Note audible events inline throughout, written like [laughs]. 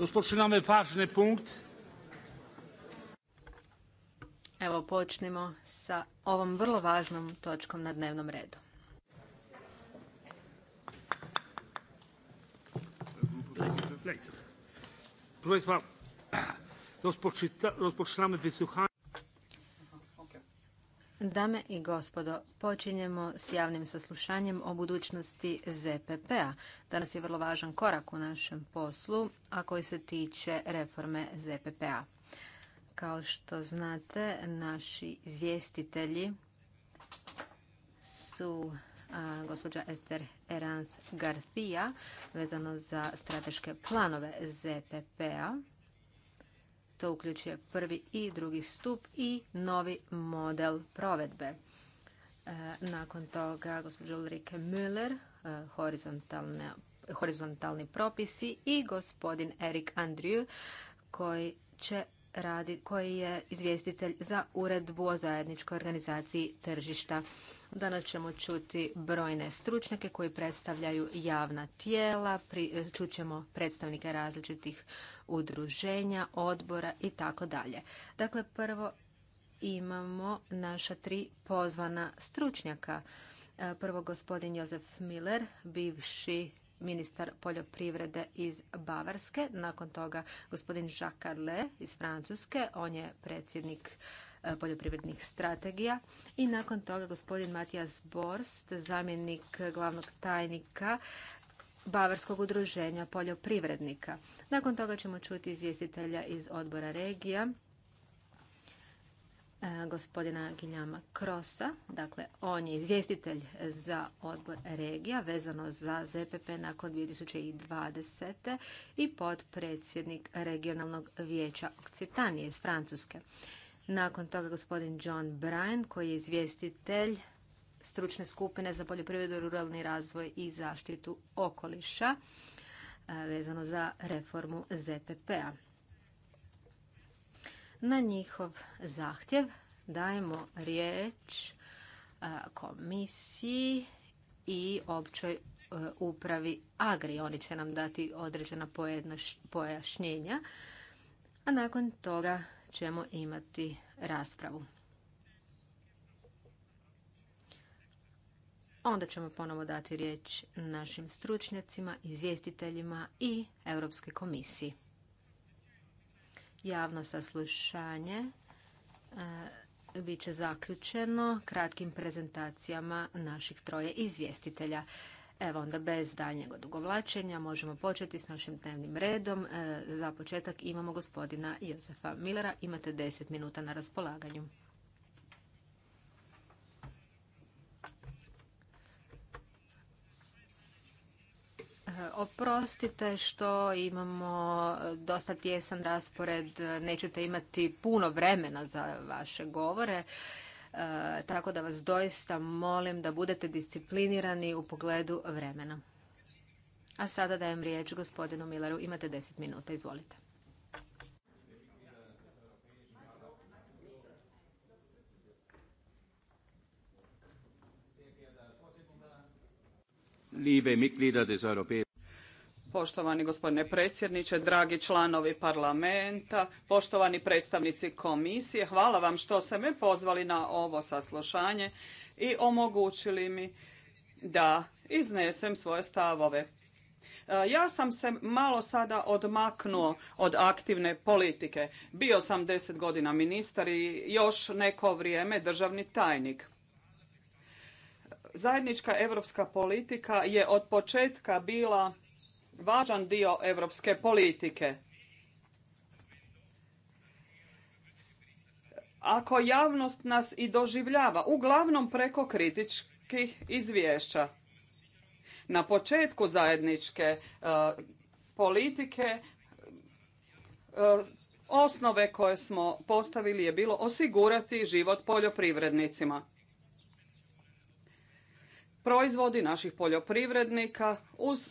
Rozpoczynamy ważny punkt. Evo počnemo sa ovom vrlo važnom točkom na dnevnom redu. Proszę Państwa, rozpoczynamy wysłuchanie. Dame i gospodo, počinjemo s javnim saslušanjem o budućnosti ZPP-a. Danas je vrlo važan korak u našem poslu, a koji se tiče reforme ZPP-a. Kao što znate, naši izvjestitelji su gospođa Ester Eranth Garcia vezano za strateške planove ZPP-a to uključuje prvi i drugi stup i novi model provedbe. E, nakon toga gospođa Ulrike Müller, e, horizontalni propisi i gospodin Erik Andriju koji će radi, koji je izvjestitelj za uredbu o zajedničkoj organizaciji tržišta. Danas ćemo čuti brojne stručnjake koji predstavljaju javna tijela, čućemo predstavnike različitih udruženja, odbora i tako dalje. Dakle, prvo imamo naša tri pozvana stručnjaka. E, prvo gospodin Jozef Miller, bivši ministar poljoprivrede iz Bavarske. Nakon toga gospodin Jacques carle iz Francuske. On je predsjednik e, poljoprivrednih strategija. I nakon toga gospodin Matijas Borst, zamjenik glavnog tajnika Bavarskog udruženja poljoprivrednika. Nakon toga ćemo čuti izvjestitelja iz odbora regija, e, gospodina Giljama Krosa. Dakle, on je izvjestitelj za odbor regija vezano za ZPP nakon 2020. i podpredsjednik regionalnog vijeća Okcitanije iz Francuske. Nakon toga gospodin John Bryan koji je izvjestitelj stručne skupine za poljoprivredu, ruralni razvoj i zaštitu okoliša e, vezano za reformu ZPP-a. Na njihov zahtjev dajemo riječ e, komisiji i općoj e, upravi Agri. Oni će nam dati određena pojašnjenja, a nakon toga ćemo imati raspravu. Onda ćemo ponovo dati riječ našim stručnjacima, izvjestiteljima i Europskoj komisiji. Javno saslušanje eh, bit će zaključeno kratkim prezentacijama naših troje izvjestitelja. Evo onda bez daljnjeg odugovlačenja možemo početi s našim dnevnim redom. Eh, za početak imamo gospodina Josefa Milera. Imate 10 minuta na raspolaganju. Oprostite što imamo e, dosta tjesan raspored, e, nećete imati puno vremena za vaše govore, e, tako da vas doista molim da budete disciplinirani u pogledu vremena. A sada dajem riječ gospodinu milaru imate 10 minuta, izvolite. Poštovani gospodine predsjedniče, dragi članovi parlamenta, poštovani predstavnici komisije, hvala vam što ste me pozvali na ovo saslušanje i omogućili mi da iznesem svoje stavove. E, ja sam se malo sada odmaknuo od aktivne politike. Bio sam deset godina ministar i još neko vrijeme državni tajnik. Zajednička europska politika je od početka bila važan dio europske politike. Ako javnost nas i doživljava, uglavnom preko kritičkih izvješća. Na početku zajedničke e, politike e, osnove koje smo postavili je bilo osigurati život poljoprivrednicima proizvodi naših poljoprivrednika uz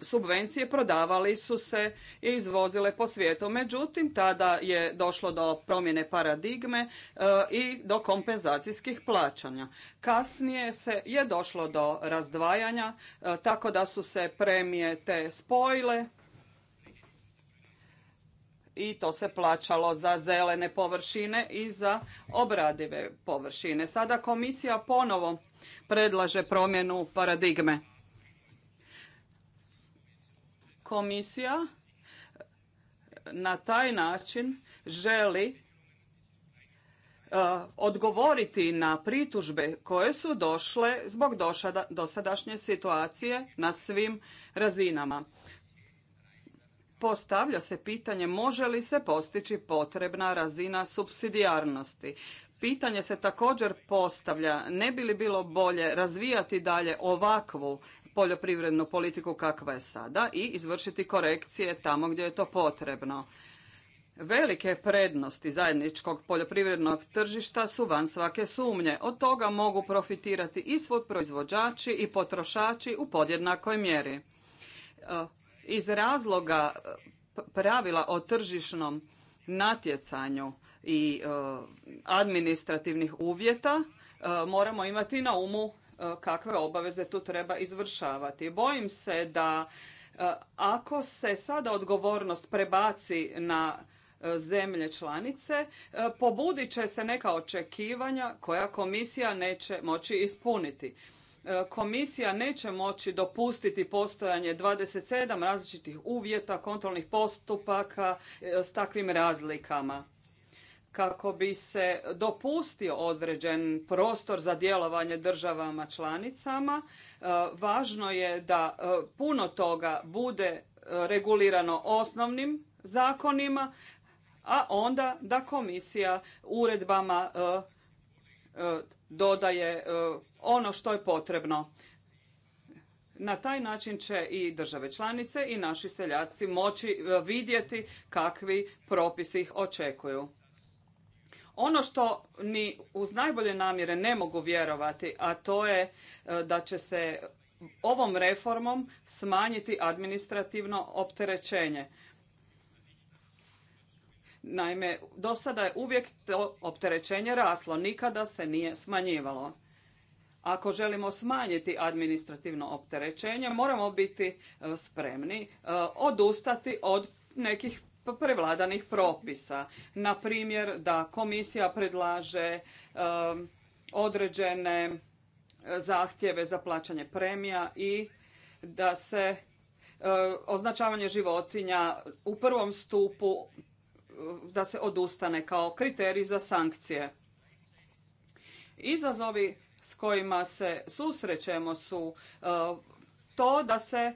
subvencije prodavali su se i izvozile po svijetu. Međutim, tada je došlo do promjene paradigme e, i do kompenzacijskih plaćanja. Kasnije se je došlo do razdvajanja e, tako da su se premije te spojile i to se plaćalo za zelene površine i za obradive površine. Sada komisija ponovo predlaže promjenu paradigme. Komisija na taj način želi e, odgovoriti na pritužbe koje su došle zbog dosadašnje situacije na svim razinama postavlja se pitanje može li se postići potrebna razina subsidijarnosti. Pitanje se također postavlja ne bi li bilo bolje razvijati dalje ovakvu poljoprivrednu politiku kakva je sada i izvršiti korekcije tamo gdje je to potrebno. Velike prednosti zajedničkog poljoprivrednog tržišta su van svake sumnje. Od toga mogu profitirati i svoj proizvođači i potrošači u podjednakoj mjeri. E, iz razloga eh, pravila o tržišnom natjecanju i eh, administrativnih uvjeta eh, moramo imati na umu kakve obaveze tu treba izvršavati. Bojim se da ako se sada odgovornost prebaci na zemlje članice, pobudit će se neka očekivanja koja komisija neće moći ispuniti. E, komisija neće moći dopustiti postojanje 27 različitih uvjeta, kontrolnih postupaka e, s takvim razlikama. Kako bi se dopustio određen prostor za djelovanje državama članicama, e, važno je da puno toga bude regulirano osnovnim zakonima, a onda da komisija uredbama dodaje e, ono što je potrebno. Na taj način će i države članice i naši seljaci moći e, vidjeti kakvi propisi ih očekuju. Ono što ni uz najbolje namjere ne mogu vjerovati, a to je e, da će se ovom reformom smanjiti administrativno opterećenje. Naime, do sada je uvijek to opterećenje raslo, nikada se nije smanjivalo. Ako želimo smanjiti administrativno opterećenje, moramo biti e, spremni e, odustati od nekih prevladanih propisa. Na primjer, da komisija predlaže e, određene zahtjeve za plaćanje premija i da se označavanje životinja u prvom stupu da se odustane kao kriterij za sankcije. Izazovi s kojima se susrećemo su e, to da se e,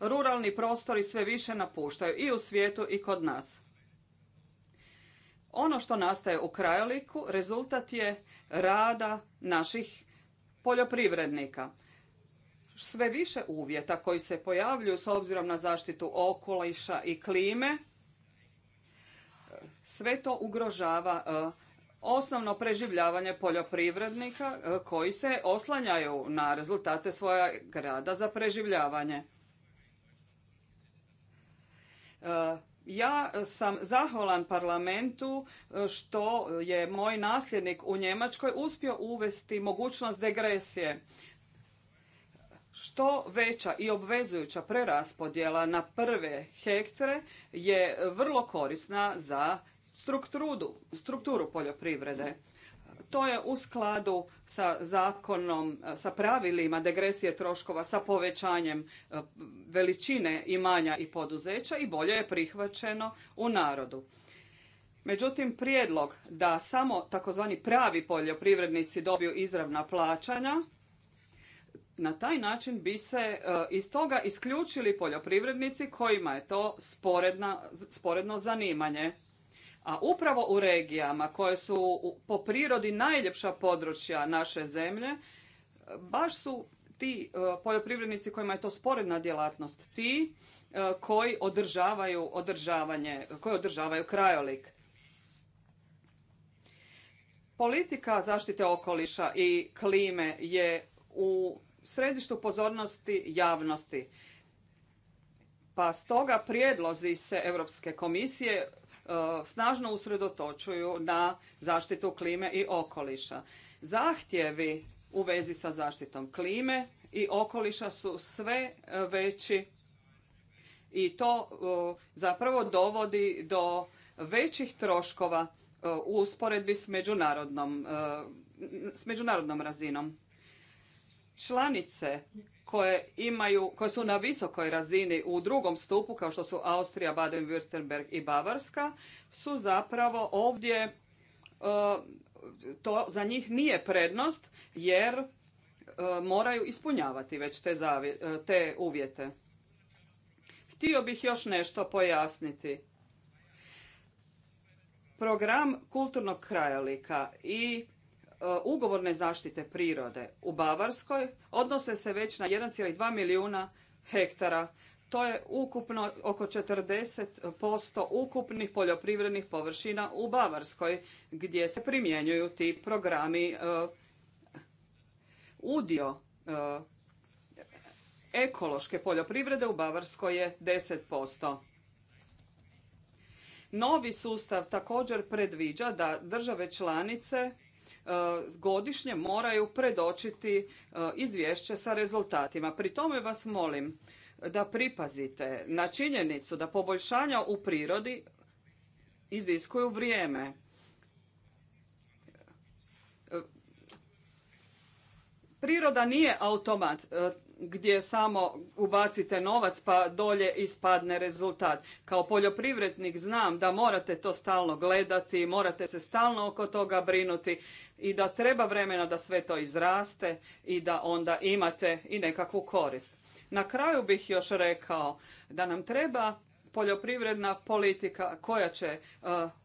ruralni prostori sve više napuštaju i u svijetu i kod nas. Ono što nastaje u krajoliku rezultat je rada naših poljoprivrednika. Sve više uvjeta koji se pojavljuju s obzirom na zaštitu okoliša i klime sve to ugrožava e, osnovno preživljavanje poljoprivrednika e, koji se oslanjaju na rezultate svoja rada za preživljavanje. E, ja sam zahvalan parlamentu što je moj nasljednik u Njemačkoj uspio uvesti mogućnost degresije što veća i obvezujuća preraspodjela na prve hektare je vrlo korisna za strukturu, strukturu poljoprivrede. To je u skladu sa zakonom, sa pravilima degresije troškova, sa povećanjem e, veličine imanja i poduzeća i bolje je prihvaćeno u narodu. Međutim, prijedlog da samo takozvani pravi poljoprivrednici dobiju izravna plaćanja na taj način bi se e, iz toga isključili poljoprivrednici kojima je to sporedno zanimanje. A upravo u regijama koje su po prirodi najljepša područja naše zemlje, e, baš su ti e, poljoprivrednici kojima je to sporedna djelatnost ti koji održavaju održavanje, koji održavaju krajolik. Politika zaštite okoliša i klime je u središtu pozornosti javnosti. Pa stoga prijedlozi se Europske komisije e, snažno usredotočuju na zaštitu klime i okoliša. Zahtjevi u vezi sa zaštitom klime i okoliša su sve veći i to e, zapravo dovodi do većih troškova e, u usporedbi s međunarodnom, s međunarodnom razinom članice koje su na visokoj razini u drugom stupu kao što su Austrija, Baden-Württemberg i Bavarska su zapravo ovdje e, to za njih nije prednost jer e, moraju ispunjavati već te, e, te uvjete. Htio bih još nešto pojasniti. Program kulturnog krajalika i E, ugovorne zaštite prirode u Bavarskoj odnose se već na 1,2 milijuna hektara. To je ukupno oko 40% ukupnih poljoprivrednih površina u Bavarskoj gdje se primjenjuju ti programi e, udio e, ekološke poljoprivrede u Bavarskoj je 10%. Novi sustav također predviđa da države članice E, godišnje moraju predočiti e, izvješće sa rezultatima. Pri tome vas molim da pripazite na činjenicu da poboljšanja u prirodi iziskuju vrijeme. E, priroda nije automat gdje samo ubacite novac pa dolje ispadne rezultat. Kao poljoprivrednik znam da morate to stalno gledati, morate se stalno oko toga brinuti i da treba vremena da sve to izraste i da onda imate i nekakvu korist. Na kraju bih još rekao da nam treba poljoprivredna politika koja će eh,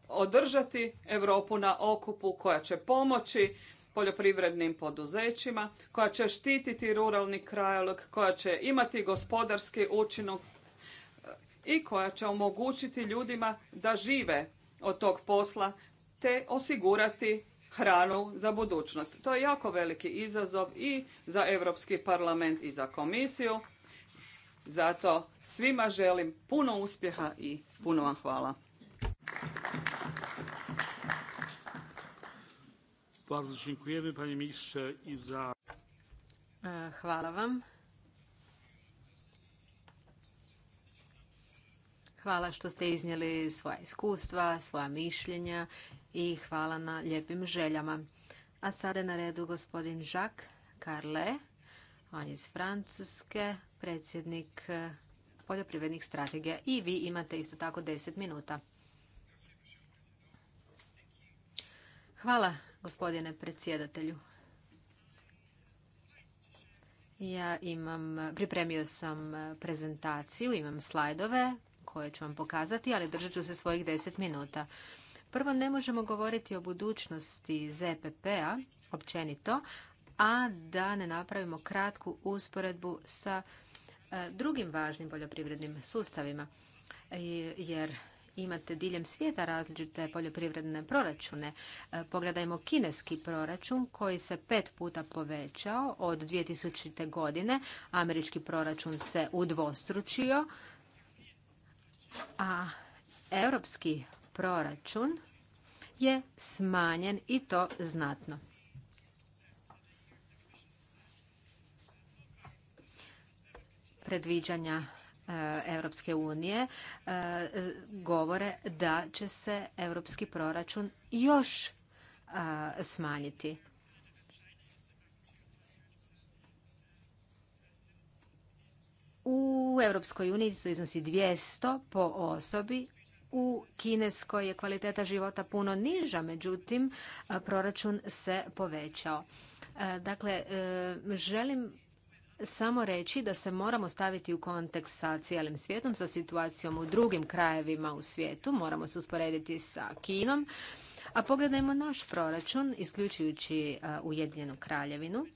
održati Europu na okupu, koja će pomoći poljoprivrednim poduzećima, koja će štititi ruralni krajolog, koja će imati gospodarski učinak e, i koja će omogućiti ljudima da žive od tog posla te osigurati hranu za budućnost. To je jako veliki izazov i za Europski parlament i za komisiju. Zato svima želim puno uspjeha i puno vam hvala. i za... E, hvala vam. Hvala što ste iznijeli svoja iskustva, svoja mišljenja i hvala na lijepim željama. A sada je na redu gospodin Jacques Carle, on je iz Francuske, predsjednik e, poljoprivrednih strategija i vi imate isto tako 10 minuta. Hvala gospodine predsjedatelju. Ja imam, pripremio sam prezentaciju, imam slajdove koje ću vam pokazati, ali držat ću se svojih 10 minuta. Prvo, ne možemo govoriti o budućnosti ZPP-a, općenito, a da ne napravimo kratku usporedbu sa e, drugim važnim poljoprivrednim sustavima. E, jer imate diljem svijeta različite poljoprivredne proračune. E, pogledajmo kineski proračun koji se pet puta povećao od 2000. godine. Američki proračun se udvostručio, a europski proračun je smanjen i to znatno. Predviđanja Europske unije e, govore da će se europski proračun još e, smanjiti. U Europskoj uniji su iznosi 200 po osobi, u Kineskoj je kvaliteta života puno niža, međutim e, proračun se povećao. Dakle, želim samo reći da se moramo staviti u kontekst sa cijelim svijetom, sa situacijom u drugim krajevima u svijetu. Moramo se usporediti sa Kinom. A pogledajmo naš proračun, isključujući e, Ujedinjenu kraljevinu.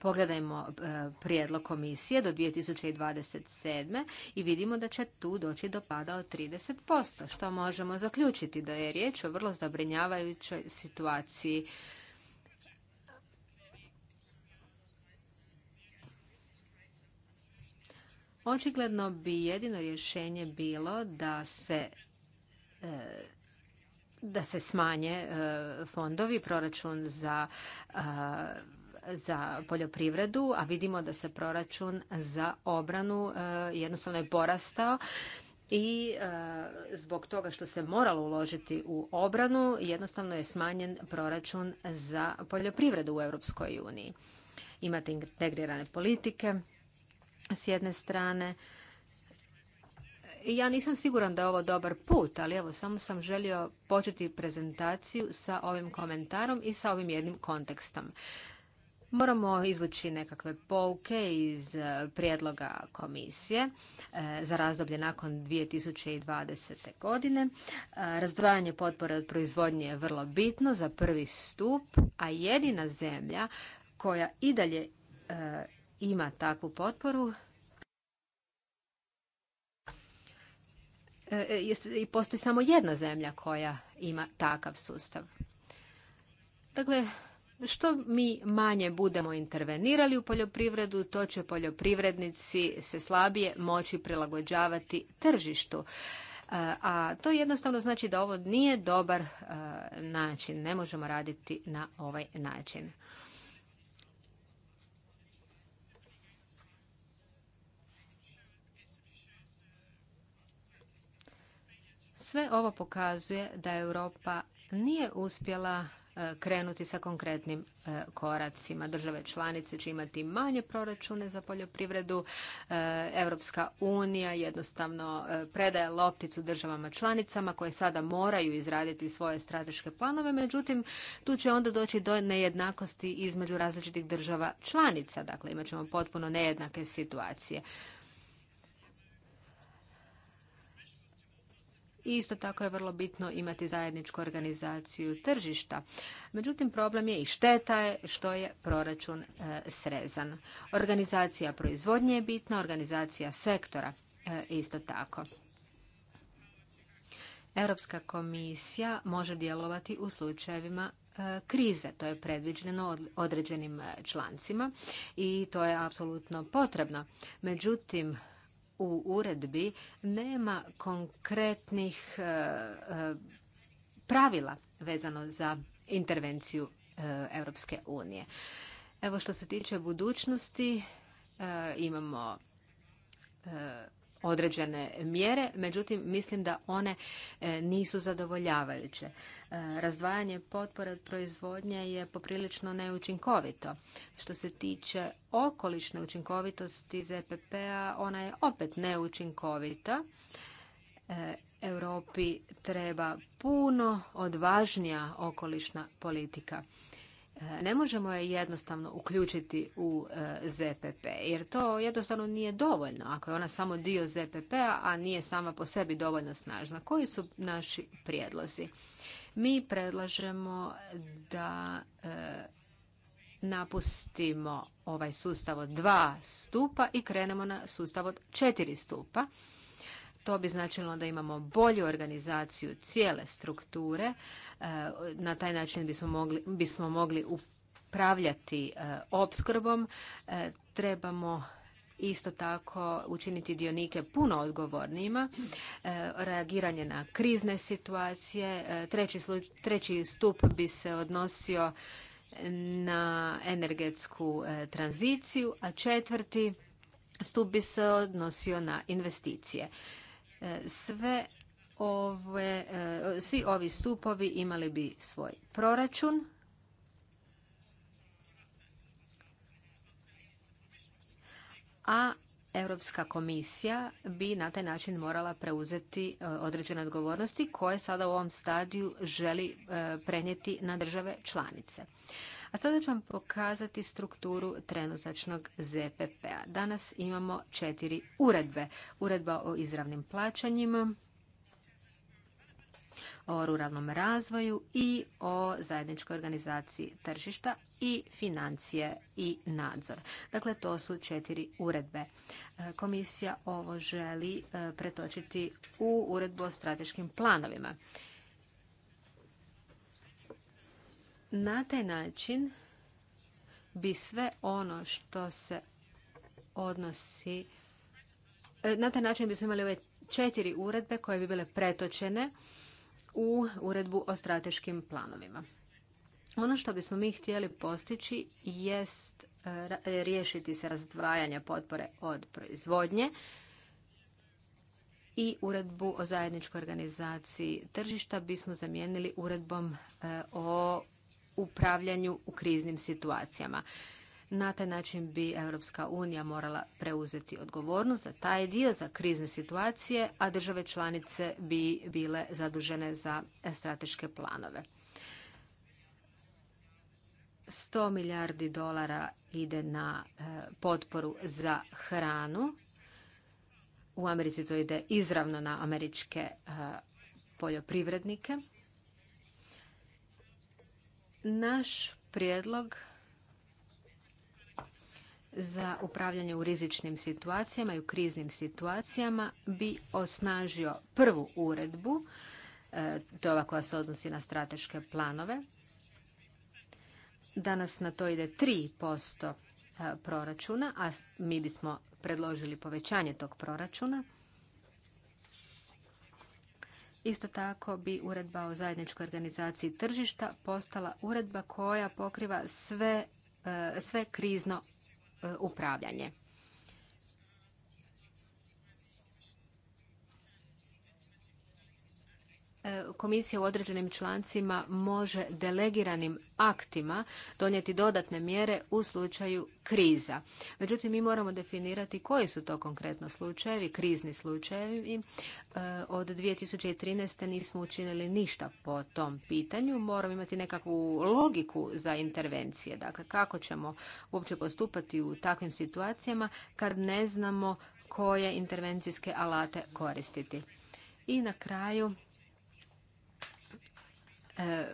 Pogledajmo e, prijedlog komisije do 2027. i vidimo da će tu doći do pada od 30%, što možemo zaključiti da je riječ o vrlo zabrinjavajućoj situaciji Očigledno bi jedino rješenje bilo da se e, da se smanje e, fondovi, proračun za e, za poljoprivredu, a vidimo da se proračun za obranu jednostavno je porastao i zbog toga što se moralo uložiti u obranu, jednostavno je smanjen proračun za poljoprivredu u Europskoj uniji. Imate integrirane politike, s jedne strane. Ja nisam siguran da je ovo dobar put, ali evo, samo sam želio početi prezentaciju sa ovim komentarom i sa ovim jednim kontekstom. Moramo izvući nekakve pouke iz e, prijedloga komisije e, za razdoblje nakon 2020. godine. E, razdvajanje potpore od proizvodnje je vrlo bitno za prvi stup, a jedina zemlja koja i dalje ima takvu potporu. E, e, I postoji samo jedna zemlja koja ima takav sustav. Dakle, što mi manje budemo intervenirali u poljoprivredu, to će poljoprivrednici se slabije moći prilagođavati tržištu. E, a to jednostavno znači da ovo nije dobar način. Ne možemo raditi na ovaj način. Sve ovo pokazuje da Europa nije uspjela e, krenuti sa konkretnim e, koracima. Države članice će imati manje proračune za poljoprivredu. Europska unija jednostavno e, predaje lopticu državama članicama koje sada moraju izraditi svoje strateške planove. Međutim, tu će onda doći do nejednakosti između različitih država članica. Dakle, imat ćemo potpuno nejednake situacije. i isto tako je vrlo bitno imati zajedničku organizaciju tržišta. Međutim, problem je i šteta je što je proračun e, srezan. Organizacija proizvodnje je bitna, organizacija sektora e, isto tako. Europska komisija može djelovati u slučajevima e, krize. To je predviđeno određenim člancima i to je apsolutno potrebno. Međutim, u uredbi nema konkretnih e, e, pravila vezano za intervenciju e, Europske unije. Evo što se tiče budućnosti, imamo određene mjere, međutim mislim da one e, nisu zadovoljavajuće. E, razdvajanje potpore od proizvodnje je poprilično neučinkovito. Što se tiče okolišne učinkovitosti ZPP-a, ona je opet neučinkovita. E, Europi treba puno odvažnija okolišna politika ne možemo je jednostavno uključiti u e, ZPP, jer to jednostavno nije dovoljno. Ako je ona samo dio ZPP-a, a nije sama po sebi dovoljno snažna, koji su naši prijedlozi? Mi predlažemo da e, napustimo ovaj sustav od dva stupa i krenemo na sustav od četiri stupa to bi značilo da imamo bolju organizaciju cijele strukture. E, na taj način bismo mogli, bismo mogli upravljati e, opskrbom. E, trebamo isto tako učiniti dionike puno odgovornijima, reagiranje na krizne situacije. Treći, treći stup bi se odnosio na energetsku tranziciju, a četvrti stup bi se odnosio na investicije. E, sve ove, e, svi ovi stupovi imali bi svoj proračun. A Europska komisija bi na taj način morala preuzeti e, određene odgovornosti koje sada u ovom stadiju želi prenijeti na države članice. A sada ću vam pokazati strukturu trenutačnog ZPP-a. Danas imamo četiri uredbe. Uredba o izravnim plaćanjima, o ruralnom razvoju i o zajedničkoj organizaciji tržišta i financije i nadzor. Dakle, to su četiri uredbe. E, komisija ovo želi e, pretočiti u uredbu o strateškim planovima. Na taj način bi sve ono što se odnosi, e, na taj način bismo imali ove četiri uredbe koje bi bile pretočene u uredbu o strateškim planovima. Ono što bismo mi htjeli postići jest e, riješiti se razdvajanja potpore od proizvodnje i uredbu o zajedničkoj organizaciji tržišta bismo zamijenili uredbom e, o upravljanju u kriznim situacijama. Na taj način bi Europska unija morala preuzeti odgovornost za taj dio, za krizne situacije, a države članice bi bile zadužene za strateške planove. 100 milijardi dolara ide na e, potporu za hranu. U Americi to ide izravno na američke e, poljoprivrednike. Naš prijedlog za upravljanje u rizičnim situacijama i u kriznim situacijama bi osnažio prvu uredbu, e, to je ova koja se odnosi na strateške planove. Danas na to ide 3% e, proračuna, a mi bismo predložili povećanje tog proračuna. Isto tako bi uredba o zajedničkoj organizaciji tržišta postala uredba koja pokriva sve, e, krizno e, upravljanje. E, komisija u određenim člancima može delegiranim aktima donijeti dodatne mjere u slučaju kriza. Međutim, mi moramo definirati koji su to konkretno slučajevi, krizni slučajevi. E, od 2013. nismo učinili ništa po tom pitanju. Moramo imati nekakvu logiku za intervencije. Dakle, kako ćemo uopće postupati u takvim situacijama kad ne znamo koje intervencijske alate koristiti. I na kraju E,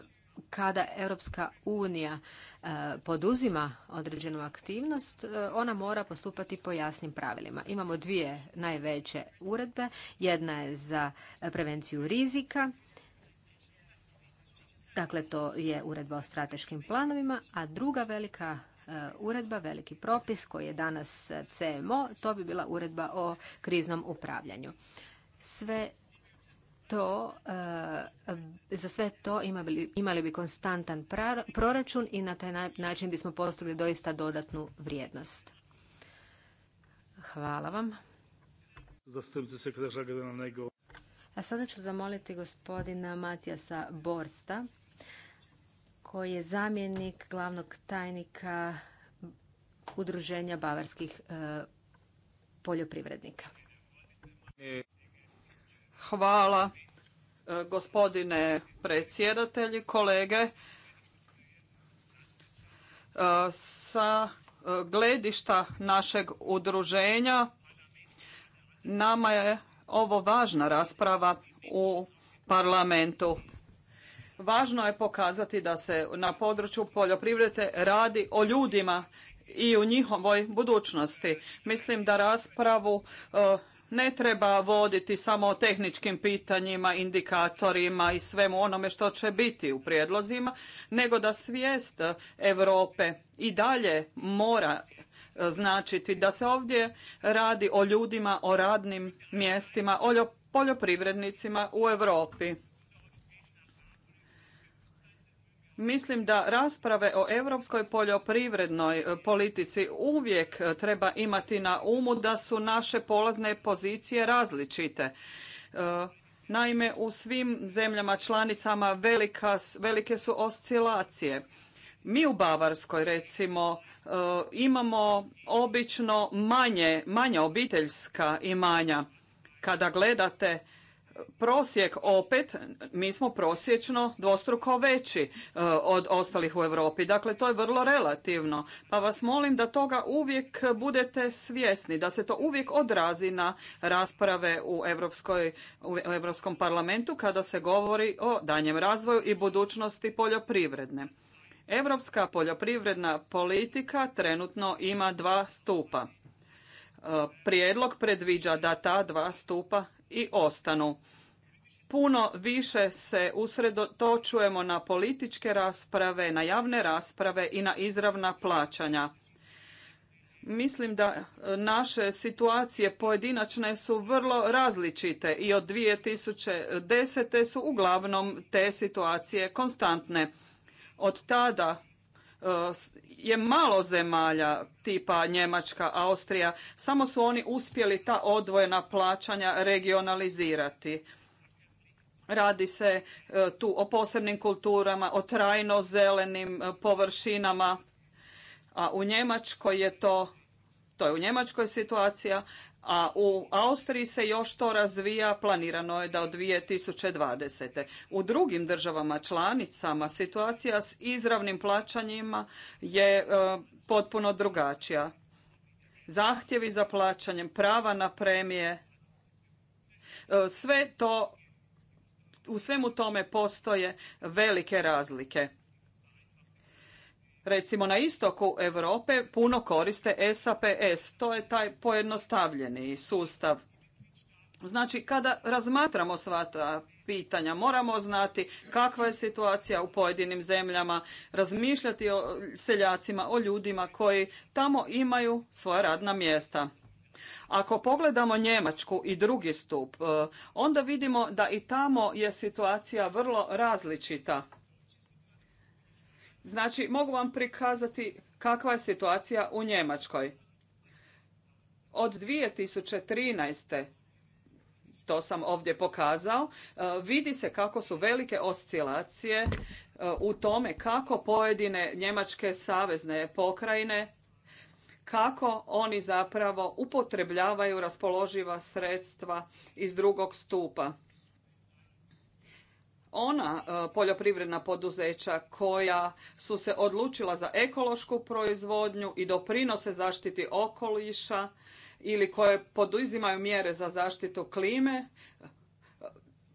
kada Europska unija e, poduzima određenu aktivnost, e, ona mora postupati po jasnim pravilima. Imamo dvije najveće uredbe. Jedna je za prevenciju rizika, dakle to je uredba o strateškim planovima, a druga velika uredba, veliki propis koji je danas CMO, to bi bila uredba o kriznom upravljanju. Sve to, eh, za sve to imali, bi konstantan proračun i na taj način bismo postigli doista dodatnu vrijednost. Hvala vam. A sada ću zamoliti gospodina Matijasa Borsta, koji je zamjenik glavnog tajnika Udruženja bavarskih eh, poljoprivrednika. E, Hvala e, gospodine predsjedatelji, kolege. E, sa e, gledišta našeg udruženja nama je ovo važna rasprava u parlamentu. Važno je pokazati da se na području poljoprivrede radi o ljudima i u njihovoj budućnosti. Mislim da raspravu ne treba voditi samo o tehničkim pitanjima, indikatorima i svemu onome što će biti u prijedlozima, nego da svijest Europe i dalje mora e, značiti da se ovdje radi o ljudima, o radnim mjestima, o poljoprivrednicima u Europi. Mislim da rasprave o europskoj poljoprivrednoj e, politici uvijek e, treba imati na umu da su naše polazne pozicije različite. E, naime, u svim zemljama članicama velika, velike su oscilacije. Mi u Bavarskoj recimo imamo obično manje, manja obiteljska imanja. Kada gledate prosjek opet, mi smo prosječno dvostruko veći e, od ostalih u Europi. Dakle, to je vrlo relativno. Pa vas molim da toga uvijek budete svjesni, da se to uvijek odrazi na rasprave u, u Europskom parlamentu kada se govori o danjem razvoju i budućnosti poljoprivredne. Europska poljoprivredna politika trenutno ima dva stupa. E, prijedlog predviđa da ta dva stupa i ostanu. Puno više se usredotočujemo na političke rasprave, na javne rasprave i na izravna plaćanja. Mislim da e, naše situacije pojedinačne su vrlo različite i od 2010. su uglavnom te situacije konstantne. Od tada E, je malo zemalja tipa Njemačka, Austrija, samo su oni uspjeli ta odvojena plaćanja regionalizirati. Radi se e, tu o posebnim kulturama, o trajno zelenim e, površinama, a u Njemačkoj je to, to je u Njemačkoj situacija, a u Austriji se još to razvija, planirano je da od 2020. U drugim državama članicama situacija s izravnim plaćanjima je e, potpuno drugačija. Zahtjevi za plaćanjem, prava na premije, e, sve to, u svemu tome postoje velike razlike. Recimo na istoku Europe puno koriste SAPS, to je taj pojednostavljeni sustav. Znači kada razmatramo sva ta pitanja, moramo znati kakva je situacija u pojedinim zemljama, razmišljati o seljacima, o ljudima koji tamo imaju svoja radna mjesta. Ako pogledamo Njemačku i drugi stup, eh, onda vidimo da i tamo je situacija vrlo različita. Znači, mogu vam prikazati kakva je situacija u Njemačkoj. Od 2013. to sam ovdje pokazao, e, vidi se kako su velike oscilacije e, u tome kako pojedine njemačke savezne pokrajine kako oni zapravo upotrebljavaju raspoloživa sredstva iz drugog stupa ona e, poljoprivredna poduzeća koja su se odlučila za ekološku proizvodnju i doprinose zaštiti okoliša ili koje poduzimaju mjere za zaštitu klime,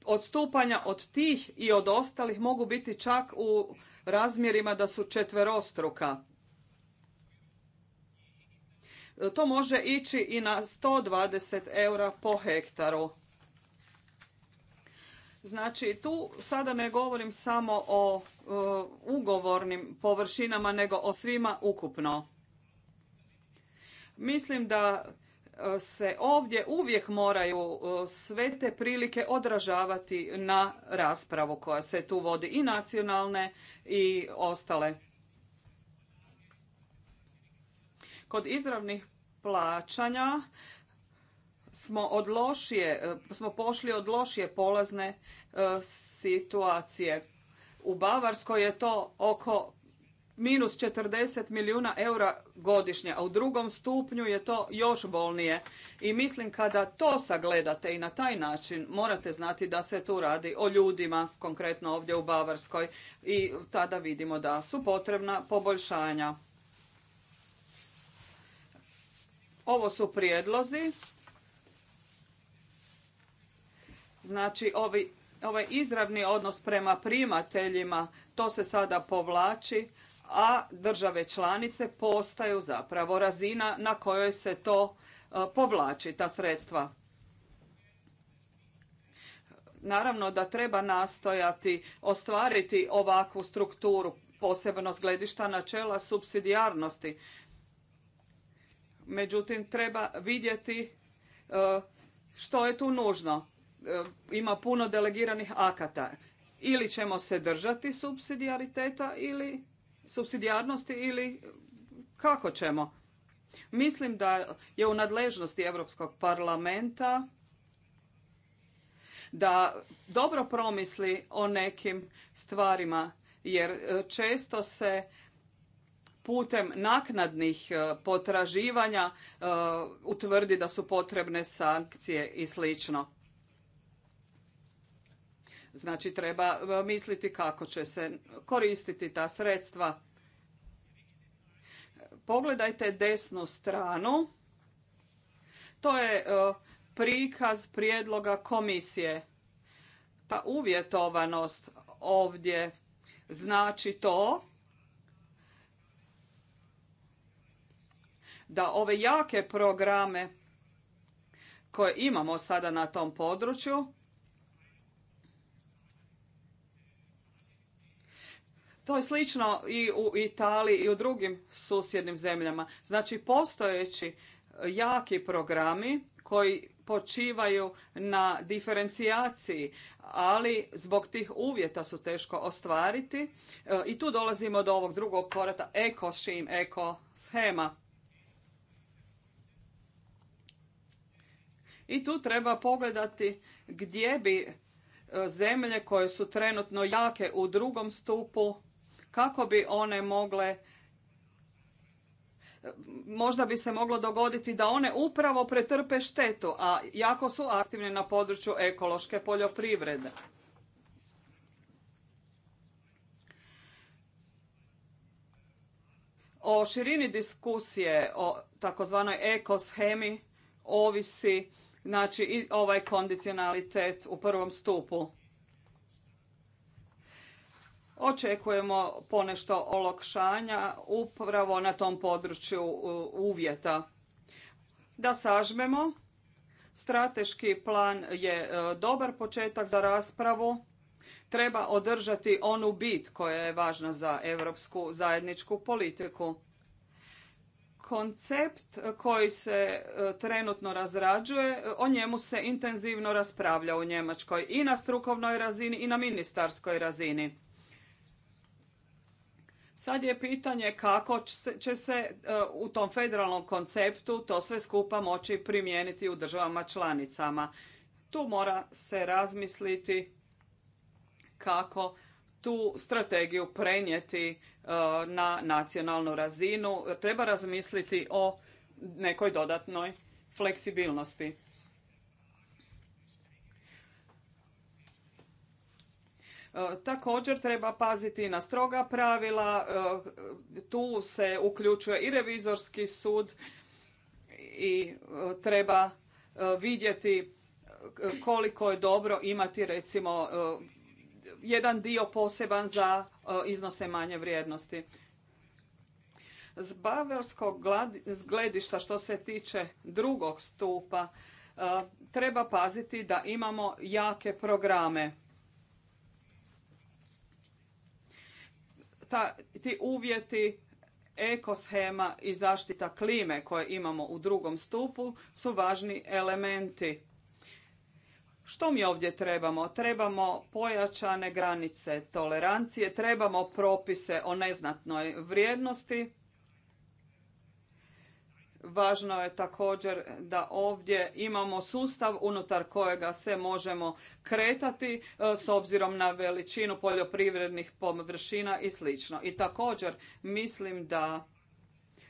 odstupanja od tih i od ostalih mogu biti čak u razmjerima da su četverostruka. E, to može ići i na 120 eura po hektaru Znači tu sada ne govorim samo o e, ugovornim površinama nego o svima ukupno. Mislim da e, se ovdje uvijek moraju e, sve te prilike odražavati na raspravu koja se tu vodi i nacionalne i ostale. Kod izravnih plaćanja smo od lošije, e, smo pošli od lošije polazne e, situacije. U Bavarskoj je to oko minus 40 milijuna eura godišnje, a u drugom stupnju je to još bolnije. I mislim kada to sagledate i na taj način morate znati da se tu radi o ljudima, konkretno ovdje u Bavarskoj i tada vidimo da su potrebna poboljšanja. Ovo su prijedlozi Znači, ovaj izravni odnos prema primateljima, to se sada povlači, a države članice postaju zapravo razina na kojoj se to e, povlači, ta sredstva. Naravno da treba nastojati ostvariti ovakvu strukturu, posebno s gledišta načela subsidijarnosti. Međutim, treba vidjeti e, što je tu nužno E, ima puno delegiranih akata. Ili ćemo se držati subsidijariteta ili subsidijarnosti ili kako ćemo? Mislim da je u nadležnosti Europskog parlamenta da dobro promisli o nekim stvarima jer e, često se putem naknadnih e, potraživanja utvrdi da su potrebne sankcije i slično. Znači treba e, misliti kako će se koristiti ta sredstva. Pogledajte desnu stranu. To je e, prikaz prijedloga komisije. Ta uvjetovanost ovdje znači to da ove jake programe koje imamo sada na tom području To je slično i u Italiji i u drugim susjednim zemljama. Znači postojeći e, jaki programi koji počivaju na diferencijaciji, ali zbog tih uvjeta su teško ostvariti. E, I tu dolazimo do ovog drugog korata, eko šim, I tu treba pogledati gdje bi e, zemlje koje su trenutno jake u drugom stupu kako bi one mogle možda bi se moglo dogoditi da one upravo pretrpe štetu, a jako su aktivne na području ekološke poljoprivrede. O širini diskusije o takozvanoj ekoshemi ovisi znači i ovaj kondicionalitet u prvom stupu. Očekujemo ponešto olakšanja upravo na tom području uvjeta. Da sažmemo, strateški plan je e, dobar početak za raspravu. Treba održati onu bit koja je važna za europsku zajedničku politiku. Koncept koji se e, trenutno razrađuje, o njemu se intenzivno raspravlja u Njemačkoj i na strukovnoj razini i na ministarskoj razini Sad je pitanje kako će se e, u tom federalnom konceptu to sve skupa moći primijeniti u državama članicama. Tu mora se razmisliti kako tu strategiju prenijeti e, na nacionalnu razinu. Treba razmisliti o nekoj dodatnoj fleksibilnosti. E, također treba paziti na stroga pravila, e, tu se uključuje i revizorski sud i e, treba vidjeti koliko je dobro imati recimo jedan dio poseban za iznose manje vrijednosti. Z bavarskog gledišta što se tiče drugog stupa treba paziti da imamo jake programe ti uvjeti ekoshema i zaštita klime koje imamo u drugom stupu su važni elementi. Što mi ovdje trebamo? Trebamo pojačane granice tolerancije, trebamo propise o neznatnoj vrijednosti, Važno je također da ovdje imamo sustav unutar kojega se možemo kretati e, s obzirom na veličinu poljoprivrednih površina i sl. I također mislim da e,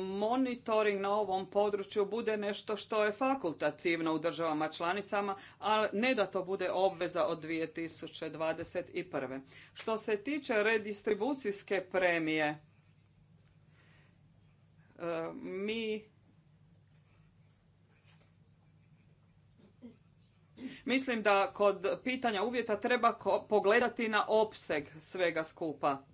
monitoring na ovom području bude nešto što je fakultativno u državama članicama, ali ne da to bude obveza od 2021. Što se tiče redistribucijske premije, mi Mislim da kod pitanja uvjeta treba pogledati na opseg svega skupa.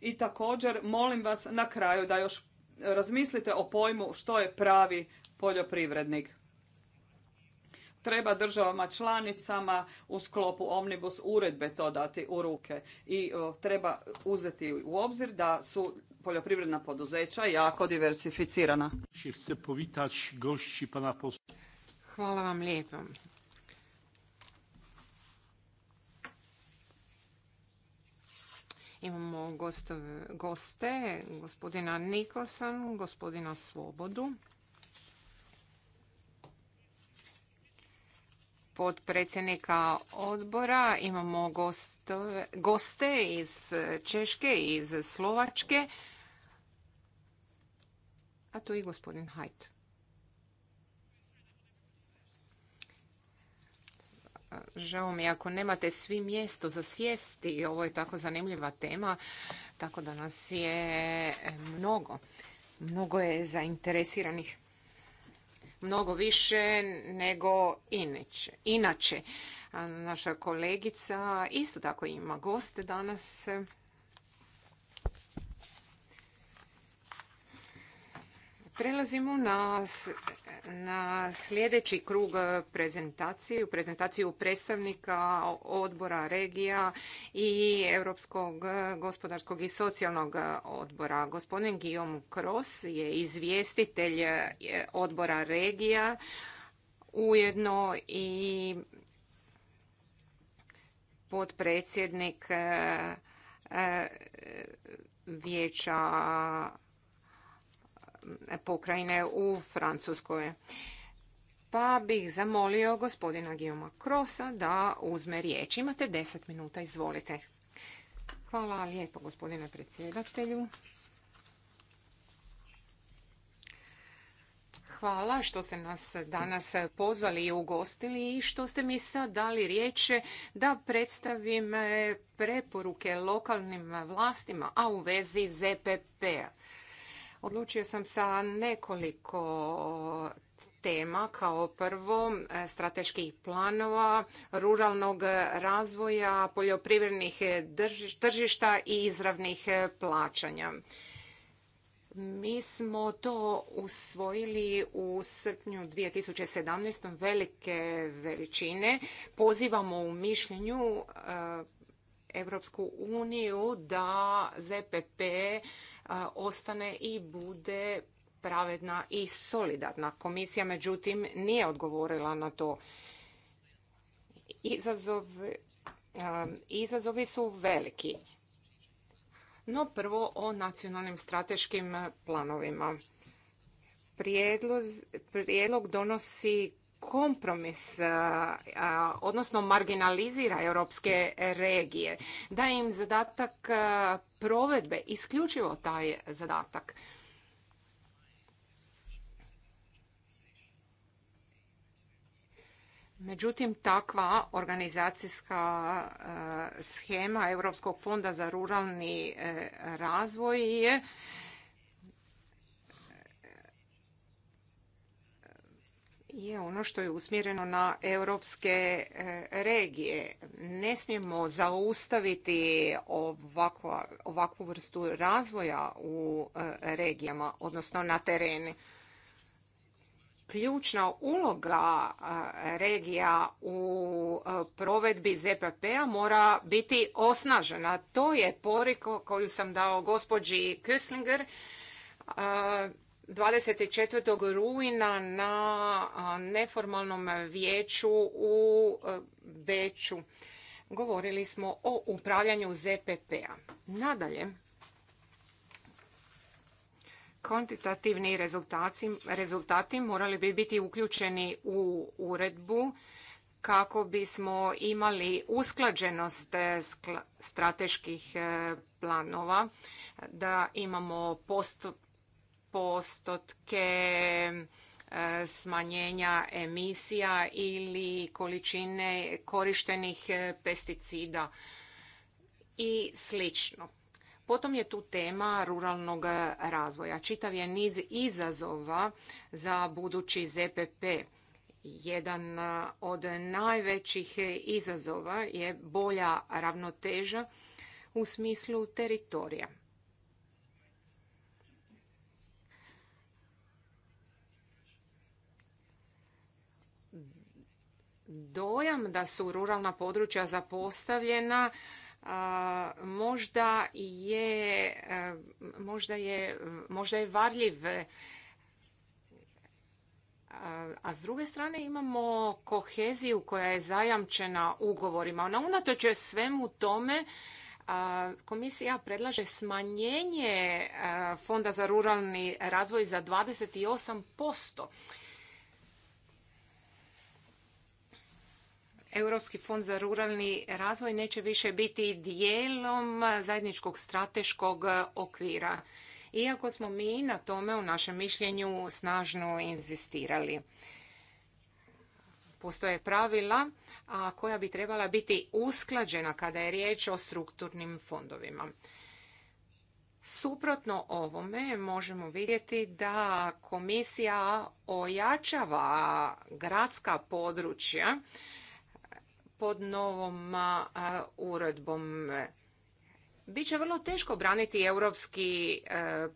I također molim vas na kraju da još razmislite o pojmu što je pravi poljoprivrednik treba državama članicama u sklopu omnibus uredbe to dati u ruke i e, treba uzeti u obzir da su poljoprivredna poduzeća jako diversificirana. Hvala vam lijepo. Imamo goste, gospodina Nikolson, gospodina Svobodu. potpredsjednika odbora. Imamo goste iz Češke i iz Slovačke. A tu i gospodin Hajt. Žao mi ako nemate svi mjesto za sjesti, ovo je tako zanimljiva tema, tako da nas je mnogo. Mnogo je zainteresiranih mnogo više nego inače. Naša kolegica isto tako ima goste danas. Prelazimo na, na sljedeći krug eh, prezentaciju, prezentaciju predstavnika odbora regija i Europskog eh, gospodarskog i socijalnog eh, odbora. Gospodin Guillaume Cross je izvjestitelj odbora regija, ujedno i potpredsjednik vijeća pokrajine u Francuskoj. Pa bih zamolio gospodina Guillaume Krosa da uzme riječ. Imate deset minuta, izvolite. Hvala lijepo gospodine predsjedatelju. Hvala što ste nas danas pozvali i ugostili i što ste mi sad dali riječ da predstavim preporuke lokalnim vlastima, a u vezi ZPP-a. Odlučio sam sa nekoliko tema kao prvo strateških planova, ruralnog razvoja, poljoprivrednih tržišta i izravnih plaćanja. Mi smo to usvojili u srpnju 2017. velike veličine. Pozivamo u mišljenju Europsku uniju da ZPP ostane i bude pravedna i solidarna. Komisija međutim nije odgovorila na to. izazovi su veliki. No prvo o nacionalnim strateškim planovima. Prijedlog, prijedlog donosi kompromis, odnosno marginalizira europske regije, Da im zadatak provedbe, isključivo taj zadatak. Međutim, takva organizacijska schema Europskog fonda za ruralni e, razvoj je je ono što je usmjereno na europske e, regije. Ne smijemo zaustaviti ovakva, ovakvu vrstu razvoja u e, regijama, odnosno na tereni. Ključna uloga e, regija u provedbi ZPP-a mora biti osnažena. To je poriko koju sam dao gospođi Köslinger 24. rujna na neformalnom vijeću u e, Beću. Govorili smo o upravljanju ZPP-a. Nadalje, kvantitativni rezultati, morali bi biti uključeni u uredbu kako bismo imali usklađenost e, strateških e, planova, da imamo postup postotke e, smanjenja emisija ili količine korištenih e, pesticida i slično. Potom je tu tema ruralnog razvoja. Čitav je niz izazova za budući ZPP. Jedan e, od najvećih izazova je bolja ravnoteža u smislu teritorija. dojam da su ruralna područja zapostavljena možda je, možda je, možda je varljiv a s druge strane imamo koheziju koja je zajamčena ugovorima. Ona unatoč svemu tome komisija predlaže smanjenje fonda za ruralni razvoj za 28%. Europski fond za ruralni razvoj neće više biti dijelom zajedničkog strateškog okvira. Iako smo mi na tome u našem mišljenju snažno inzistirali. Postoje pravila a koja bi trebala biti usklađena kada je riječ o strukturnim fondovima. Suprotno ovome možemo vidjeti da komisija ojačava gradska područja pod novom uredbom. Biće vrlo teško braniti europski e, e,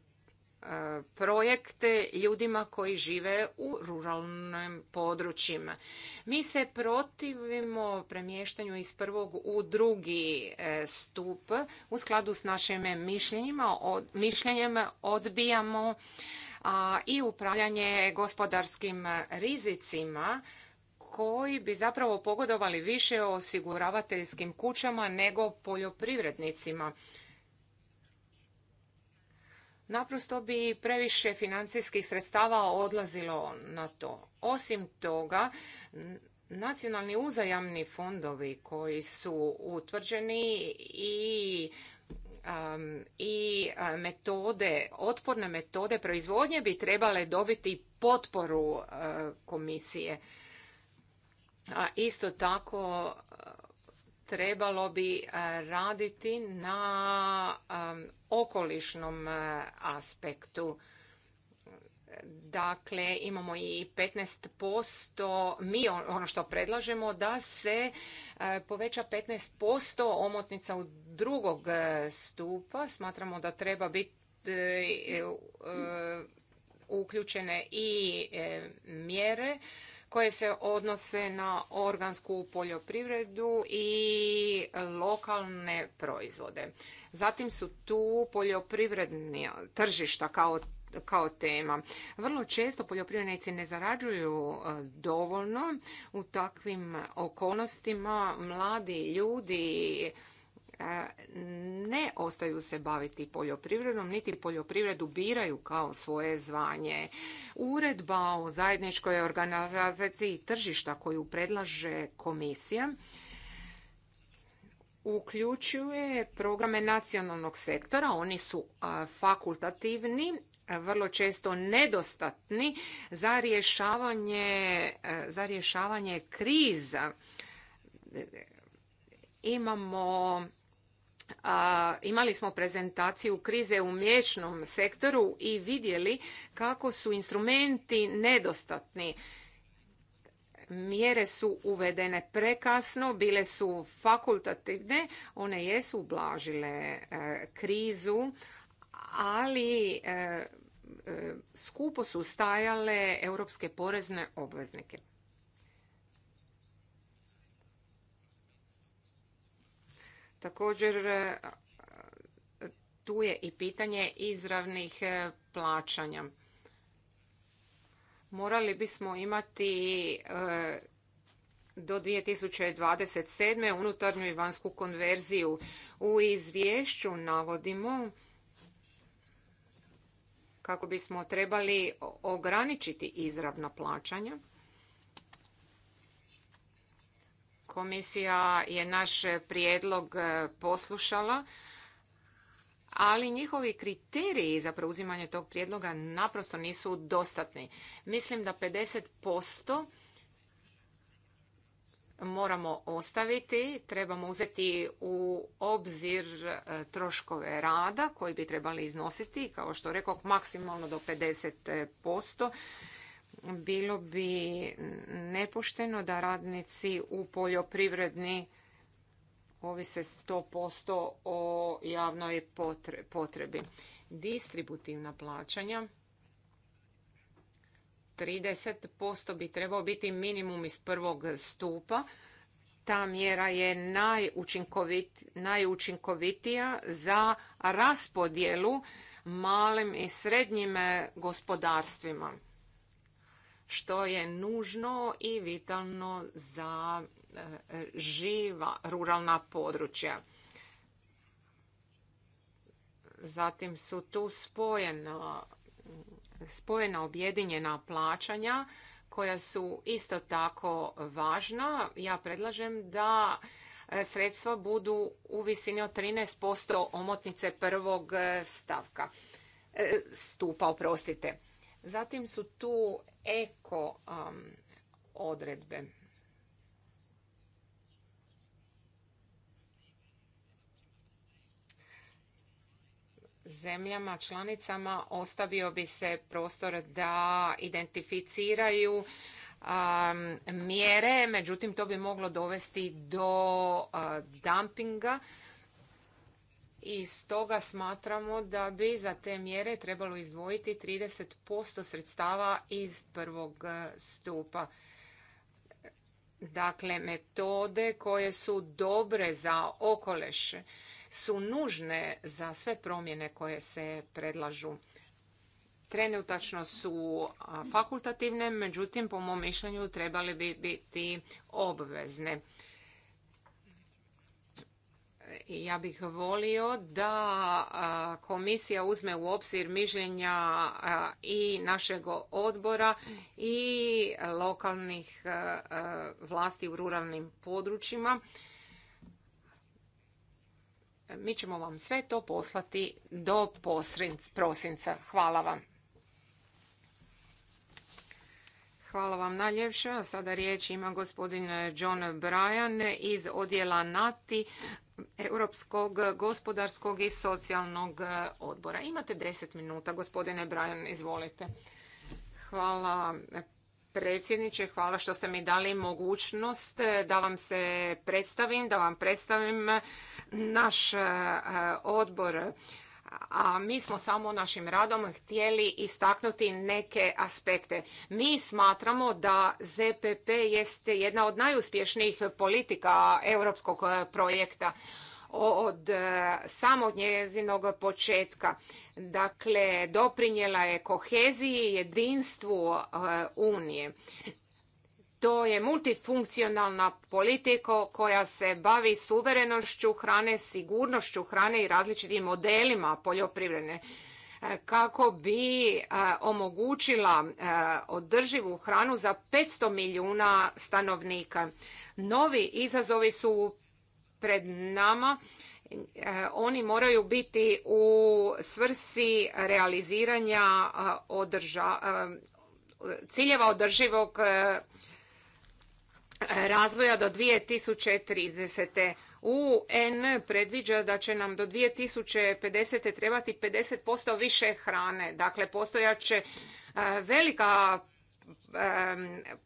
projekte ljudima koji žive u ruralnim područjima. Mi se protivimo premještanju iz prvog u drugi e, stup. U skladu s našim mišljenjima, mišljenjem odbijamo i upravljanje gospodarskim rizicima koji bi zapravo pogodovali više osiguravateljskim kućama nego poljoprivrednicima. Naprosto bi previše financijskih sredstava odlazilo na to. Osim toga, nacionalni uzajamni fondovi koji su utvrđeni i i metode, otporne metode proizvodnje bi trebale dobiti potporu komisije. A isto tako e, trebalo bi e, raditi na e, okolišnom aspektu. Dakle, imamo i 15%, mi ono što predlažemo da se poveća 15% omotnica u drugog stupa. Smatramo da treba biti uključene i mjere koje se odnose na organsku poljoprivredu i lokalne proizvode. Zatim su tu poljoprivredni tržišta kao kao tema. Vrlo često poljoprivrednici ne zarađuju e, dovoljno u takvim okolnostima. Mladi ljudi ne ostaju se baviti poljoprivredom, niti poljoprivredu biraju kao svoje zvanje. Uredba o zajedničkoj organizaciji tržišta koju predlaže komisija uključuje programe nacionalnog sektora, oni su fakultativni, vrlo često nedostatni za rješavanje, za rješavanje kriza. Imamo imali smo prezentaciju krize u mliječnom sektoru i vidjeli kako su instrumenti nedostatni. Mjere su uvedene prekasno, bile su fakultativne, one jesu ublažile e, krizu, ali e, e, skupo su stajale europske porezne obveznike. Također, e, tu je i pitanje izravnih e, plaćanja. Morali bismo imati e, do 2027. unutarnju i vanjsku konverziju. U izvješću navodimo kako bismo trebali ograničiti izravna plaćanja. Komisija je naš prijedlog e, poslušala, ali njihovi kriteriji za preuzimanje tog prijedloga naprosto nisu dostatni. Mislim da 50% moramo ostaviti, trebamo uzeti u obzir e, troškove rada koji bi trebali iznositi, kao što rekao, maksimalno do 50% bilo bi nepošteno da radnici u poljoprivredni ovise 100% o javnoj potrebi. Distributivna plaćanja 30% bi trebao biti minimum iz prvog stupa. Ta mjera je najučinkovitija za raspodjelu malim i srednjim gospodarstvima što je nužno i vitalno za e, živa ruralna područja. Zatim su tu spojena, spojena objedinjena plaćanja koja su isto tako važna. Ja predlažem da e, sredstva budu u visini od 13% omotnice prvog e, stavka stupa, oprostite. Zatim su tu eko odredbe. zemljama članicama ostavio bi se prostor da identificiraju mjere međutim to bi moglo dovesti do dampinga dumpinga i stoga smatramo da bi za te mjere trebalo izdvojiti 30% sredstava iz prvog e, stupa. Dakle, metode koje su dobre za okoliš su nužne za sve promjene koje se predlažu. Trenutačno su fakultativne, međutim, po mom mišljenju, trebali bi biti obvezne ja bih volio da komisija uzme u obzir mišljenja i našeg odbora i lokalnih vlasti u ruralnim područjima. Mi ćemo vam sve to poslati do prosinca. Hvala vam. Hvala vam najljepša. Sada riječ ima gospodin John Bryan iz odjela NATI Europskog gospodarskog i socijalnog e, odbora. Imate 10 minuta, gospodine Bryan, izvolite. Hvala e, predsjedniče, hvala što ste mi dali mogućnost e, da vam se predstavim, da vam predstavim naš odbor a mi smo samo našim radom htjeli istaknuti neke aspekte. Mi smatramo da ZPP jeste jedna od najuspješnijih politika europskog projekta od e, samog njezinog početka. Dakle, doprinjela je koheziji i jedinstvu e, Unije. To je multifunkcionalna politika koja se bavi suverenošću hrane, sigurnošću hrane i različitim modelima poljoprivredne e, kako bi e, omogućila e, održivu hranu za 500 milijuna stanovnika. Novi izazovi su pred nama. Oni moraju biti u svrsi realiziranja ciljeva održivog razvoja do 2030. UN predviđa da će nam do 2050. trebati 50% više hrane. Dakle, postojaće e, velika e,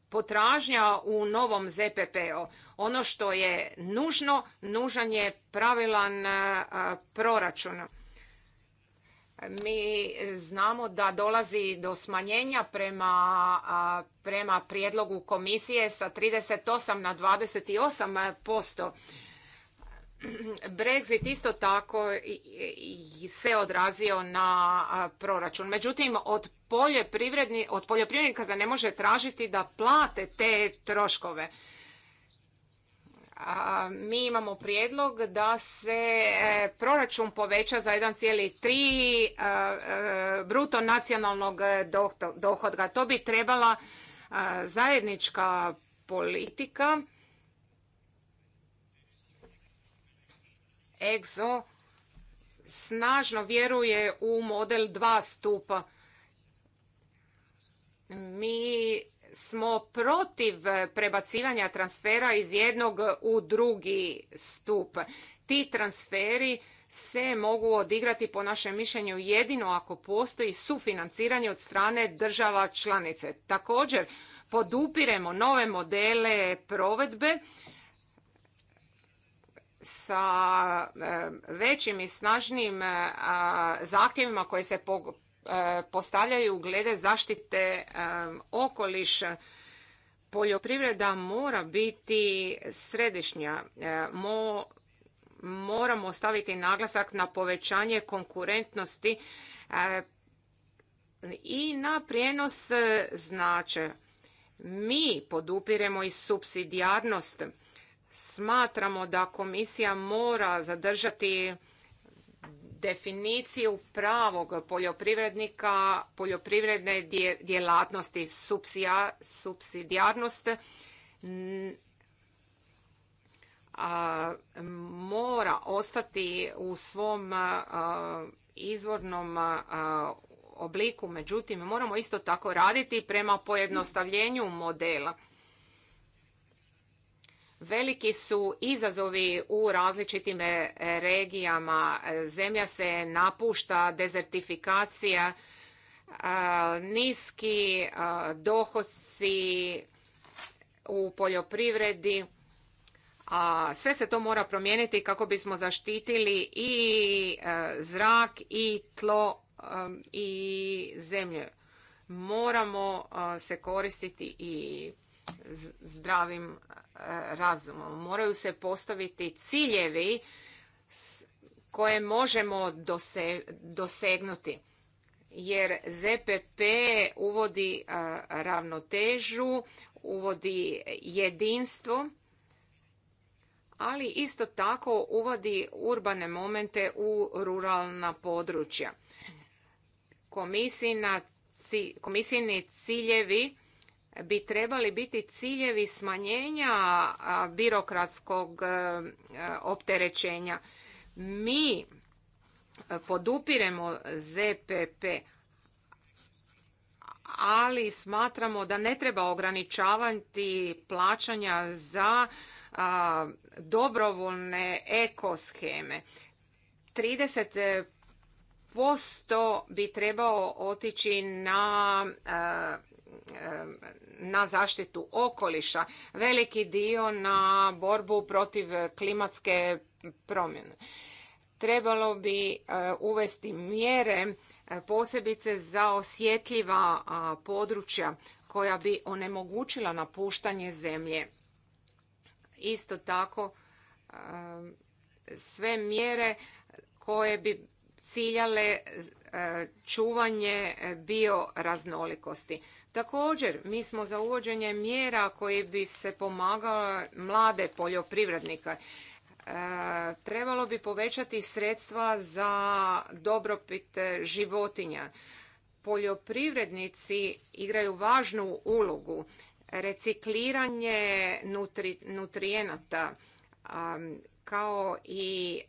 potražnja u novom ZPP-u. Ono što je nužno, nužan je pravilan e, proračun. Mi znamo da dolazi do smanjenja prema, prijedlogu komisije sa 38 na 28 posto. Brexit isto tako se odrazio na proračun. Međutim, od, od poljoprivrednika se ne može tražiti da plate te troškove mi imamo prijedlog da se e, proračun poveća za 1,3 e, e, bruto nacionalnog dohodka. To bi trebala zajednička politika EXO snažno vjeruje u model dva stupa. Mi smo protiv e, prebacivanja transfera iz jednog u drugi stup. Ti transferi se mogu odigrati po našem mišljenju jedino ako postoji sufinanciranje od strane država članice. Također podupiremo nove modele provedbe sa e, većim i snažnim zahtjevima koje se E, postavljaju glede zaštite e, okoliša. Poljoprivreda mora biti središnja. E, moramo staviti naglasak na povećanje konkurentnosti i na prijenos znače. Mi podupiremo i subsidijarnost. Smatramo da komisija mora zadržati definiciju pravog poljoprivrednika, poljoprivredne djelatnosti, supsidijarnosti mora ostati u svom izvornom obliku, međutim moramo isto tako raditi prema pojednostavljenju modela. Veliki su izazovi u različitim e, regijama. E, zemlja se napušta, dezertifikacija, e, niski dohodci u poljoprivredi. A sve se to mora promijeniti kako bismo zaštitili i zrak i tlo i zemlju. Moramo se koristiti i zdravim e, razumom. Moraju se postaviti ciljevi koje možemo dosegnuti. Jer ZPP uvodi e, ravnotežu, uvodi jedinstvo, ali isto tako uvodi urbane momente u ruralna područja. komisijni ciljevi bi trebali biti ciljevi smanjenja birokratskog e, e, opterećenja. Mi e, podupiremo ZPP, ali smatramo da ne treba ograničavati plaćanja za dobrovoljne ekosheme. 30% bi trebao otići na na zaštitu okoliša, veliki dio na borbu protiv klimatske promjene. Trebalo bi e, uvesti mjere e, posebice za osjetljiva područja koja bi onemogućila napuštanje zemlje. Isto tako e, sve mjere koje bi ciljale čuvanje bioraznolikosti. Također, mi smo za uvođenje mjera koje bi se pomagalo mlade poljoprivrednike. E, trebalo bi povećati sredstva za dobrobit životinja. Poljoprivrednici igraju važnu ulogu. Recikliranje nutrijenata, kao i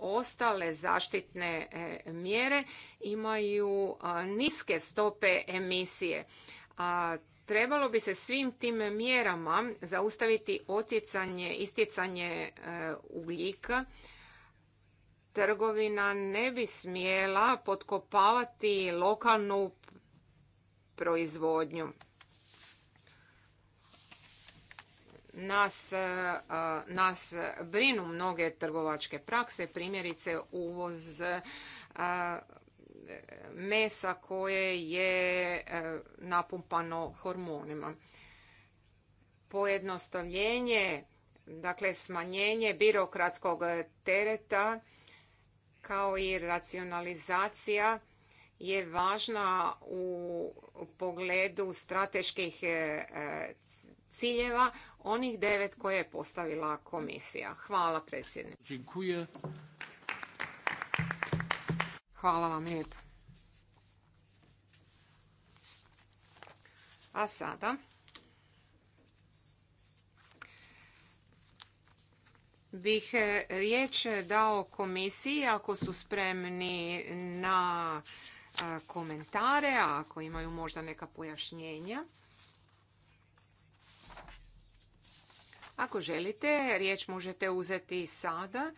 ostale zaštitne e, mjere imaju niske stope emisije. trebalo bi se svim tim mjerama zaustaviti otjecanje, istjecanje e, ugljika. Trgovina ne bi smjela potkopavati lokalnu proizvodnju. nas, e, nas brinu mnoge trgovačke prakse, primjerice uvoz e, mesa koje je e, napumpano hormonima. Pojednostavljenje, dakle smanjenje birokratskog tereta kao i racionalizacija je važna u pogledu strateških ciljeva, onih devet koje je postavila komisija. Hvala predsjedniče. Hvala vam lijepo. A sada bih e, riječ dao komisiji ako su spremni na e, komentare, ako imaju možda neka pojašnjenja. Ako želite, riječ možete uzeti sada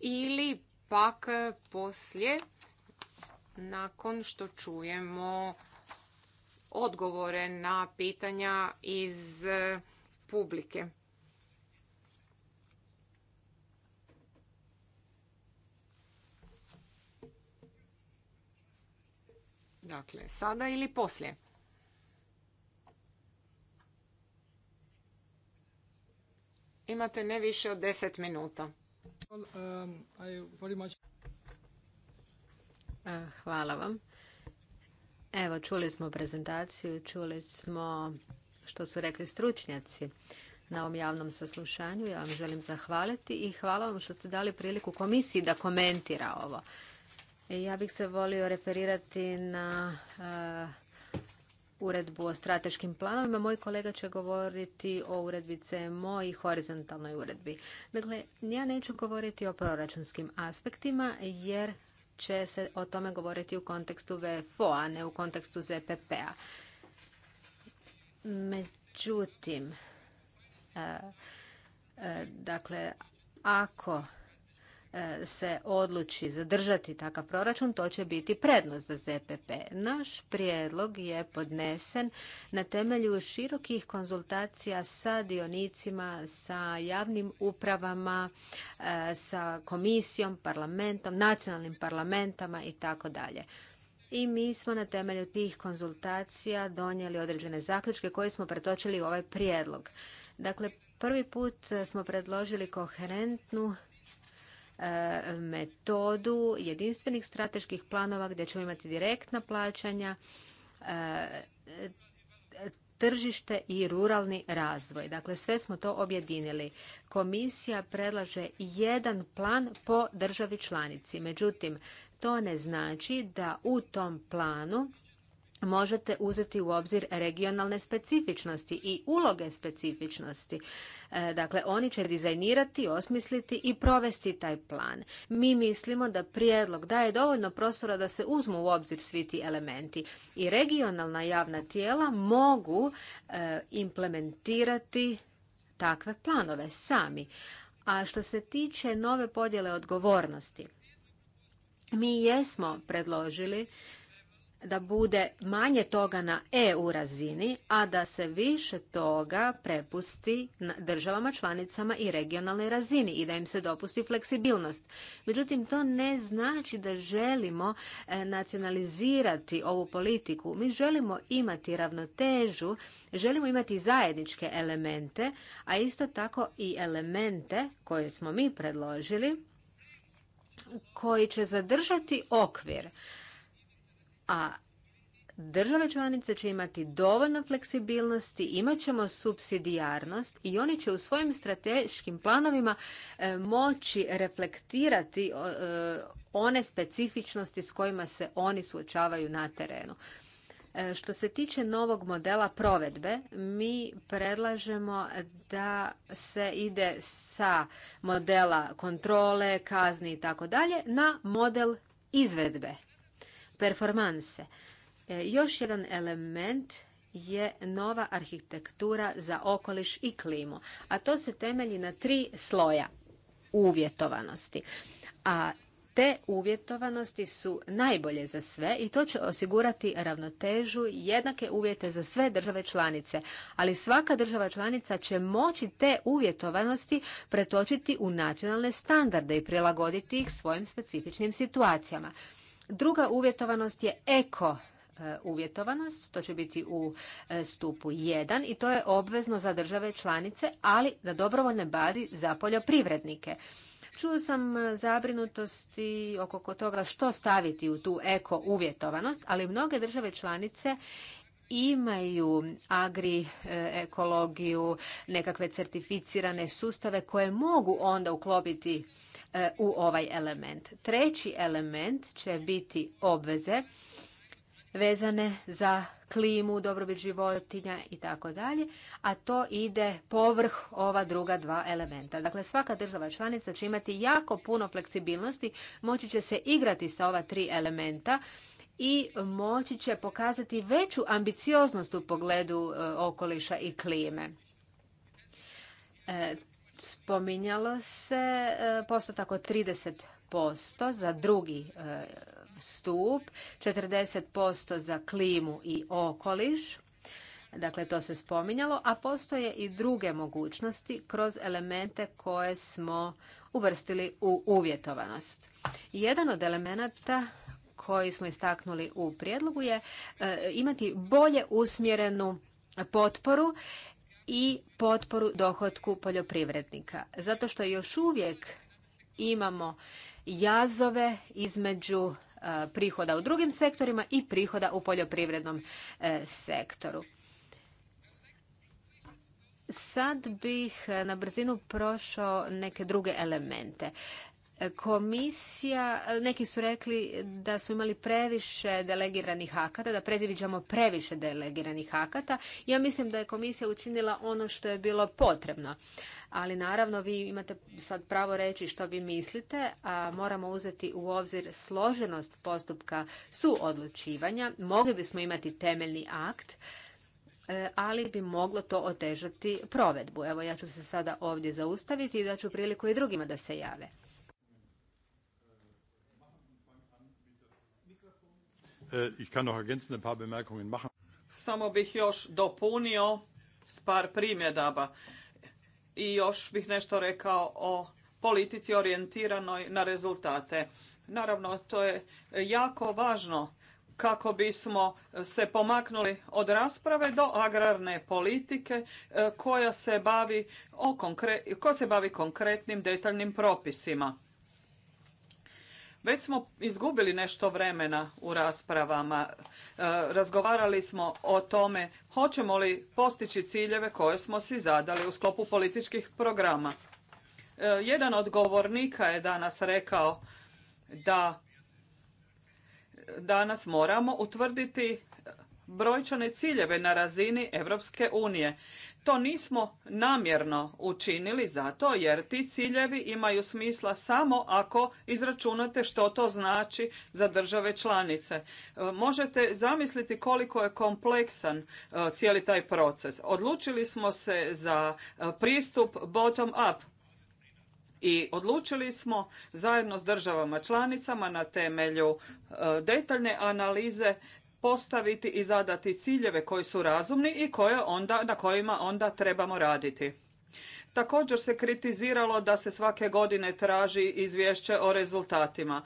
ili pak poslije, nakon što čujemo odgovore na pitanja iz publike. Dakle, sada ili poslije. Imate ne više od deset minuta. E, hvala vam. Evo, čuli smo prezentaciju, čuli smo što su rekli stručnjaci na ovom javnom saslušanju. Ja vam želim zahvaliti i hvala vam što ste dali priliku komisiji da komentira ovo. E, ja bih se volio referirati na e, uredbu o strateškim planovima. Moj kolega će govoriti o uredbi CMO i horizontalnoj uredbi. Dakle, ja neću govoriti o proračunskim aspektima jer će se o tome govoriti u kontekstu VFO, a ne u kontekstu ZPP-a. Međutim, e, e, dakle, ako E, se odluči zadržati takav proračun, to će biti prednost za ZPP. Naš prijedlog je podnesen na temelju širokih konzultacija sa dionicima, sa javnim upravama, e, sa komisijom, parlamentom, nacionalnim parlamentama i tako dalje. I mi smo na temelju tih konzultacija donijeli određene zaključke koje smo pretočili u ovaj prijedlog. Dakle, prvi put smo predložili koherentnu E, metodu jedinstvenih strateških planova gdje ćemo imati direktna plaćanja, e, tržište i ruralni razvoj. Dakle, sve smo to objedinili. Komisija predlaže jedan plan po državi članici. Međutim, to ne znači da u tom planu možete uzeti u obzir regionalne specifičnosti i uloge specifičnosti. E, dakle, oni će dizajnirati, osmisliti i provesti taj plan. Mi mislimo da prijedlog daje dovoljno prostora da se uzmu u obzir svi ti elementi. I regionalna javna tijela mogu e, implementirati takve planove sami. A što se tiče nove podjele odgovornosti, mi jesmo predložili da bude manje toga na EU razini, a da se više toga prepusti državama članicama i regionalnoj razini i da im se dopusti fleksibilnost. Međutim, to ne znači da želimo e, nacionalizirati ovu politiku. Mi želimo imati ravnotežu, želimo imati zajedničke elemente, a isto tako i elemente koje smo mi predložili koji će zadržati okvir a države članice će imati dovoljno fleksibilnosti, imat ćemo subsidijarnost i oni će u svojim strateškim planovima e, moći reflektirati e, one specifičnosti s kojima se oni suočavaju na terenu. E, što se tiče novog modela provedbe, mi predlažemo da se ide sa modela kontrole, kazni i tako dalje na model izvedbe performanse. E, još jedan element je nova arhitektura za okoliš i klimu, a to se temelji na tri sloja uvjetovanosti. A te uvjetovanosti su najbolje za sve i to će osigurati ravnotežu jednake uvjete za sve države članice. Ali svaka država članica će moći te uvjetovanosti pretočiti u nacionalne standarde i prilagoditi ih svojim specifičnim situacijama. Druga uvjetovanost je eko e, uvjetovanost, to će biti u e, stupu 1 i to je obvezno za države članice, ali na dobrovoljnoj bazi za poljoprivrednike. Čuo sam e, zabrinutosti oko toga što staviti u tu eko uvjetovanost, ali mnoge države članice imaju agri ekologiju, nekakve certificirane sustave koje mogu onda uklopiti E, u ovaj element. Treći element će biti obveze vezane za klimu, dobrobit životinja i tako dalje, a to ide povrh ova druga dva elementa. Dakle, svaka država članica će imati jako puno fleksibilnosti, moći će se igrati sa ova tri elementa i moći će pokazati veću ambicioznost u pogledu e, okoliša i klime. E, spominjalo se e, postotak od 30% za drugi e, stup, 40% za klimu i okoliš, dakle to se spominjalo, a postoje i druge mogućnosti kroz elemente koje smo uvrstili u uvjetovanost. Jedan od elemenata koji smo istaknuli u prijedlogu je e, imati bolje usmjerenu potporu i potporu dohotku poljoprivrednika. Zato što još uvijek imamo jazove između e, prihoda u drugim sektorima i prihoda u poljoprivrednom e, sektoru. Sad bih e, na brzinu prošao neke druge elemente. Komisija, neki su rekli da smo imali previše delegiranih akata, da predviđamo previše delegiranih akata. Ja mislim da je komisija učinila ono što je bilo potrebno. Ali naravno vi imate sad pravo reći što vi mislite, a moramo uzeti u obzir složenost postupka suodlučivanja. Mogli bismo imati temeljni akt, e, ali bi moglo to otežati provedbu. Evo ja ću se sada ovdje zaustaviti i ću priliku i drugima da se jave. Äh, Samo bih još dopunio s par primjedaba i još bih nešto rekao o politici orijentiranoj na rezultate. Naravno, to je jako važno kako bismo se pomaknuli od rasprave do agrarne politike äh, koja se bavi, se bavi konkretnim detaljnim propisima. Već smo izgubili nešto vremena u raspravama. E, razgovarali smo o tome hoćemo li postići ciljeve koje smo si zadali u sklopu političkih programa. E, jedan od govornika je danas rekao da danas moramo utvrditi brojčane ciljeve na razini Europske unije. To nismo namjerno učinili zato jer ti ciljevi imaju smisla samo ako izračunate što to znači za države članice. E, možete zamisliti koliko je kompleksan e, cijeli taj proces. Odlučili smo se za e, pristup bottom up i odlučili smo zajedno s državama članicama na temelju detaljne analize postaviti i zadati ciljeve koji su razumni i koje onda, na kojima onda trebamo raditi. Također se kritiziralo da se svake godine traži izvješće o rezultatima.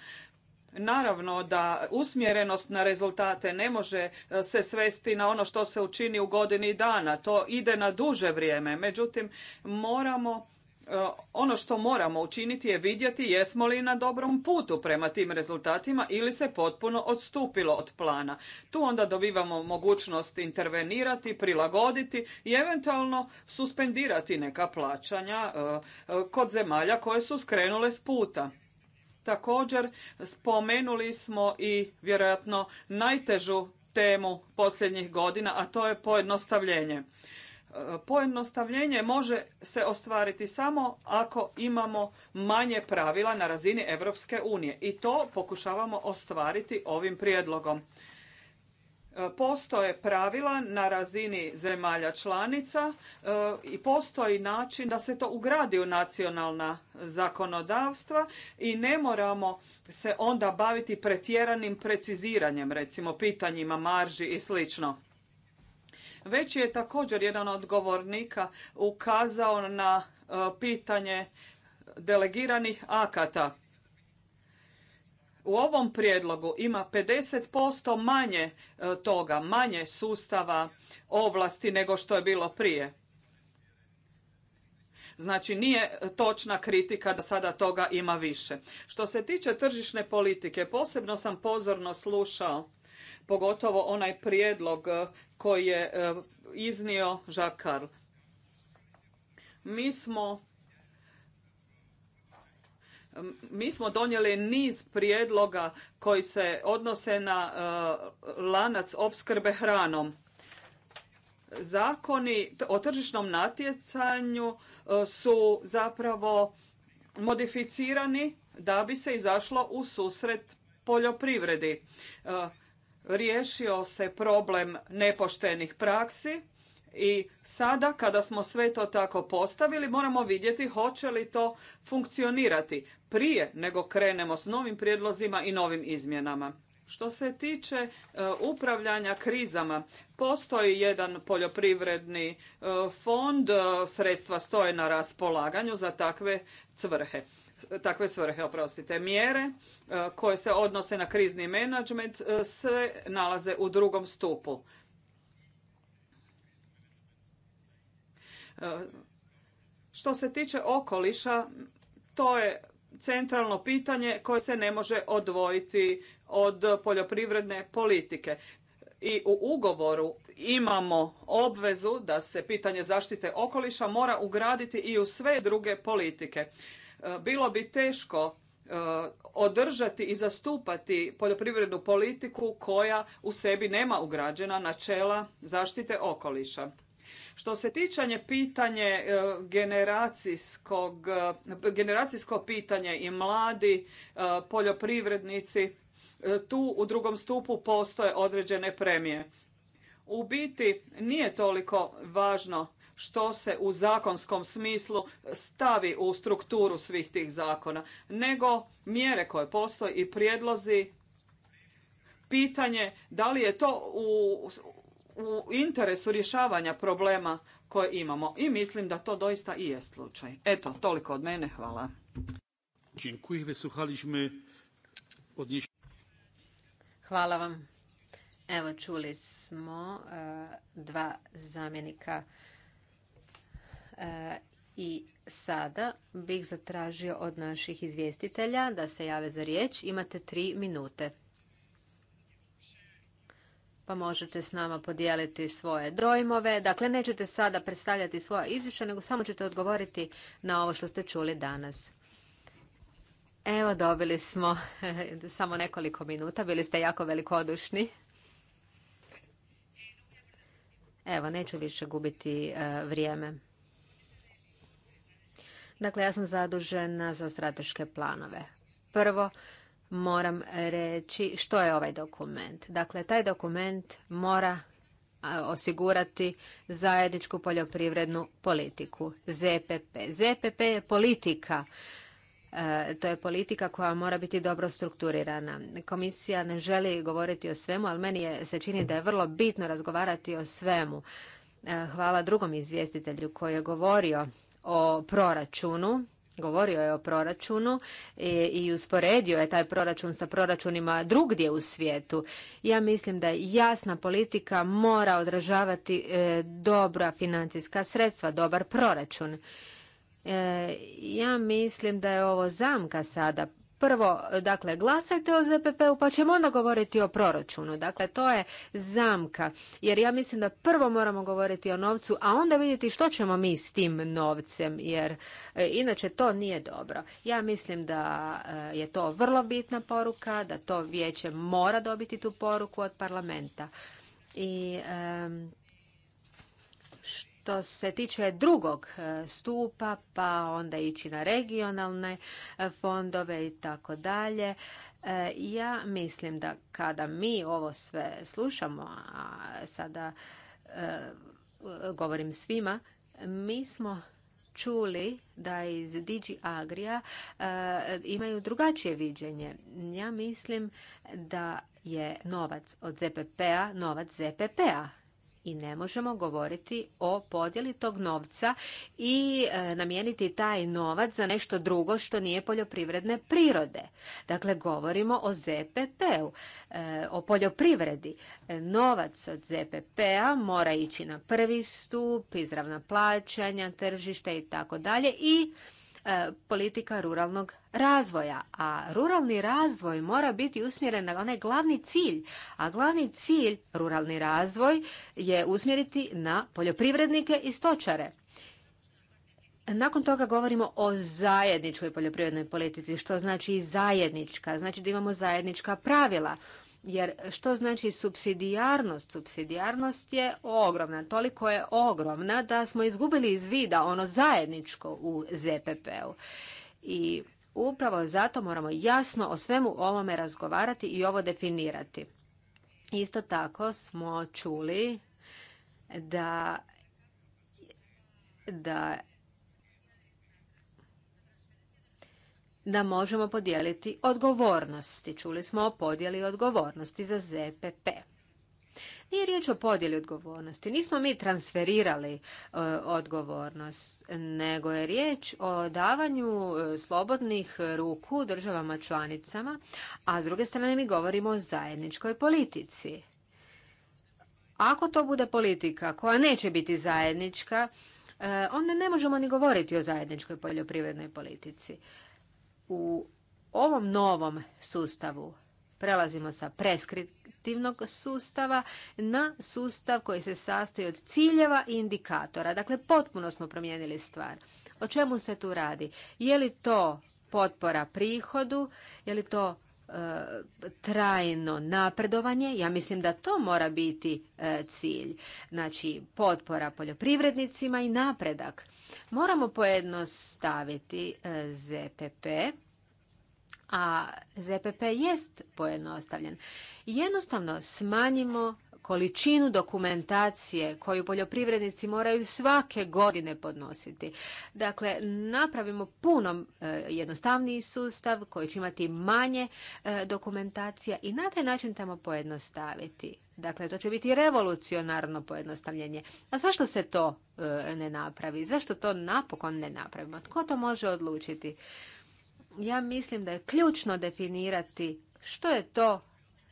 Naravno da usmjerenost na rezultate ne može e, se svesti na ono što se učini u godini dana, to ide na duže vrijeme. Međutim, moramo E, ono što moramo učiniti je vidjeti jesmo li na dobrom putu prema tim rezultatima ili se potpuno odstupilo od plana. Tu onda dobivamo mogućnost intervenirati, prilagoditi i eventualno suspendirati neka plaćanja e, e, kod zemalja koje su skrenule s puta. Također spomenuli smo i vjerojatno najtežu temu posljednjih godina, a to je pojednostavljenje pojednostavljenje može se ostvariti samo ako imamo manje pravila na razini Europske unije i to pokušavamo ostvariti ovim prijedlogom. E, postoje pravila na razini zemalja članica e, i postoji način da se to ugradi u nacionalna zakonodavstva i ne moramo se onda baviti pretjeranim preciziranjem, recimo pitanjima marži i slično već je također jedan od govornika ukazao na e, pitanje delegiranih akata. U ovom prijedlogu ima 50% manje e, toga, manje sustava ovlasti nego što je bilo prije. Znači nije točna kritika da sada toga ima više. Što se tiče tržišne politike, posebno sam pozorno slušao pogotovo onaj prijedlog eh, koji je eh, iznio Žakar. Mi smo mm, mi smo donijeli niz prijedloga koji se odnose na eh, lanac opskrbe hranom. Zakoni o tržišnom natjecanju su zapravo modificirani da bi se izašlo u susret poljoprivredi riješio se problem nepoštenih praksi i sada kada smo sve to tako postavili moramo vidjeti hoće li to funkcionirati prije nego krenemo s novim prijedlozima i novim izmjenama. Što se tiče e, upravljanja krizama, postoji jedan poljoprivredni e, fond, e, sredstva stoje na raspolaganju za takve svrhe takve svrhe, oprostite, mjere e, koje se odnose na krizni menadžment e, se nalaze u drugom stupu. E, što se tiče okoliša, to je centralno pitanje koje se ne može odvojiti od poljoprivredne politike. I u ugovoru imamo obvezu da se pitanje zaštite okoliša mora ugraditi i u sve druge politike. E, bilo bi teško e, održati i zastupati poljoprivrednu politiku koja u sebi nema ugrađena načela zaštite okoliša. Što se tiče pitanje e, generacijskog, generacijsko pitanje i mladi poljoprivrednici, tu u drugom stupu postoje određene premije. U biti nije toliko važno što se u zakonskom smislu stavi u strukturu svih tih zakona, nego mjere koje postoje i prijedlozi. Pitanje da li je to u, u interesu rješavanja problema koje imamo. I mislim da to doista i je slučaj. Eto, toliko od mene. Hvala. Hvala vam. Evo, čuli smo e, dva zamjenika E, I sada bih zatražio od naših izvjestitelja da se jave za riječ. Imate tri minute. Pa možete s nama podijeliti svoje dojmove. Dakle, nećete sada predstavljati svoja izvješća, nego samo ćete odgovoriti na ovo što ste čuli danas. Evo, dobili smo [laughs] samo nekoliko minuta. Bili ste jako velikodušni. Evo, neću više gubiti e, vrijeme. Dakle, ja sam zadužena za strateške planove. Prvo, moram reći što je ovaj dokument. Dakle, taj dokument mora osigurati zajedničku poljoprivrednu politiku, ZPP. ZPP je politika. E, to je politika koja mora biti dobro strukturirana. Komisija ne želi govoriti o svemu, ali meni se čini da je vrlo bitno razgovarati o svemu. E, hvala drugom izvjestitelju koji je govorio o proračunu, govorio je o proračunu i usporedio je taj proračun sa proračunima drugdje u svijetu. Ja mislim da jasna politika mora odražavati e, dobra financijska sredstva, dobar proračun. E, ja mislim da je ovo zamka sada Prvo, dakle, glasajte o ZPP-u pa ćemo onda govoriti o proračunu. Dakle, to je zamka. Jer ja mislim da prvo moramo govoriti o novcu, a onda vidjeti što ćemo mi s tim novcem. Jer e, inače to nije dobro. Ja mislim da e, je to vrlo bitna poruka, da to vijeće mora dobiti tu poruku od parlamenta. I što se tiče drugog e, stupa, pa onda ići na regionalne e, fondove i tako dalje. E, ja mislim da kada mi ovo sve slušamo, a sada govorim svima, mi smo čuli da iz Digi Agria imaju drugačije viđenje. Ja mislim da je novac od ZPP-a novac ZPP-a i ne možemo govoriti o podjeli tog novca i e, namijeniti taj novac za nešto drugo što nije poljoprivredne prirode. Dakle, govorimo o ZPP-u, e, o poljoprivredi. E, novac od ZPP-a mora ići na prvi stup, izravna plaćanja, tržište i tako dalje i E, politika ruralnog razvoja. A ruralni razvoj mora biti usmjeren na onaj glavni cilj. A glavni cilj ruralni razvoj je usmjeriti na poljoprivrednike i stočare. Nakon toga govorimo o zajedničkoj poljoprivrednoj politici, što znači zajednička, znači da imamo zajednička pravila. Jer što znači subsidijarnost? Subsidijarnost je ogromna, toliko je ogromna da smo izgubili iz vida ono zajedničko u ZPP-u. I upravo zato moramo jasno o svemu ovome razgovarati i ovo definirati. Isto tako smo čuli da da da možemo podijeliti odgovornosti. Čuli smo o podjeli odgovornosti za ZPP. Nije riječ o podjeli odgovornosti. Nismo mi transferirali e, odgovornost, nego je riječ o davanju e, slobodnih ruku državama članicama, a s druge strane mi govorimo o zajedničkoj politici. Ako to bude politika koja neće biti zajednička, e, onda ne možemo ni govoriti o zajedničkoj poljoprivrednoj politici u ovom novom sustavu prelazimo sa preskriptivnog sustava na sustav koji se sastoji od ciljeva i indikatora. Dakle, potpuno smo promijenili stvar. O čemu se tu radi? Je li to potpora prihodu? Je li to trajno napredovanje. Ja mislim da to mora biti e, cilj. Znači, potpora poljoprivrednicima i napredak. Moramo pojednostaviti e, ZPP, a ZPP jest pojednostavljen. Jednostavno smanjimo količinu dokumentacije koju poljoprivrednici moraju svake godine podnositi. Dakle, napravimo puno e, jednostavniji sustav koji će imati manje e, dokumentacija i na taj način tamo pojednostaviti. Dakle, to će biti revolucionarno pojednostavljenje. A zašto se to e, ne napravi? Zašto to napokon ne napravimo? Tko to može odlučiti? Ja mislim da je ključno definirati što je to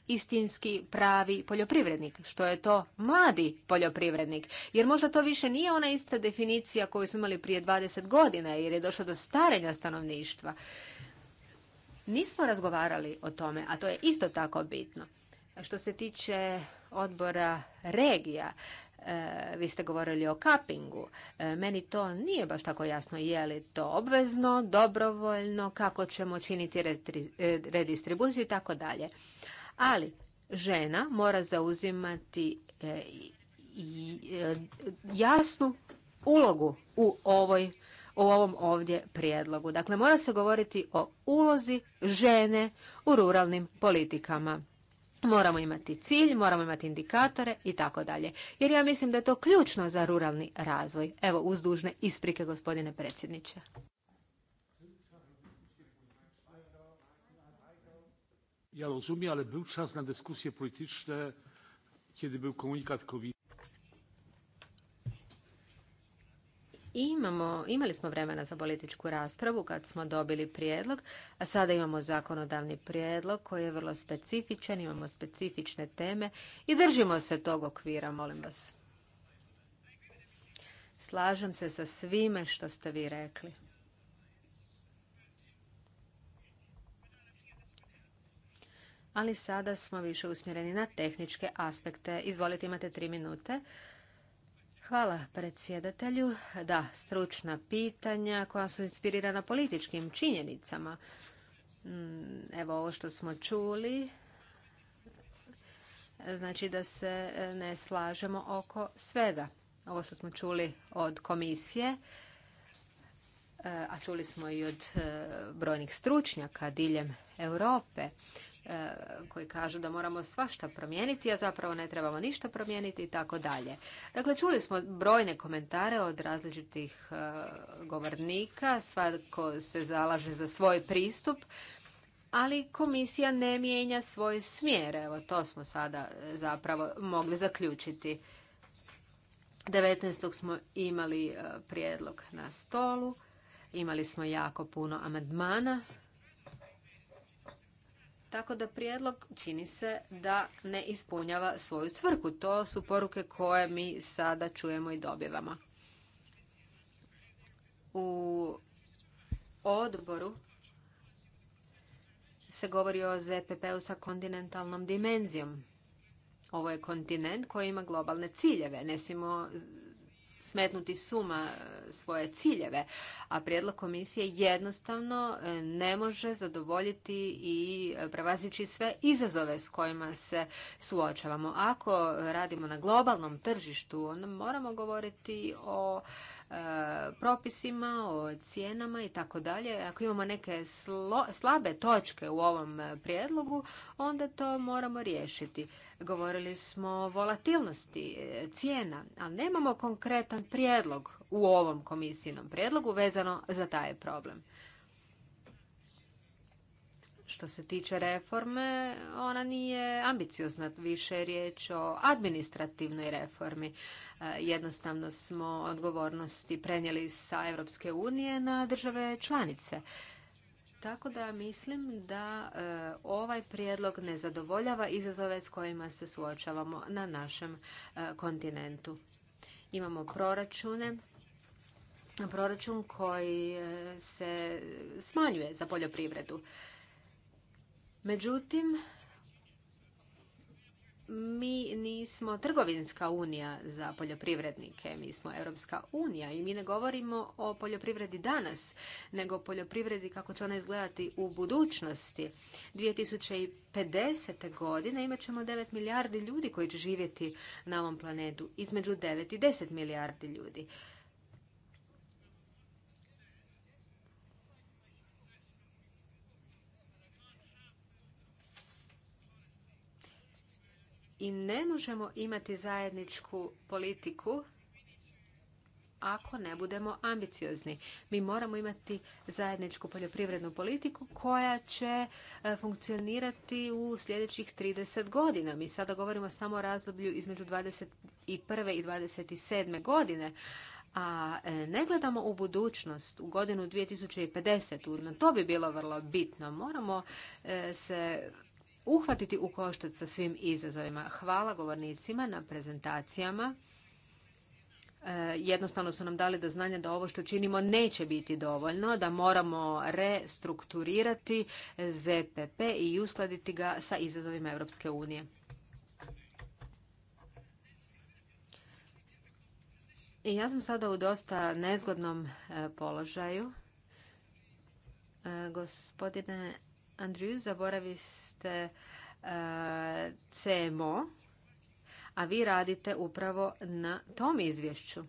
istinski pravi poljoprivrednik. Što je to mladi poljoprivrednik? Jer možda to više nije ona ista definicija koju smo imali prije 20 godina jer je došlo do starenja stanovništva. Nismo razgovarali o tome, a to je isto tako bitno. Što se tiče odbora regija, e, vi ste govorili o kapingu. E, meni to nije baš tako jasno je li to obvezno, dobrovoljno, kako ćemo činiti e, redistribuciju i tako dalje. Ali žena mora zauzimati e, e, jasnu ulogu u ovoj u ovom ovdje prijedlogu. Dakle, mora se govoriti o ulozi žene u ruralnim politikama. Moramo imati cilj, moramo imati indikatore i tako dalje. Jer ja mislim da je to ključno za ruralni razvoj. Evo, uzdužne isprike, gospodine predsjedniče. Ja rozumiem, ale był czas na dyskusje polityczne, kiedy był komunikat COVID. Imamo, imali smo vremena za političku raspravu kad smo dobili prijedlog, a sada imamo zakonodavni prijedlog koji je vrlo specifičan, imamo specifične teme i držimo se tog okvira, molim vas. Slažem se sa svime što ste vi rekli. ali sada smo više usmjereni na tehničke aspekte. Izvolite, imate tri minute. Hvala predsjedatelju. Da, stručna pitanja koja su inspirirana političkim činjenicama. Mm, evo ovo što smo čuli, znači da se e, ne slažemo oko svega. Ovo što smo čuli od komisije, e, a čuli smo i od e, brojnih stručnjaka diljem Europe. E, koji kažu da moramo svašta promijeniti, a zapravo ne trebamo ništa promijeniti i tako dalje. Dakle, čuli smo brojne komentare od različitih e, govornika, svatko se zalaže za svoj pristup, ali komisija ne mijenja svoj smjer. Evo, to smo sada e, zapravo mogli zaključiti. 19. smo imali prijedlog na stolu, imali smo jako puno amandmana tako da prijedlog čini se da ne ispunjava svoju svrhu. To su poruke koje mi sada čujemo i dobivamo. U odboru se govori o ZPP-u sa kontinentalnom dimenzijom. Ovo je kontinent koji ima globalne ciljeve. Ne smijemo smetnuti suma e, svoje ciljeve, a prijedlog komisije jednostavno e, ne može zadovoljiti i prevazići sve izazove s kojima se suočavamo. Ako radimo na globalnom tržištu, onda moramo govoriti o propisima, o cijenama i tako dalje. Ako imamo neke slabe točke u ovom prijedlogu, onda to moramo riješiti. Govorili smo o volatilnosti e, cijena, ali nemamo konkretan prijedlog u ovom komisijinom prijedlogu vezano za taj problem. Što se tiče reforme, ona nije ambiciozna, više je riječ o administrativnoj reformi. E, jednostavno smo odgovornosti prenijeli sa Europske unije na države članice. Tako da mislim da e, ovaj prijedlog ne zadovoljava izazove s kojima se suočavamo na našem e, kontinentu. Imamo proračune proračun koji se smanjuje za poljoprivredu. Međutim, mi nismo trgovinska unija za poljoprivrednike, mi smo Europska unija i mi ne govorimo o poljoprivredi danas, nego o poljoprivredi kako će ona izgledati u budućnosti. 2050. godine imat ćemo 9 milijardi ljudi koji će živjeti na ovom planetu, između 9 i 10 milijardi ljudi. i ne možemo imati zajedničku politiku ako ne budemo ambiciozni. Mi moramo imati zajedničku poljoprivrednu politiku koja će e, funkcionirati u sljedećih 30 godina. Mi sada govorimo samo o razdoblju između 21. i 27. godine, a e, ne gledamo u budućnost, u godinu 2050. na to bi bilo vrlo bitno. Moramo e, se uhvatiti u koštac sa svim izazovima. Hvala govornicima na prezentacijama. E, jednostavno su nam dali do znanja da ovo što činimo neće biti dovoljno, da moramo restrukturirati ZPP i uskladiti ga sa izazovima Europske unije. I ja sam sada u dosta nezgodnom e, položaju. E, gospodine Andriju, zaboravi ste e, CMO, a vi radite upravo na tom izvješću,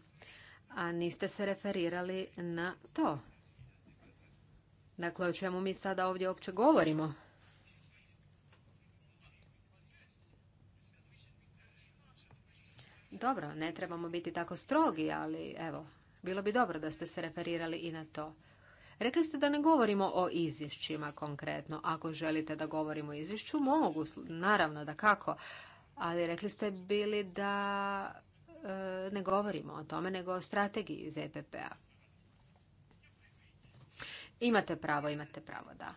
a niste se referirali na to. Dakle, o čemu mi sada ovdje uopće govorimo? Dobro, ne trebamo biti tako strogi, ali evo, bilo bi dobro da ste se referirali i na to. Rekli ste da ne govorimo o izvješćima konkretno. Ako želite da govorimo o izvješću, mogu, naravno da kako. Ali rekli ste bili da e, ne govorimo o tome, nego o strategiji ZPP-a. E imate pravo, imate pravo, da.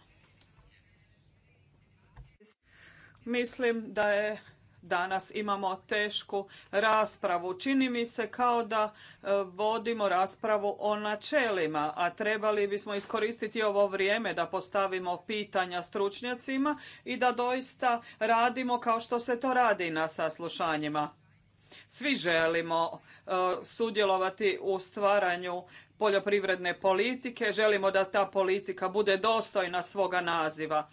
Mislim da je danas imamo tešku raspravu. Čini mi se kao da e, vodimo raspravu o načelima, a trebali bismo iskoristiti ovo vrijeme da postavimo pitanja stručnjacima i da doista radimo kao što se to radi na saslušanjima. Svi želimo e, sudjelovati u stvaranju poljoprivredne politike, želimo da ta politika bude dostojna svoga naziva.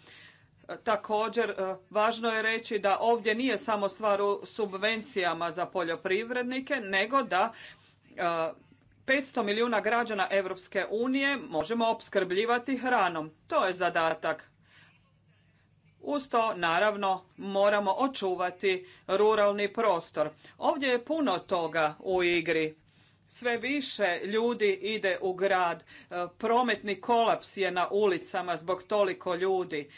Također, e, važno je reći da ovdje nije samo stvar u subvencijama za poljoprivrednike, nego da 500 e, milijuna građana Europske unije možemo opskrbljivati hranom. To je zadatak. Uz to, naravno, moramo očuvati ruralni prostor. Ovdje je puno toga u igri. Sve više ljudi ide u grad. E, prometni kolaps je na ulicama zbog toliko ljudi.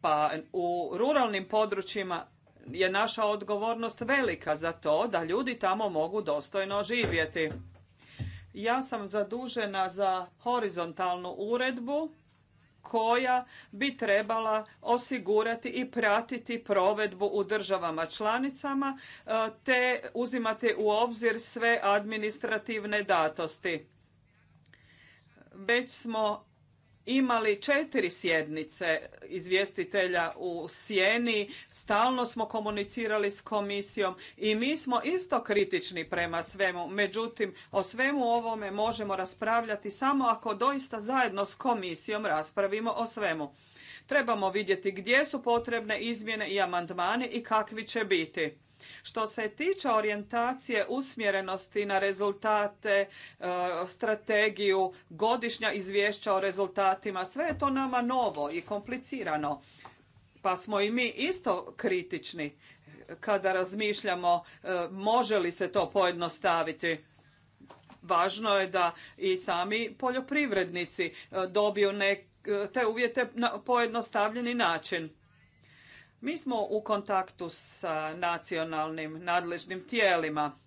Pa u ruralnim područjima je naša odgovornost velika za to da ljudi tamo mogu dostojno živjeti. Ja sam zadužena za horizontalnu uredbu koja bi trebala osigurati i pratiti provedbu u državama članicama e, te uzimati u obzir sve administrativne datosti. Već smo imali četiri sjednice izvjestitelja u sjeni, stalno smo komunicirali s komisijom i mi smo isto kritični prema svemu. Međutim, o svemu ovome možemo raspravljati samo ako doista zajedno s komisijom raspravimo o svemu. Trebamo vidjeti gdje su potrebne izmjene i amandmani i kakvi će biti. Što se tiče orijentacije usmjerenosti na rezultate, e, strategiju, godišnja izvješća o rezultatima, sve je to nama novo i komplicirano. Pa smo i mi isto kritični kada razmišljamo e, može li se to pojednostaviti. Važno je da i sami poljoprivrednici e, dobiju te uvjete na pojednostavljeni način. Mi smo u kontaktu sa nacionalnim nadležnim tijelima.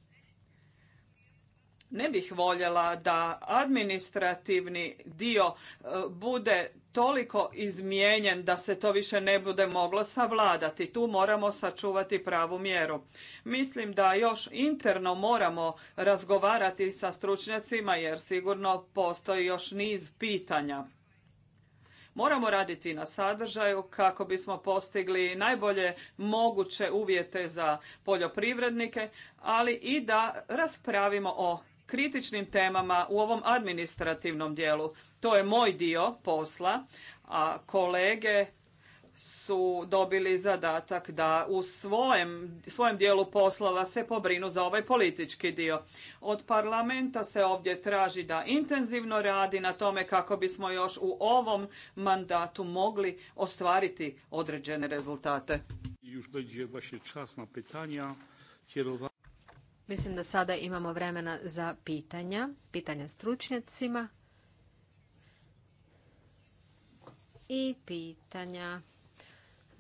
Ne bih voljela da administrativni dio e, bude toliko izmijenjen da se to više ne bude moglo savladati. Tu moramo sačuvati pravu mjeru. Mislim da još interno moramo razgovarati sa stručnjacima jer sigurno postoji još niz pitanja. Moramo raditi na sadržaju kako bismo postigli najbolje moguće uvjete za poljoprivrednike, ali i da raspravimo o kritičnim temama u ovom administrativnom dijelu. To je moj dio posla, a kolege su dobili zadatak da u svojem, dijelu poslova se pobrinu za ovaj politički dio. Od parlamenta se ovdje traži da intenzivno radi na tome kako bismo još u ovom mandatu mogli ostvariti određene rezultate. Mislim da sada imamo vremena za pitanja, pitanja stručnjacima i pitanja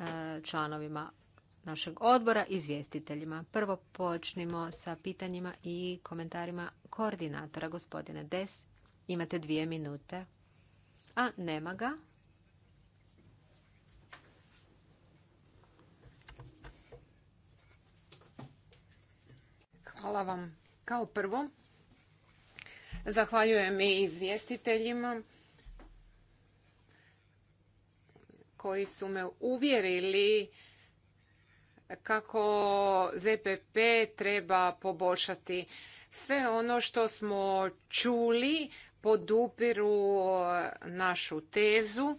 E, članovima našeg odbora, izvjestiteljima. Prvo počnimo sa pitanjima i komentarima koordinatora. Gospodine Des, imate dvije minute. A, nema ga. Hvala vam. Kao prvo, zahvaljujem i izvjestiteljima koji su me uvjerili kako ZPP treba poboljšati. Sve ono što smo čuli podupiru eh, našu tezu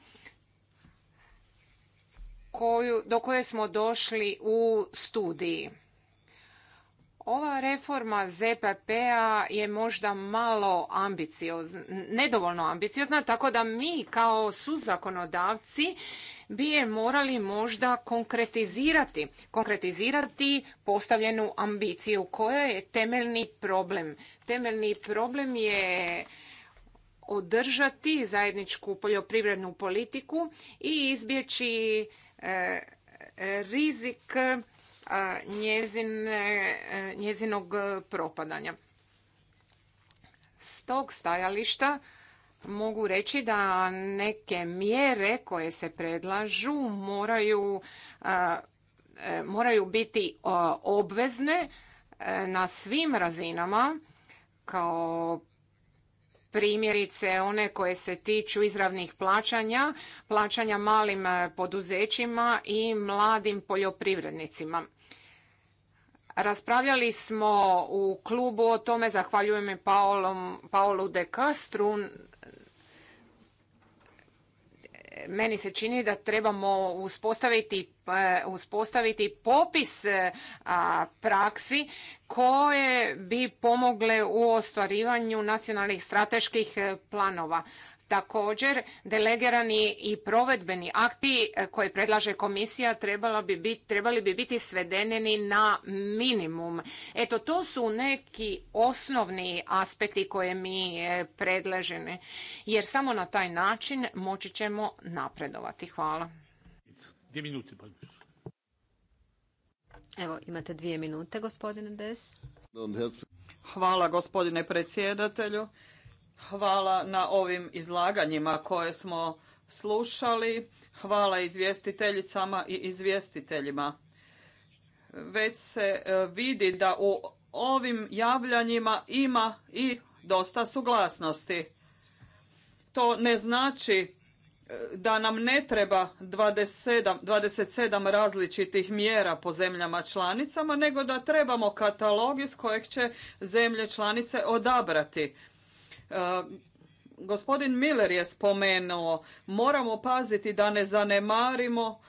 do koje smo došli u studiji. Ova reforma ZPP-a je možda malo ambiciozna, nedovoljno ambiciozna, tako da mi kao suzakonodavci bi je morali možda konkretizirati. Konkretizirati postavljenu ambiciju koja je temeljni problem. Temeljni problem je održati zajedničku poljoprivrednu politiku i izbjeći e, rizik e, e, njezinog propadanja. S tog stajališta mogu reći da neke mjere koje se predlažu moraju, e, moraju biti obvezne e, na svim razinama kao primjerice one koje se tiču izravnih plaćanja, plaćanja malim e, poduzećima i mladim poljoprivrednicima. Raspravljali smo u klubu o tome, zahvaljujem i Paolu de Castru meni se čini da trebamo uspostaviti, e, uspostaviti popis e, praksi koje bi pomogle u ostvarivanju nacionalnih strateških e, planova. Također, delegirani i provedbeni akti e, koje predlaže komisija trebali bi biti svedeni na minimum. Eto, to su neki osnovni aspekti koje mi e, predlažene jer samo na taj način moći ćemo napredovati. Hvala. Pa Evo, imate dvije minute, gospodine Des. Hvala, gospodine predsjedatelju. Hvala na ovim izlaganjima koje smo slušali. Hvala izvjestiteljicama i izvjestiteljima. Već se e, vidi da u ovim javljanjima ima i dosta suglasnosti. To ne znači e, da nam ne treba 27, 27 različitih mjera po zemljama članicama, nego da trebamo katalog iz kojeg će zemlje članice odabrati E, gospodin Miller je spomenuo, moramo paziti da ne zanemarimo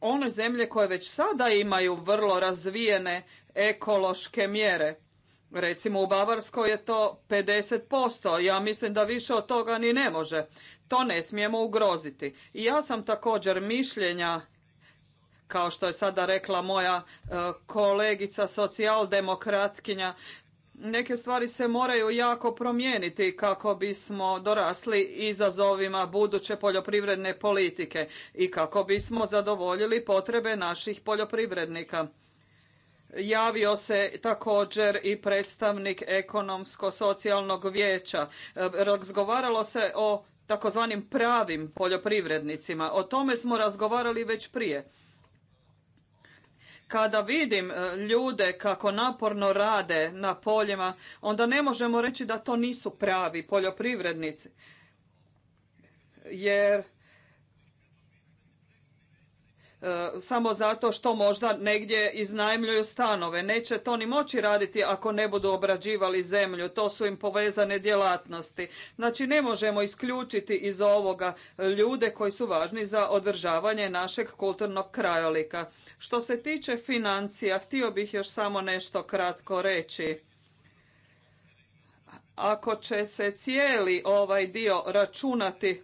one zemlje koje već sada imaju vrlo razvijene ekološke mjere. Recimo u Bavarskoj je to 50%, ja mislim da više od toga ni ne može. To ne smijemo ugroziti. I ja sam također mišljenja, kao što je sada rekla moja e, kolegica socijaldemokratkinja, neke stvari se moraju jako promijeniti kako bismo dorasli izazovima buduće poljoprivredne politike i kako bismo zadovoljili potrebe naših poljoprivrednika. Javio se također i predstavnik ekonomsko-socijalnog vijeća. E, razgovaralo se o takozvanim pravim poljoprivrednicima. O tome smo razgovarali već prije. Kada vidim e, ljude kako naporno rade na poljima, onda ne možemo reći da to nisu pravi poljoprivrednici. Jer E, samo zato što možda negdje iznajmljuju stanove. Neće to ni moći raditi ako ne budu obrađivali zemlju, to su im povezane djelatnosti. Znači ne možemo isključiti iz ovoga ljude koji su važni za održavanje našeg kulturnog krajolika. Što se tiče financija, htio bih još samo nešto kratko reći ako će se cijeli ovaj dio računati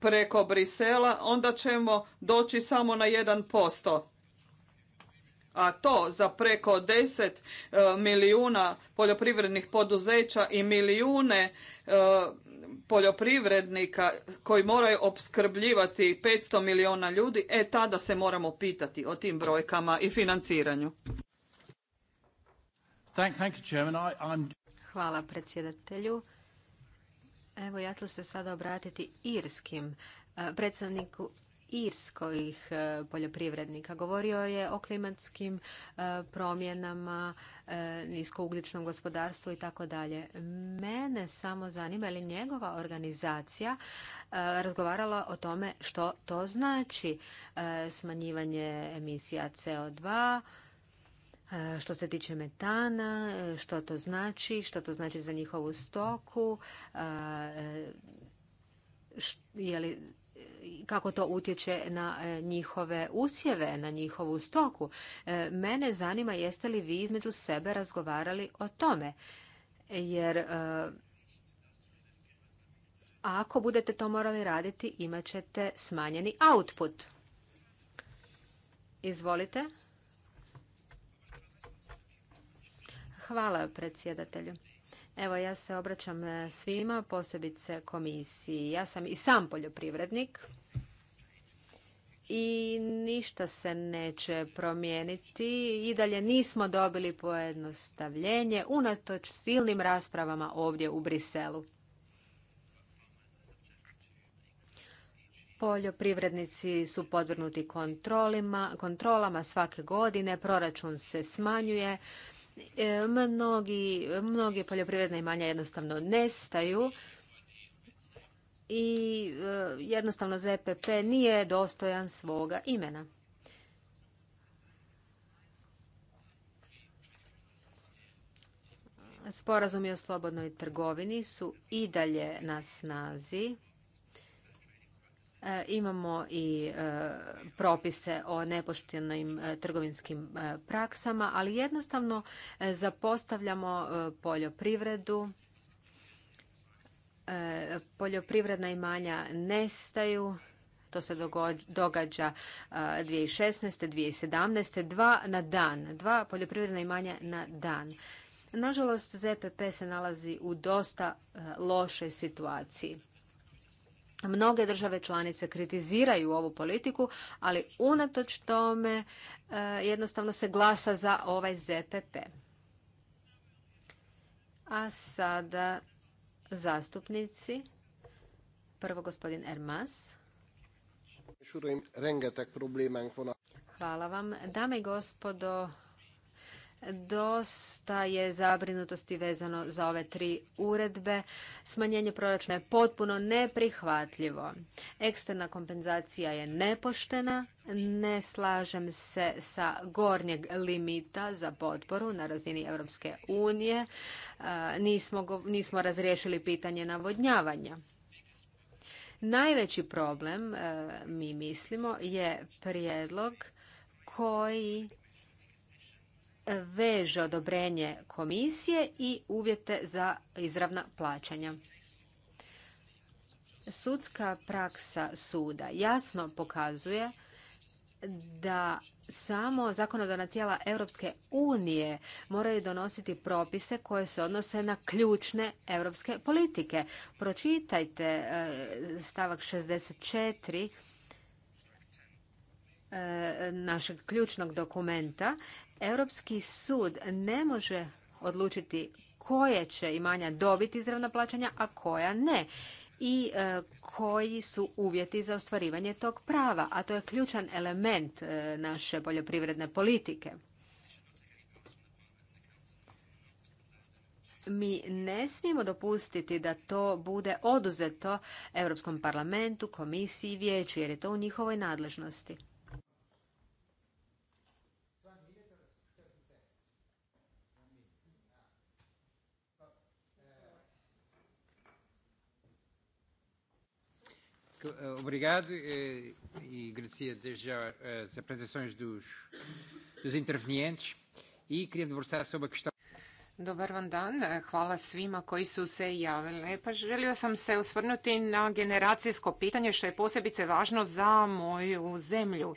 preko Brisela, onda ćemo doći samo na 1%. A to za preko 10 e, milijuna poljoprivrednih poduzeća i milijune e, poljoprivrednika koji moraju opskrbljivati 500 milijuna ljudi, e tada se moramo pitati o tim brojkama i financiranju. Hvala predsjedatelju. Evo ja ću se sada obratiti irskim e, predstavniku irskojih e, poljoprivrednika. Govorio je o klimatskim e, promjenama, niskougličnom gospodarstvu i tako dalje. Mene samo zanima je li njegova organizacija razgovarala o tome što to znači smanjivanje emisija CO2, E, što se tiče metana, e, što to znači, što to znači za njihovu stoku, e, je li kako to utječe na njihove usjeve, na njihovu stoku. Mene zanima jeste li vi između sebe razgovarali o tome. Jer ako budete to morali raditi, imat ćete smanjeni output. Izvolite. Hvala predsjedatelju. Evo ja se obraćam e, svima, posebice komisiji. Ja sam i sam poljoprivrednik i ništa se neće promijeniti. I dalje nismo dobili pojednostavljenje unatoč silnim raspravama ovdje u Briselu. Poljoprivrednici su podvrnuti kontrolama svake godine, proračun se smanjuje E, mnogi, poljoprivredne imanja jednostavno nestaju i e, jednostavno ZPP nije dostojan svoga imena. Sporazumi o slobodnoj trgovini su i dalje na snazi E, imamo i e, propise o nepoštenim e, trgovinskim praksama, ali jednostavno zapostavljamo poljoprivredu. Poljoprivredna imanja nestaju. To se događa 2016. 2017. Dva na dan. Dva poljoprivredna imanja na dan. Nažalost, ZPP se nalazi u dosta lošoj situaciji. Mnoge države članice kritiziraju ovu politiku, ali unatoč tome e, jednostavno se glasa za ovaj ZPP. A sada zastupnici. Prvo gospodin Ermas. Hvala vam. Dame i gospodo, Dosta je zabrinutosti vezano za ove tri uredbe. Smanjenje proračuna je potpuno neprihvatljivo. Eksterna kompenzacija je nepoštena. Ne slažem se sa gornjeg limita za potporu na razini Europske unije. E, nismo, nismo razriješili pitanje navodnjavanja. Najveći problem, e, mi mislimo, je prijedlog koji veže odobrenje komisije i uvjete za izravna plaćanja. Sudska praksa suda jasno pokazuje da samo zakonodavna tijela Europske unije moraju donositi propise koje se odnose na ključne europske politike. Pročitajte e, stavak 64 e, našeg ključnog dokumenta Europski sud ne može odlučiti koje će imanja dobiti izravna plaćanja, a koja ne i e, koji su uvjeti za ostvarivanje tog prava, a to je ključan element e, naše poljoprivredne politike. Mi ne smijemo dopustiti da to bude oduzeto Europskom parlamentu, komisiji i vijeću, jer je to u njihovoj nadležnosti. Eh, obrigado eh, e agradecia desde já eh, as apresentações dos, dos intervenientes i e queria debruçar sobre a questão Dobar vam dan, eh, hvala svima koji su se javili. Pa želio sam se osvrnuti na generacijsko pitanje što je posebice važno za moju zemlju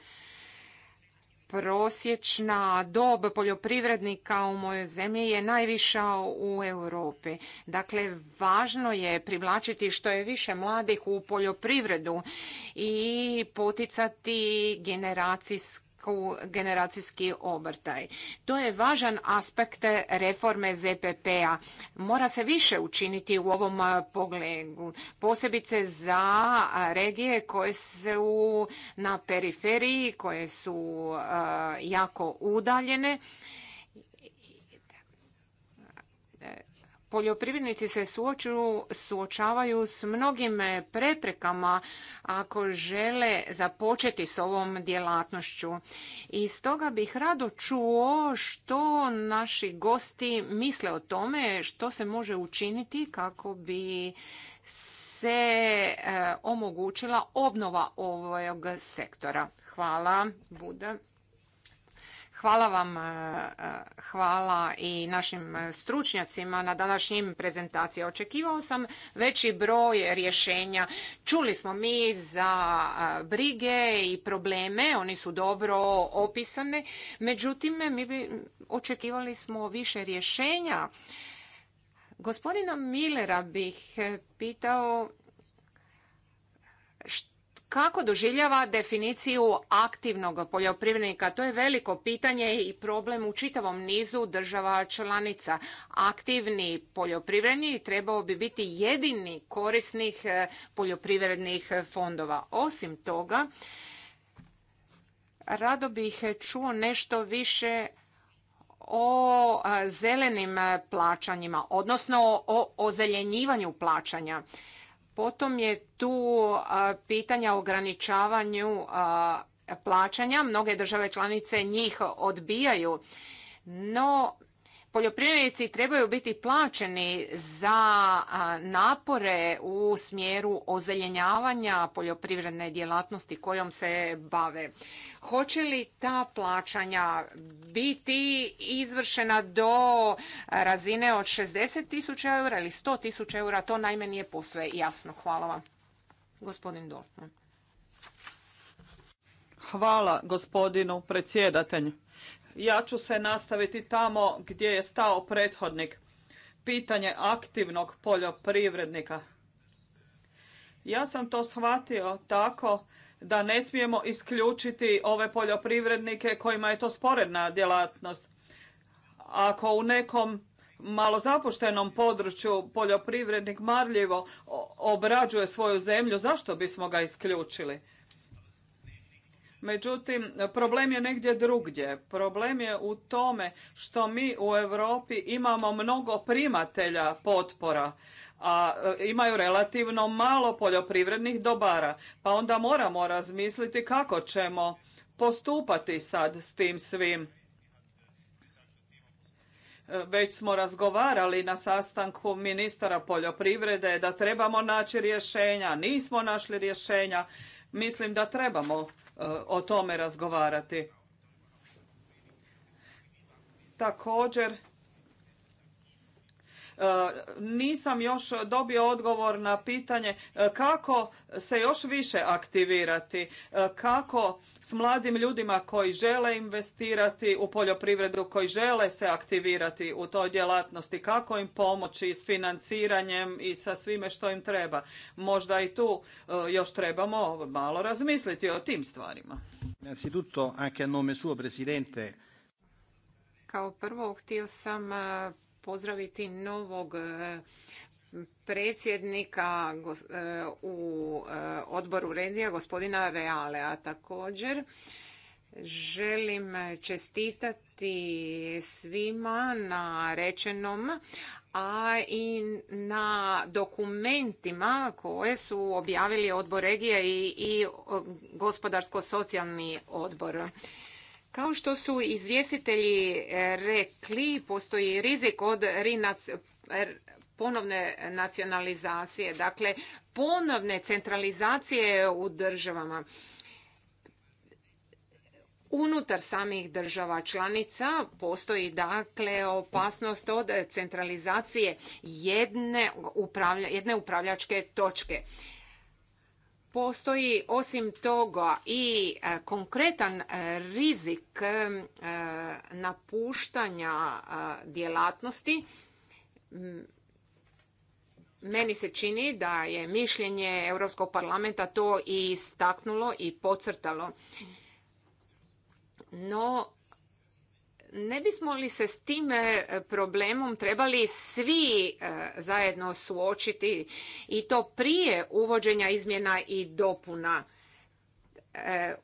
prosječna dob poljoprivrednika u mojoj zemlji je najviša u Europi. Dakle, važno je privlačiti što je više mladih u poljoprivredu i poticati generacijsku generacijski obrtaj. To je važan aspekt reforme ZPP-a. Mora se više učiniti u ovom pogledu, posebice za regije koje su na periferiji, koje su jako udaljene poljoprivrednici se suočavaju s mnogim preprekama ako žele započeti s ovom djelatnošću. I stoga bih rado čuo što naši gosti misle o tome što se može učiniti kako bi se e, omogućila obnova ovog sektora. Hvala, Buda. Hvala vam, e, e, hvala i našim stručnjacima na današnjim prezentacijama. Očekivao sam veći broj rješenja. Čuli smo mi za e, brige i probleme, oni su dobro opisane, međutim mi bi očekivali smo više rješenja. Gospodina Millera bih pitao kako doživljava definiciju aktivnog poljoprivrednika? To je veliko pitanje i problem u čitavom nizu država članica. Aktivni poljoprivrednik trebao bi biti jedini korisnih eh, poljoprivrednih fondova. Osim toga, rado bih čuo nešto više o eh, zelenim eh, plaćanjima, odnosno o ozeljenjivanju plaćanja. Potom je tu pitanja o ograničavanju plaćanja. Mnoge države članice njih odbijaju. No, Poljoprivrednici trebaju biti plaćeni za napore u smjeru ozeljenjavanja poljoprivredne djelatnosti kojom se bave. Hoće li ta plaćanja biti izvršena do razine od 60 tisuća eura ili 100 tisuća eura? To najme nije posve jasno. Hvala vam. Gospodin Hvala gospodinu predsjedatelju ja ću se nastaviti tamo gdje je stao prethodnik. Pitanje aktivnog poljoprivrednika. Ja sam to shvatio tako da ne smijemo isključiti ove poljoprivrednike kojima je to sporedna djelatnost. Ako u nekom malo zapuštenom području poljoprivrednik marljivo obrađuje svoju zemlju, zašto bismo ga isključili? Međutim, problem je negdje drugdje. Problem je u tome što mi u Europi imamo mnogo primatelja potpora a e, imaju relativno malo poljoprivrednih dobara, pa onda moramo razmisliti kako ćemo postupati sad s tim svim. E, već smo razgovarali na sastanku ministara poljoprivrede da trebamo naći rješenja, nismo našli rješenja. Mislim da trebamo E, o tome razgovarati. Također nisam još dobio odgovor na pitanje e, kako se još više aktivirati, e, kako s mladim ljudima koji žele investirati u poljoprivredu, koji žele se aktivirati u toj djelatnosti, kako im pomoći s financiranjem i sa svime što im treba. Možda i tu e, još trebamo malo razmisliti o tim stvarima. Kao prvo htio sam pozdraviti novog e, predsjednika e, u e, odboru regija, gospodina Reale, a također želim čestitati svima na rečenom, a i na dokumentima koje su objavili odbor regija i, i gospodarsko-socijalni odbor. Kao što su izvjestitelji e, rekli, postoji rizik od er, ponovne nacionalizacije, dakle ponovne centralizacije u državama unutar samih država članica postoji dakle opasnost od centralizacije jedne, jedne upravljačke točke postoji osim toga i e, konkretan e, rizik e, napuštanja djelatnosti meni se čini da je mišljenje Europskog parlamenta to i istaknulo i podcrtalo. No, ne bismo li se s tim e, problemom trebali svi e, zajedno suočiti i to prije uvođenja izmjena i dopuna? E,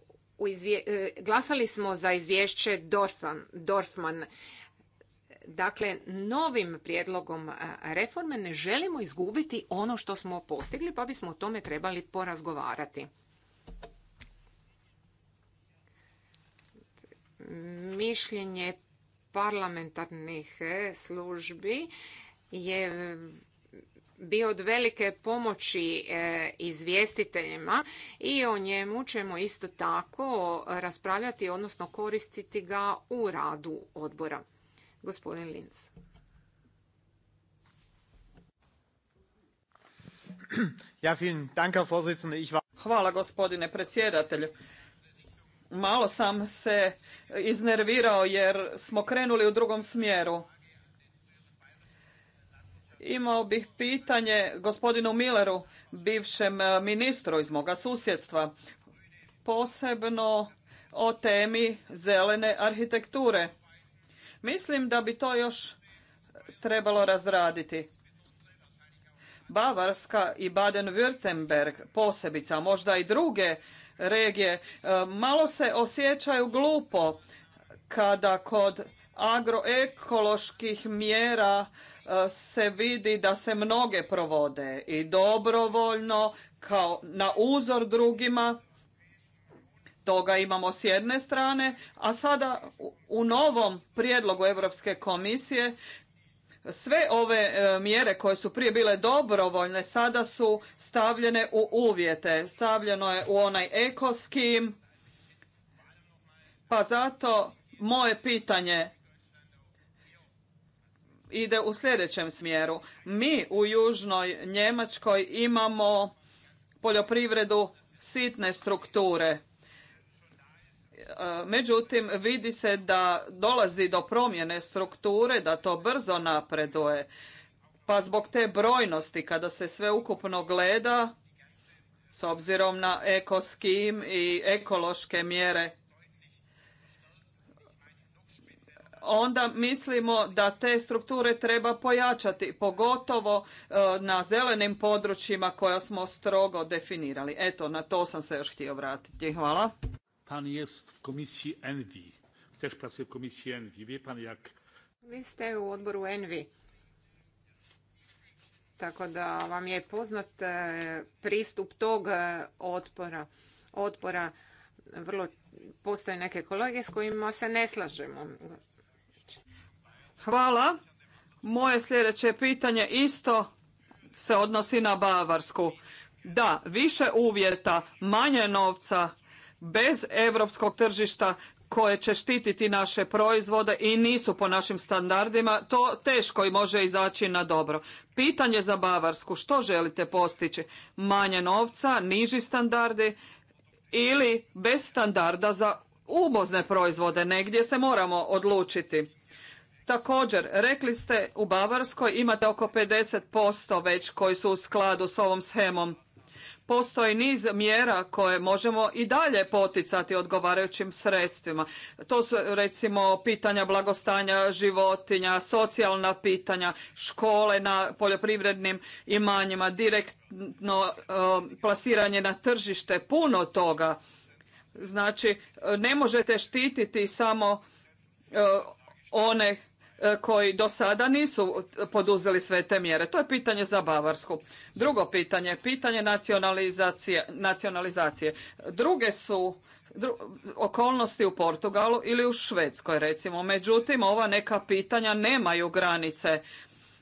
glasali smo za izvješće Dorfman. Dorfman. Dakle, novim prijedlogom reforme ne želimo izgubiti ono što smo postigli, pa bismo o tome trebali porazgovarati. mišljenje parlamentarnih e, službi je bio od velike pomoći e, izvjestiteljima i o njemu ćemo isto tako raspravljati, odnosno koristiti ga u radu odbora. Gospodin Linz. Hvala gospodine predsjedatelju malo sam se iznervirao jer smo krenuli u drugom smjeru. Imao bih pitanje gospodinu Milleru, bivšem ministru iz moga susjedstva, posebno o temi zelene arhitekture. Mislim da bi to još trebalo razraditi. Bavarska i Baden-Württemberg posebica, možda i druge regije e, malo se osjećaju glupo kada kod agroekoloških mjera e, se vidi da se mnoge provode i dobrovoljno kao na uzor drugima toga imamo s jedne strane, a sada u novom prijedlogu Europske komisije sve ove e, mjere koje su prije bile dobrovoljne sada su stavljene u uvjete. Stavljeno je u onaj ekoskim. Pa zato moje pitanje ide u sljedećem smjeru. Mi u Južnoj Njemačkoj imamo poljoprivredu sitne strukture E, međutim, vidi se da dolazi do promjene strukture, da to brzo napreduje. Pa zbog te brojnosti, kada se sve ukupno gleda, s obzirom na ekoskim i ekološke mjere, onda mislimo da te strukture treba pojačati, pogotovo e, na zelenim područjima koja smo strogo definirali. Eto, na to sam se još htio vratiti. Hvala. Pan jest w komisji Envi. Też pracuje w komisji Envi. Wie pan jak... Vi ste u odboru Envi. Tako da vam je poznat e, pristup tog e, otpora. vrlo postoje neke kolege s kojima se ne slažemo. Hvala. Moje sljedeće pitanje isto se odnosi na Bavarsku. Da, više uvjeta, manje novca bez europskog tržišta koje će štititi naše proizvode i nisu po našim standardima, to teško i može izaći na dobro. Pitanje za Bavarsku, što želite postići? Manje novca, niži standardi ili bez standarda za uvozne proizvode? Negdje se moramo odlučiti. Također, rekli ste u Bavarskoj imate oko 50% već koji su u skladu s ovom shemom. Postoji niz mjera koje možemo i dalje poticati odgovarajućim sredstvima. To su recimo pitanja blagostanja životinja, socijalna pitanja, škole na poljoprivrednim imanjima, direktno e, plasiranje na tržište, puno toga. Znači, ne možete štititi samo e, one E, koji do sada nisu poduzeli sve te mjere. To je pitanje za Bavarsku. Drugo pitanje, pitanje nacionalizacije. Druge su okolnosti u Portugalu ili u Švedskoj recimo. Međutim, ova neka pitanja nemaju granice.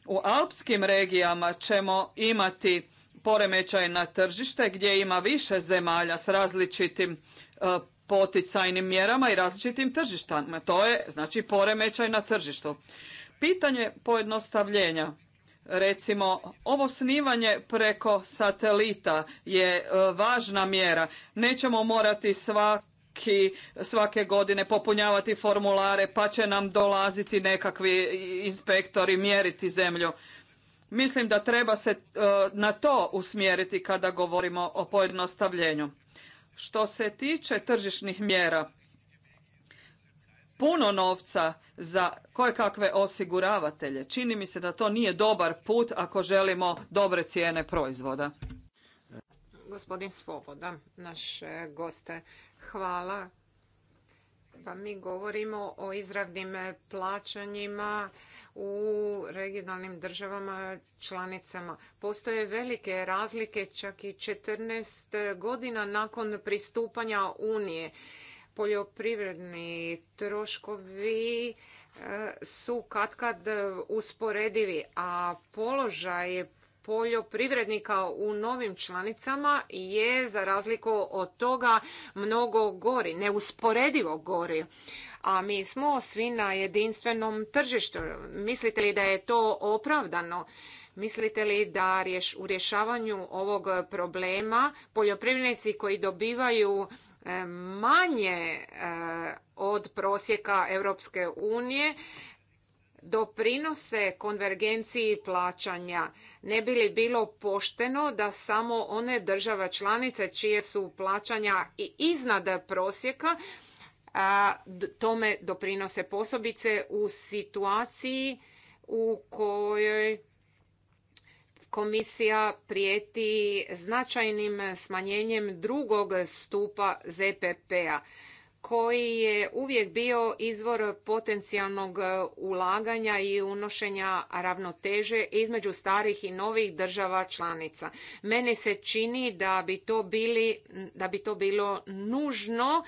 U alpskim regijama ćemo imati poremećaj na tržište gdje ima više zemalja s različitim e, poticajnim mjerama i različitim tržištama. To je znači poremećaj na tržištu. Pitanje pojednostavljenja. Recimo, ovo snimanje preko satelita je e, važna mjera. Nećemo morati svaki, svake godine popunjavati formulare pa će nam dolaziti nekakvi inspektori mjeriti zemlju. Mislim da treba se e, na to usmjeriti kada govorimo o pojednostavljenju. Što se tiče tržišnih mjera, puno novca za koje kakve osiguravatelje. Čini mi se da to nije dobar put ako želimo dobre cijene proizvoda. Gospodin Svoboda, naš goste, hvala mi govorimo o izravnim plaćanjima u regionalnim državama članicama. Postoje velike razlike čak i 14 godina nakon pristupanja Unije. Poljoprivredni troškovi eh, su katkad usporedivi, a položaj poljoprivrednika u novim članicama je za razliku od toga mnogo gori, neusporedivo gori. A mi smo svi na jedinstvenom tržištu. Mislite li da je to opravdano? Mislite li da u rješavanju ovog problema poljoprivrednici koji dobivaju e, manje e, od prosjeka Europske unije doprinose konvergenciji plaćanja. Ne bi li bilo pošteno da samo one država članice čije su plaćanja i iznad prosjeka tome doprinose posobice u situaciji u kojoj komisija prijeti značajnim smanjenjem drugog stupa ZPP-a koji je uvijek bio izvor potencijalnog e, ulaganja i unošenja ravnoteže između starih i novih država članica. Meni se čini da bi to, da bi to bilo nužno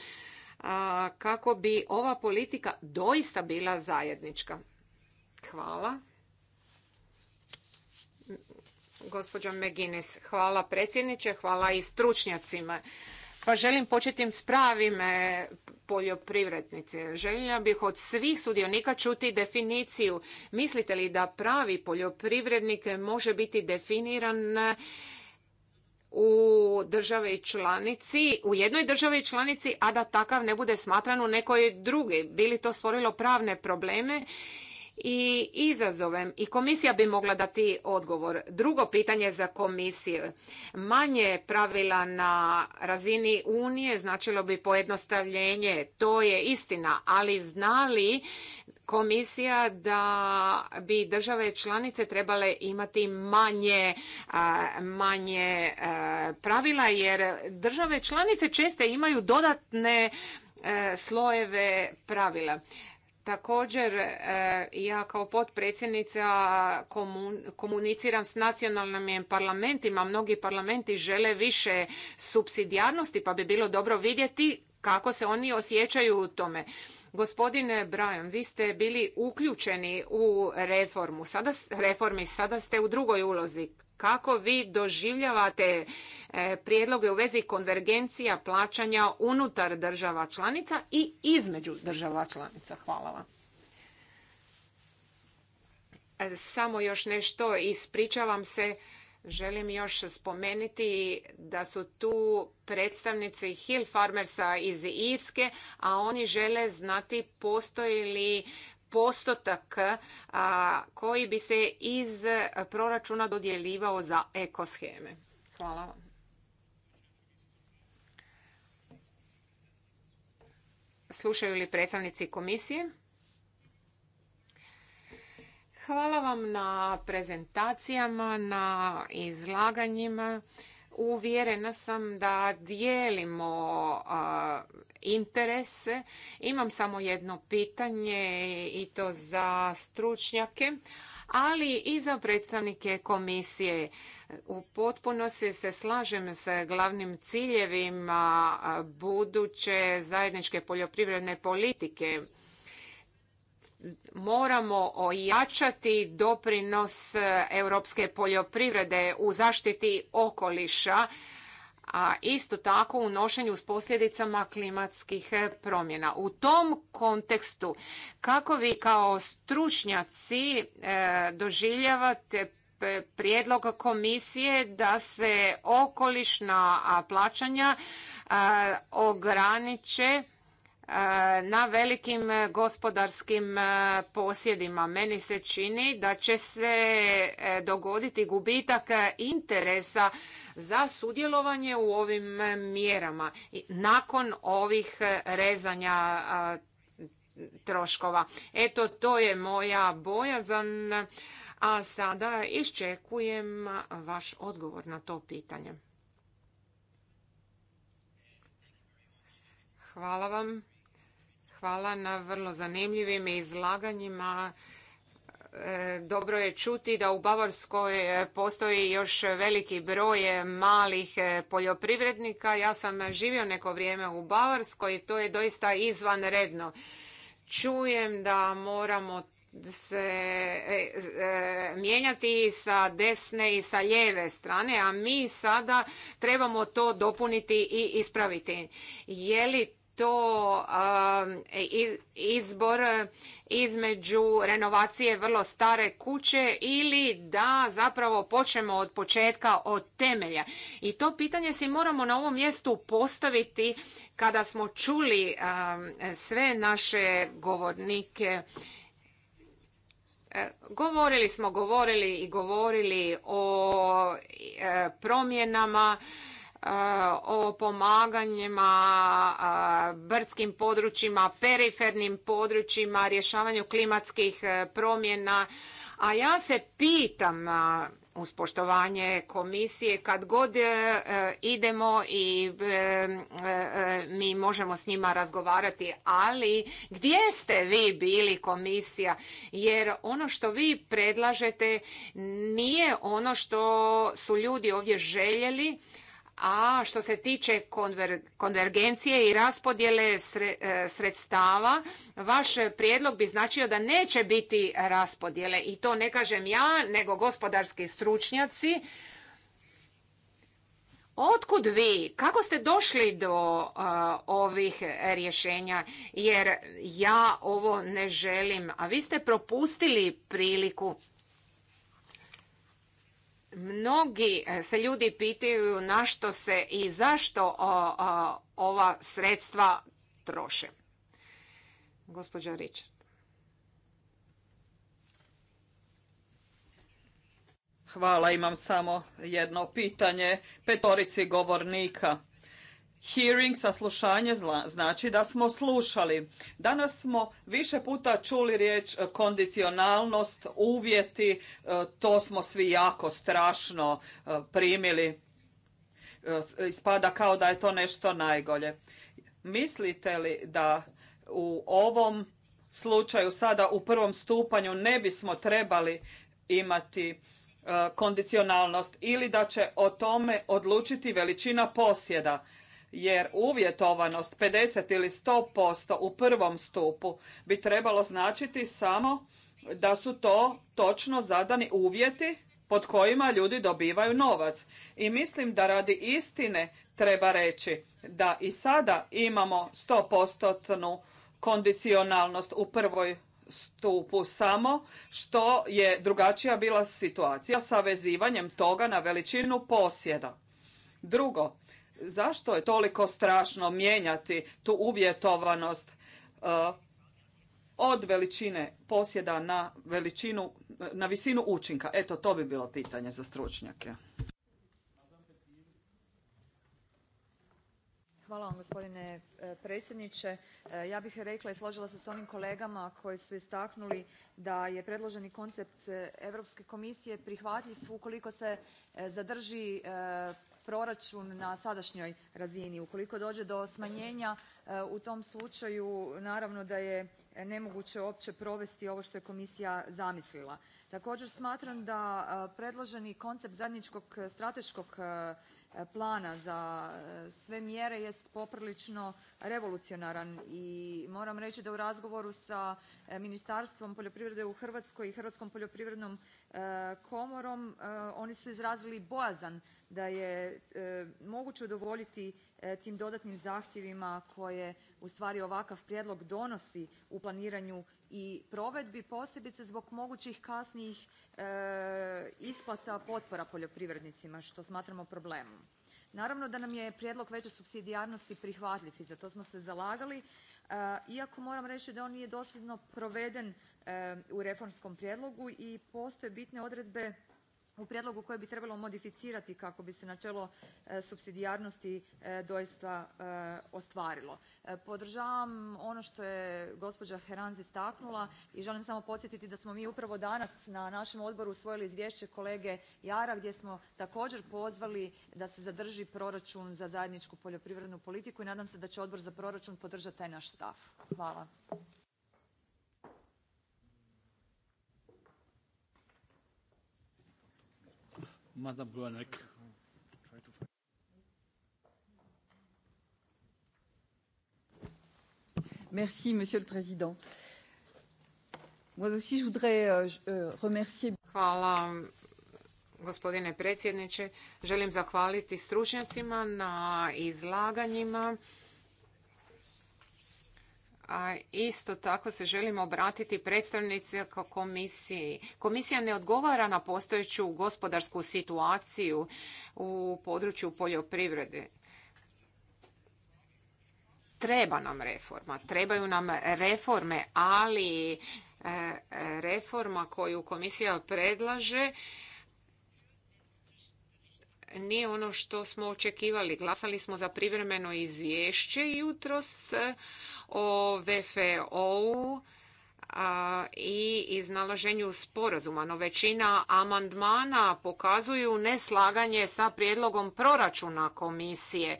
kako bi ova politika doista bila zajednička. Hvala. Gospođo Meginis, hvala predsjedniče, hvala i stručnjacima. Pa želim početi s pravim poljoprivrednici. Željela bih od svih sudionika čuti definiciju. Mislite li da pravi poljoprivrednik može biti definiran u državi članici, u jednoj državi članici, a da takav ne bude smatran u nekoj drugi. Bili to stvorilo pravne probleme i izazovem i komisija bi mogla dati odgovor. Drugo pitanje za komisiju. Manje pravila na razini Unije značilo bi pojednostavljenje. To je istina, ali zna li komisija da bi države članice trebale imati manje, manje pravila jer države članice česte imaju dodatne e, slojeve pravila. Također, e, ja kao potpredsjednica komuniciram s nacionalnim parlamentima. Mnogi parlamenti žele više subsidijarnosti, pa bi bilo dobro vidjeti kako se oni osjećaju u tome. Gospodine Brian, vi ste bili uključeni u reformu, sada, reformi, sada ste u drugoj ulozi kako vi doživljavate e, prijedloge u vezi konvergencija plaćanja unutar država članica i između država članica. Hvala vam. E, samo još nešto, ispričavam se, želim još spomenuti da su tu predstavnici Hill Farmersa iz Irske, a oni žele znati postoji li postotak koji bi se iz proračuna dodjeljivao za ekosheme. Hvala vam. Slušaju li predstavnici komisije? Hvala vam na prezentacijama, na izlaganjima uvjerena sam da dijelimo interese. Imam samo jedno pitanje i to za stručnjake ali i za predstavnike komisije. U potpunosti se slažem s glavnim ciljevima buduće zajedničke poljoprivredne politike moramo ojačati doprinos e, europske poljoprivrede u zaštiti okoliša a isto tako u nošenju s posljedicama klimatskih e, promjena. U tom kontekstu kako vi kao stručnjaci e, doživljavate prijedlog komisije da se okolišna plaćanja ograniče na velikim e, gospodarskim e, posjedima. Meni se čini da će se e, dogoditi gubitak interesa za sudjelovanje u ovim mjerama nakon ovih rezanja troškova. Eto, to je moja bojazan, a sada iščekujem vaš odgovor na to pitanje. Hvala vam. Hvala na vrlo zanimljivim izlaganjima. E, dobro je čuti da u Bavarskoj e, postoji još veliki broj e, malih poljoprivrednika. Ja sam živio neko vrijeme u Bavarskoj i to je doista izvanredno. Čujem da moramo se mijenjati i sa desne i sa lijeve strane, a mi sada trebamo to dopuniti i ispraviti. Je li to um, e, izbor između renovacije vrlo stare kuće ili da zapravo počnemo od početka, od temelja. I to pitanje si moramo na ovom mjestu postaviti kada smo čuli um, sve naše govornike e, Govorili smo, govorili i govorili o e, promjenama, E, o pomaganjima e, brdskim područjima, perifernim područjima, rješavanju klimatskih e, promjena. A ja se pitam, uz poštovanje komisije, kad god idemo i mi možemo s njima razgovarati, ali gdje ste vi bili komisija? Jer ono što vi predlažete nije ono što su ljudi ovdje željeli, a što se tiče konvergencije i raspodjele e, sredstava, vaš prijedlog bi značio da neće biti raspodjele i to ne kažem ja, nego gospodarski stručnjaci. Otkud vi? Kako ste došli do e, ovih rješenja? Jer ja ovo ne želim, a vi ste propustili priliku Mnogi e, se ljudi pitaju na što se i zašto ova sredstva troše. Gospođa Richard. Hvala, imam samo jedno pitanje petorici govornika. Hearing, saslušanje, znači da smo slušali. Danas smo više puta čuli riječ e, kondicionalnost, uvjeti, e, to smo svi jako strašno e, primili. Ispada kao da je to nešto najgolje. Mislite li da u ovom slučaju sada u prvom stupanju ne bismo trebali imati kondicionalnost ili da će o tome odlučiti veličina posjeda? jer uvjetovanost 50 ili 100% u prvom stupu bi trebalo značiti samo da su to točno zadani uvjeti pod kojima ljudi dobivaju novac. I mislim da radi istine treba reći da i sada imamo 100% kondicionalnost u prvoj stupu samo što je drugačija bila situacija sa vezivanjem toga na veličinu posjeda. Drugo, Zašto je toliko strašno mijenjati tu uvjetovanost e, od veličine posjeda na veličinu, na visinu učinka? Eto, to bi bilo pitanje za stručnjake. Hvala vam gospodine e, predsjedniče. E, ja bih rekla i složila se s onim kolegama koji su istaknuli da je predloženi koncept Europske komisije prihvatljiv ukoliko se zadrži proračun na sadašnjoj razini. Ukoliko dođe do smanjenja e, u tom slučaju naravno da je nemoguće uopće provesti ovo što je komisija zamislila. Također smatram da e, predloženi koncept zajedničkog strateškog e, plana za sve mjere jest poprilično revolucionaran i moram reći da u razgovoru sa Ministarstvom poljoprivrede u Hrvatskoj i Hrvatskom poljoprivrednom komorom e, oni su izrazili bojazan da je e, moguće udovoljiti e, tim dodatnim zahtjevima koje ustvari ovakav prijedlog donosi u planiranju i provedbi posebice zbog mogućih kasnijih isplata potpora poljoprivrednicima što smatramo problemom. Naravno da nam je prijedlog veće supsidijarnosti prihvatljiv i za to smo se zalagali iako moram reći da on nije dosljedno proveden u reformskom prijedlogu i postoje bitne odredbe u prijedlogu koje bi trebalo modificirati kako bi se načelo e, supsidijarnosti e, doista e, ostvarilo. Podržavam ono što je gospođa Heranzi istaknula i želim samo podsjetiti da smo mi upravo danas na našem odboru usvojili izvješće kolege Jara gdje smo također pozvali da se zadrži proračun za zajedničku poljoprivrednu politiku i nadam se da će Odbor za proračun podržati taj naš stav. Hvala. Madame Gluanek. Merci, Monsieur le Président. Moi aussi, je voudrais euh, euh, remercier... Hvala, gospodine predsjedniče. Želim zahvaliti stručnjacima na izlaganjima a isto tako se želimo obratiti predstavnici komisiji. Komisija ne odgovara na postojeću gospodarsku situaciju u području poljoprivrede. Treba nam reforma, trebaju nam reforme, ali e, e, reforma koju komisija predlaže nije ono što smo očekivali. Glasali smo za privremeno izvješće jutros e, o VFO-u i iznalaženju sporazuma. No većina amandmana pokazuju neslaganje sa prijedlogom proračuna komisije. E,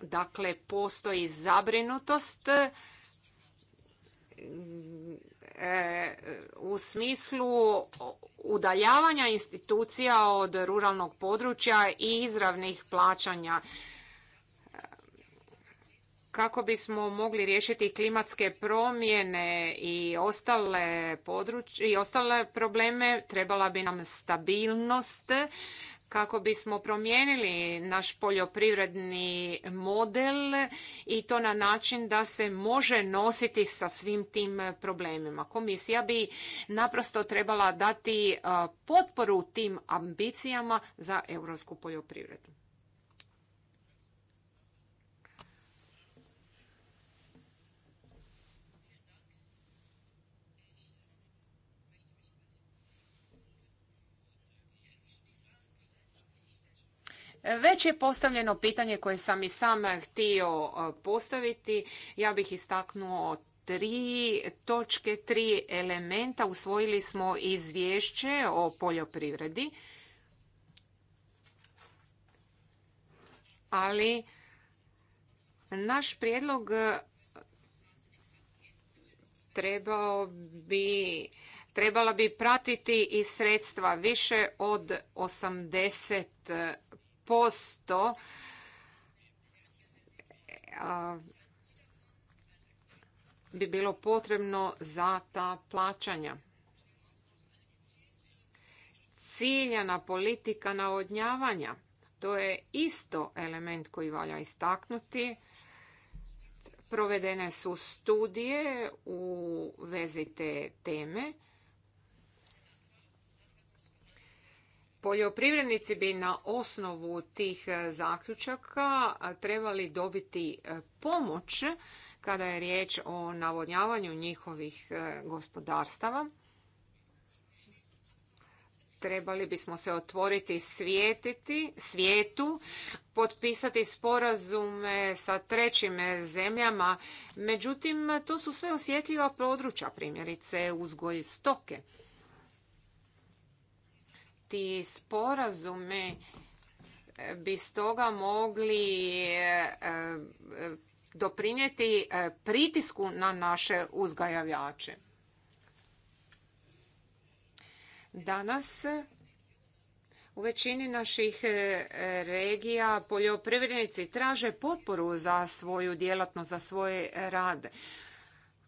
dakle, postoji zabrinutost e, u smislu udaljavanja institucija od ruralnog područja i izravnih plaćanja kako bismo mogli riješiti klimatske promjene i ostale, i ostale probleme trebala bi nam stabilnost kako bismo promijenili naš poljoprivredni model i to na način da se može nositi sa svim tim problemima. Komisija bi naprosto trebala dati potporu tim ambicijama za europsku poljoprivredu. Već je postavljeno pitanje koje sam i sam htio e, postaviti. Ja bih istaknuo tri točke, tri elementa. Usvojili smo izvješće o poljoprivredi, ali naš prijedlog trebao bi trebala bi pratiti i sredstva više od 80 posto bi bilo potrebno za ta plaćanja. Ciljana politika navodnjavanja. To je isto element koji valja istaknuti. Provedene su studije u vezi te teme Poljoprivrednici bi na osnovu tih e, zaključaka trebali dobiti e, pomoć kada je riječ o navodnjavanju njihovih e, gospodarstava. Trebali bismo se otvoriti svijetiti, svijetu, potpisati sporazume sa trećim zemljama. Međutim, to su sve osjetljiva područja, primjerice uzgoj stoke ti sporazume e, bi stoga mogli e, e, doprinijeti pritisku na naše uzgajavljače. Danas u većini naših regija poljoprivrednici traže potporu za svoju djelatnost, za svoj rad.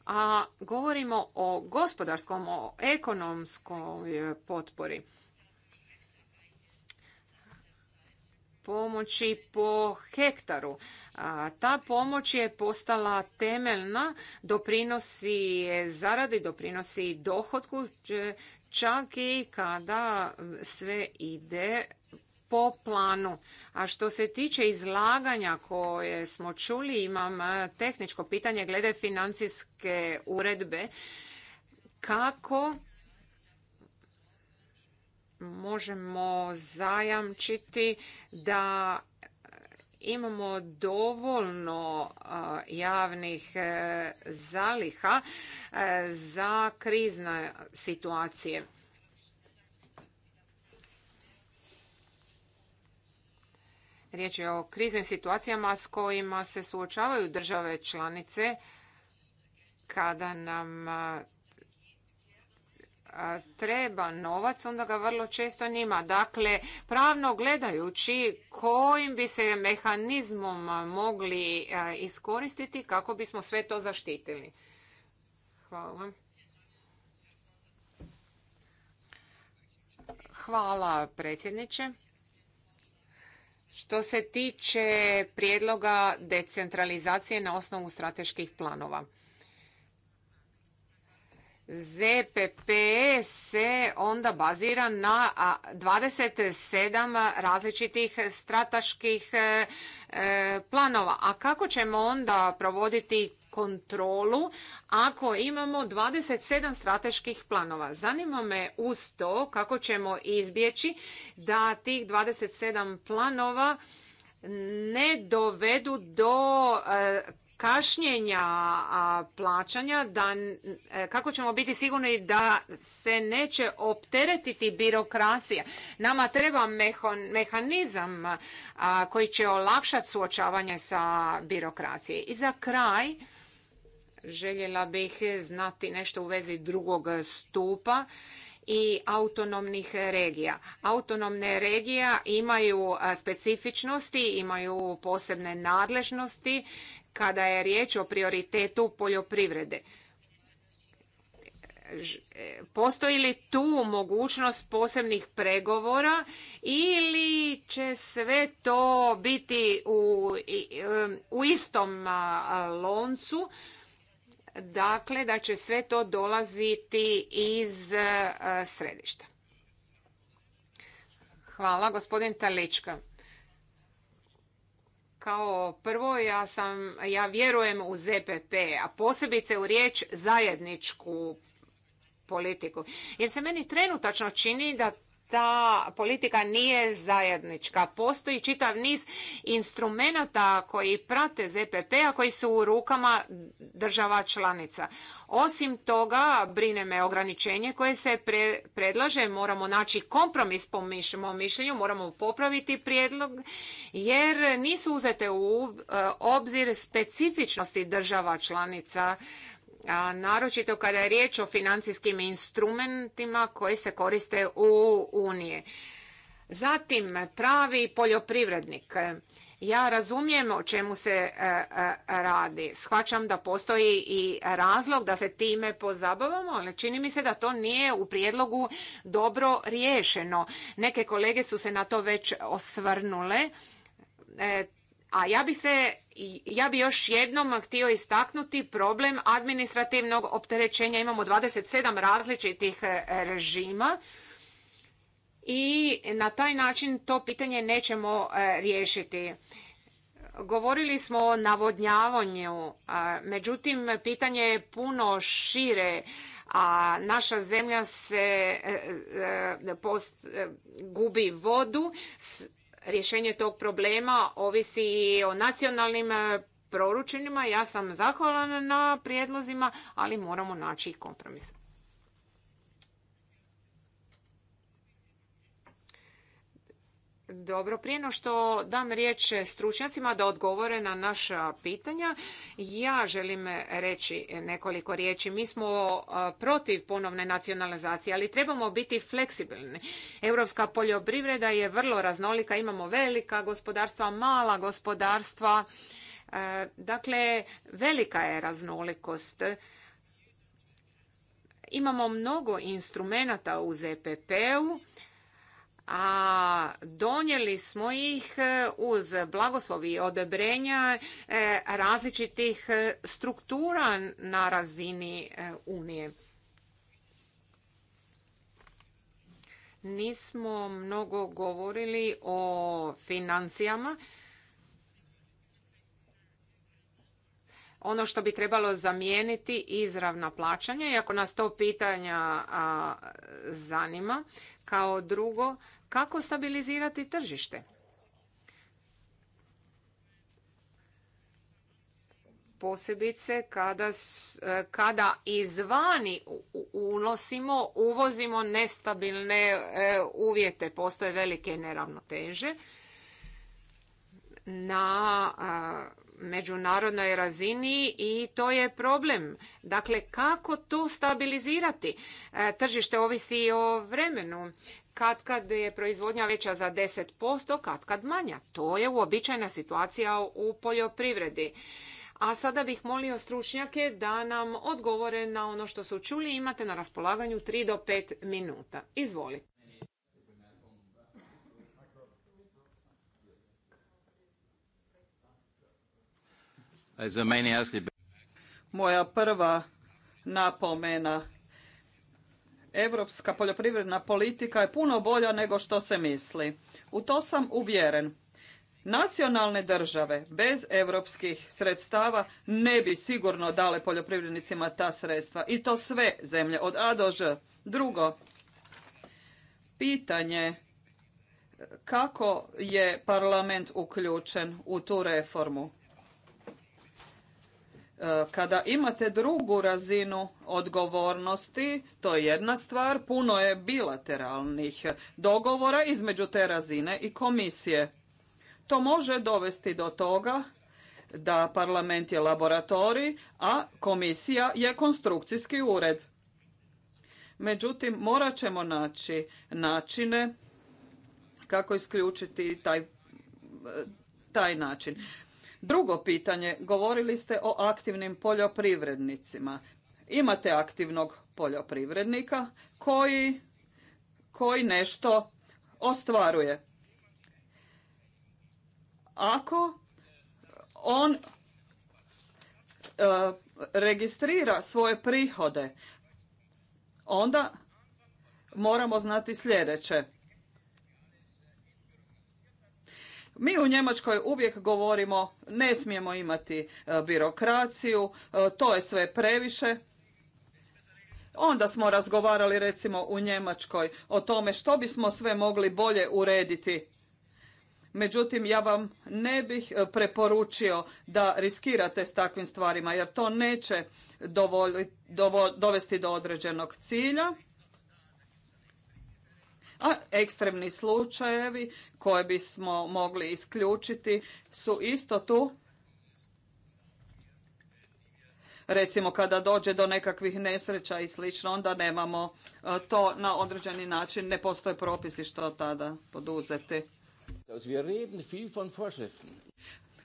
A govorimo o gospodarskom, o ekonomskoj potpori. pomoći po hektaru. ta pomoć je postala temeljna, doprinosi zaradi, doprinosi dohodku, čak i kada sve ide po planu. A što se tiče izlaganja koje smo čuli, imam e, tehničko pitanje glede financijske uredbe. Kako možemo zajamčiti da imamo dovoljno javnih e, zaliha e, za krizne situacije. Riječ je o kriznim situacijama s kojima se suočavaju države članice kada nam treba novac, onda ga vrlo često njima. Dakle, pravno gledajući kojim bi se mehanizmom mogli iskoristiti kako bismo sve to zaštitili. Hvala Hvala predsjedniče. Što se tiče prijedloga decentralizacije na osnovu strateških planova. ZPP se onda bazira na 27 različitih strateških e, e, planova. A kako ćemo onda provoditi kontrolu ako imamo 27 strateških planova. Zanima me uz to kako ćemo izbjeći da tih 27 planova ne dovedu do e, kašnjenja plaćanja, da, e, kako ćemo biti sigurni da se neće opteretiti birokracija. Nama treba mehanizam koji će olakšati suočavanje sa birokracije. I za kraj, željela bih znati nešto u vezi drugog stupa i autonomnih regija. Autonomne regije imaju specifičnosti, imaju posebne nadležnosti kada je riječ o prioritetu poljoprivrede. E, postoji li tu mogućnost posebnih pregovora ili će sve to biti u, u istom loncu? Dakle, da će sve to dolaziti iz e, središta. Hvala, gospodin Talička. Kao prvo, ja, sam, ja vjerujem u ZPP, a posebice u riječ zajedničku politiku. Jer se meni trenutačno čini da da politika nije zajednička. Postoji čitav niz instrumenata koji prate ZPP, a koji su u rukama država članica. Osim toga, brine me ograničenje koje se pre, predlaže, moramo naći kompromis po mom mišljenju, moramo popraviti prijedlog, jer nisu uzete u e, obzir specifičnosti država članica naročito kada je riječ o financijskim instrumentima koji se koriste u uniji. Zatim, pravi poljoprivrednik. Ja razumijem o čemu se e, e, radi. Shvaćam da postoji i razlog da se time pozabavamo, ali čini mi se da to nije u prijedlogu dobro riješeno. Neke kolege su se na to već osvrnule. E, a ja bi se ja bi još jednom htio istaknuti problem administrativnog opterećenja. Imamo 27 različitih e, režima i na taj način to pitanje nećemo e, riješiti. Govorili smo o navodnjavanju, međutim pitanje je puno šire, a naša zemlja se e, gubi vodu, rješenje tog problema ovisi i o nacionalnim e, proručenjima. Ja sam zahvalna na prijedlozima, ali moramo naći kompromis. Dobro, prije no što dam riječ stručnjacima da odgovore na naša pitanja, ja želim reći nekoliko riječi. Mi smo e, protiv ponovne nacionalizacije, ali trebamo biti fleksibilni. Europska poljoprivreda je vrlo raznolika, imamo velika gospodarstva, mala gospodarstva, e, dakle velika je raznolikost. Imamo mnogo instrumenata u ZPP-u, a donijeli smo ih e, uz blagoslovi i odobrenja e, različitih e, struktura na razini Unije. Nismo mnogo govorili o financijama. ono što bi trebalo zamijeniti izravna plaćanja. iako nas to pitanja zanima, kao drugo, kako stabilizirati tržište? posebice kada, e, kada izvani unosimo, uvozimo nestabilne e, uvjete, postoje velike neravnoteže na međunarodnoj razini i to je problem. Dakle, kako to stabilizirati? E, tržište ovisi i o vremenu. Kad kad je proizvodnja veća za 10%, kad kad manja. To je uobičajena situacija u poljoprivredi. A sada bih molio stručnjake da nam odgovore na ono što su čuli. Imate na raspolaganju 3 do 5 minuta. Izvolite. Moja prva napomena. Europska poljoprivredna politika je puno bolja nego što se misli. U to sam uvjeren. Nacionalne države bez europskih sredstava ne bi sigurno dale poljoprivrednicima ta sredstva. I to sve zemlje, od A do Ž. Drugo, pitanje kako je parlament uključen u tu reformu. E, kada imate drugu razinu odgovornosti, to je jedna stvar, puno je bilateralnih dogovora između te razine i komisije. To može dovesti do toga da parlament je laboratorij, a komisija je konstrukcijski ured. Međutim, morat ćemo naći načine kako isključiti taj, e, taj način. Drugo pitanje, govorili ste o aktivnim poljoprivrednicima. Imate aktivnog poljoprivrednika koji, koji nešto ostvaruje. Ako on e, registrira svoje prihode, onda moramo znati sljedeće. Mi u Njemačkoj uvijek govorimo ne smijemo imati e, birokraciju, e, to je sve previše. Onda smo razgovarali recimo u Njemačkoj o tome što bismo sve mogli bolje urediti. Međutim, ja vam ne bih e, preporučio da riskirate s takvim stvarima jer to neće dovesti do određenog cilja a ekstremni slučajevi koje bismo mogli isključiti su isto tu recimo kada dođe do nekakvih nesreća i slično, onda nemamo e, to na određeni način, ne postoje propisi što tada poduzeti.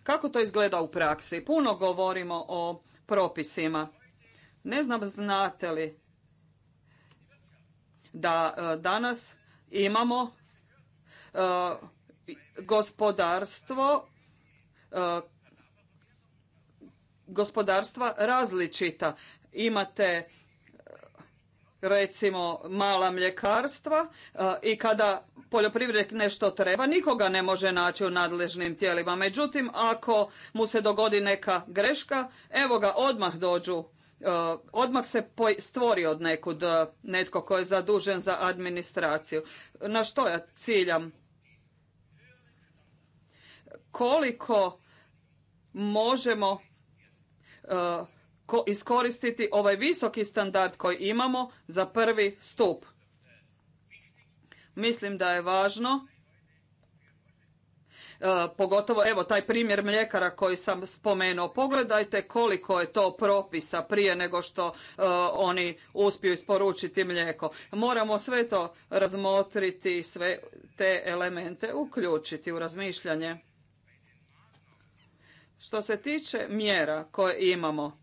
Kako to izgleda u praksi? Puno govorimo o propisima. Ne znam znate li da e, danas imamo e, gospodarstvo e, gospodarstva različita. Imate e, recimo mala mljekarstva i kada poljoprivrednik nešto treba, nikoga ne može naći u nadležnim tijelima. Međutim, ako mu se dogodi neka greška, evo ga, odmah dođu E, odmah se stvori od nekud e, netko tko je zadužen za administraciju. Na što ja ciljam? Koliko možemo e, iskoristiti ovaj visoki standard koji imamo za prvi stup. Mislim da je važno E, pogotovo, evo, taj primjer mljekara koji sam spomenuo. Pogledajte koliko je to propisa prije nego što e, oni uspiju isporučiti mlijeko. Moramo sve to razmotriti, sve te elemente uključiti u razmišljanje. Što se tiče mjera koje imamo,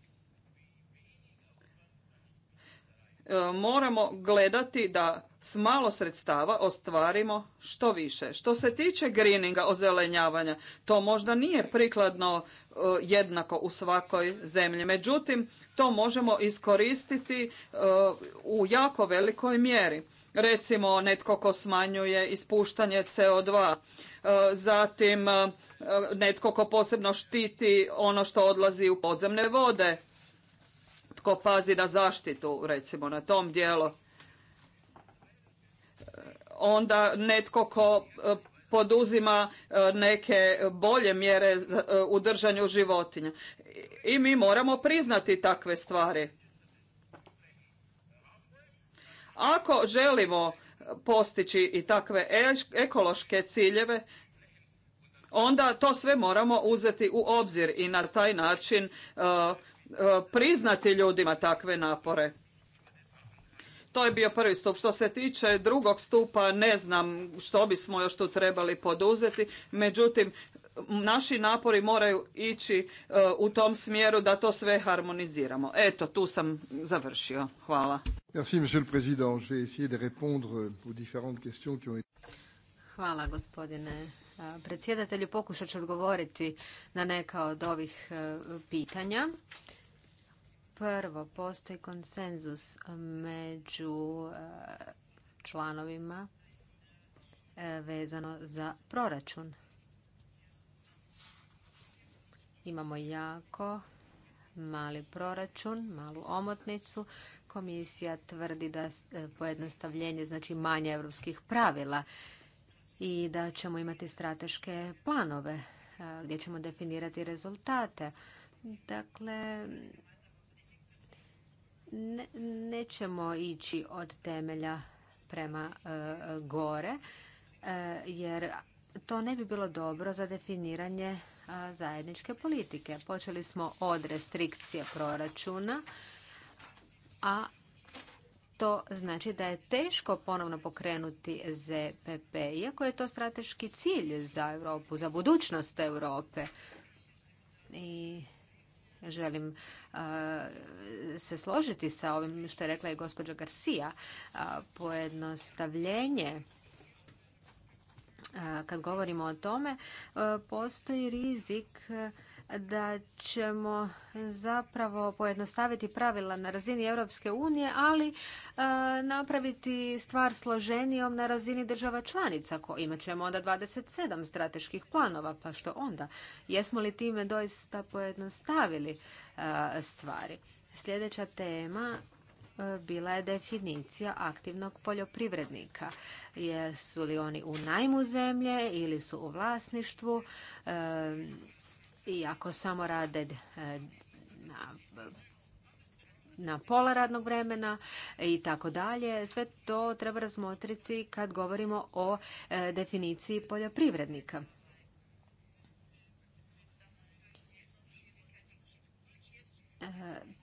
e, moramo gledati da s malo sredstava ostvarimo što više. Što se tiče greeninga, ozelenjavanja, to možda nije prikladno e, jednako u svakoj zemlji. Međutim, to možemo iskoristiti e, u jako velikoj mjeri. Recimo, netko ko smanjuje ispuštanje CO2, e, zatim netko ko posebno štiti ono što odlazi u podzemne vode, tko pazi na zaštitu, recimo, na tom dijelu onda netko ko e, poduzima e, neke bolje mjere e, u držanju životinja. I mi moramo priznati takve stvari. Ako želimo postići i takve ekološke ciljeve, onda to sve moramo uzeti u obzir i na taj način priznati ljudima takve napore. To je bio prvi stup. Što se tiče drugog stupa, ne znam što bismo još tu trebali poduzeti. Međutim, naši napori moraju ići e, u tom smjeru da to sve harmoniziramo. Eto, tu sam završio. Hvala. Hvala, gospodine e, predsjedatelju. Pokušat ću odgovoriti na neka od ovih e, pitanja. Prvo, postoji konsenzus među e, članovima e, vezano za proračun. Imamo jako mali proračun, malu omotnicu. Komisija tvrdi da e, pojednostavljenje znači manje europskih pravila i da ćemo imati strateške planove gdje ćemo definirati rezultate. Dakle, nećemo ići od temelja prema e, gore e, jer to ne bi bilo dobro za definiranje e, zajedničke politike. Počeli smo od restrikcije proračuna, a to znači da je teško ponovno pokrenuti ZPP, iako je to strateški cilj za Europu, za budućnost Europe. I želim e, se složiti sa ovim što je rekla i gospođa Garcia. E, pojednostavljenje e, kad govorimo o tome, postoji rizik da ćemo zapravo pojednostaviti pravila na razini Europske unije, ali e, napraviti stvar složenijom na razini država članica. Ko, imat ćemo onda 27 strateških planova, pa što onda? Jesmo li time doista pojednostavili e, stvari? Sljedeća tema e, bila je definicija aktivnog poljoprivrednika. Jesu li oni u najmu zemlje ili su u vlasništvu? i ako samo rade e, na na pola radnog vremena i tako dalje. Sve to treba razmotriti kad govorimo o e, definiciji poljoprivrednika. E,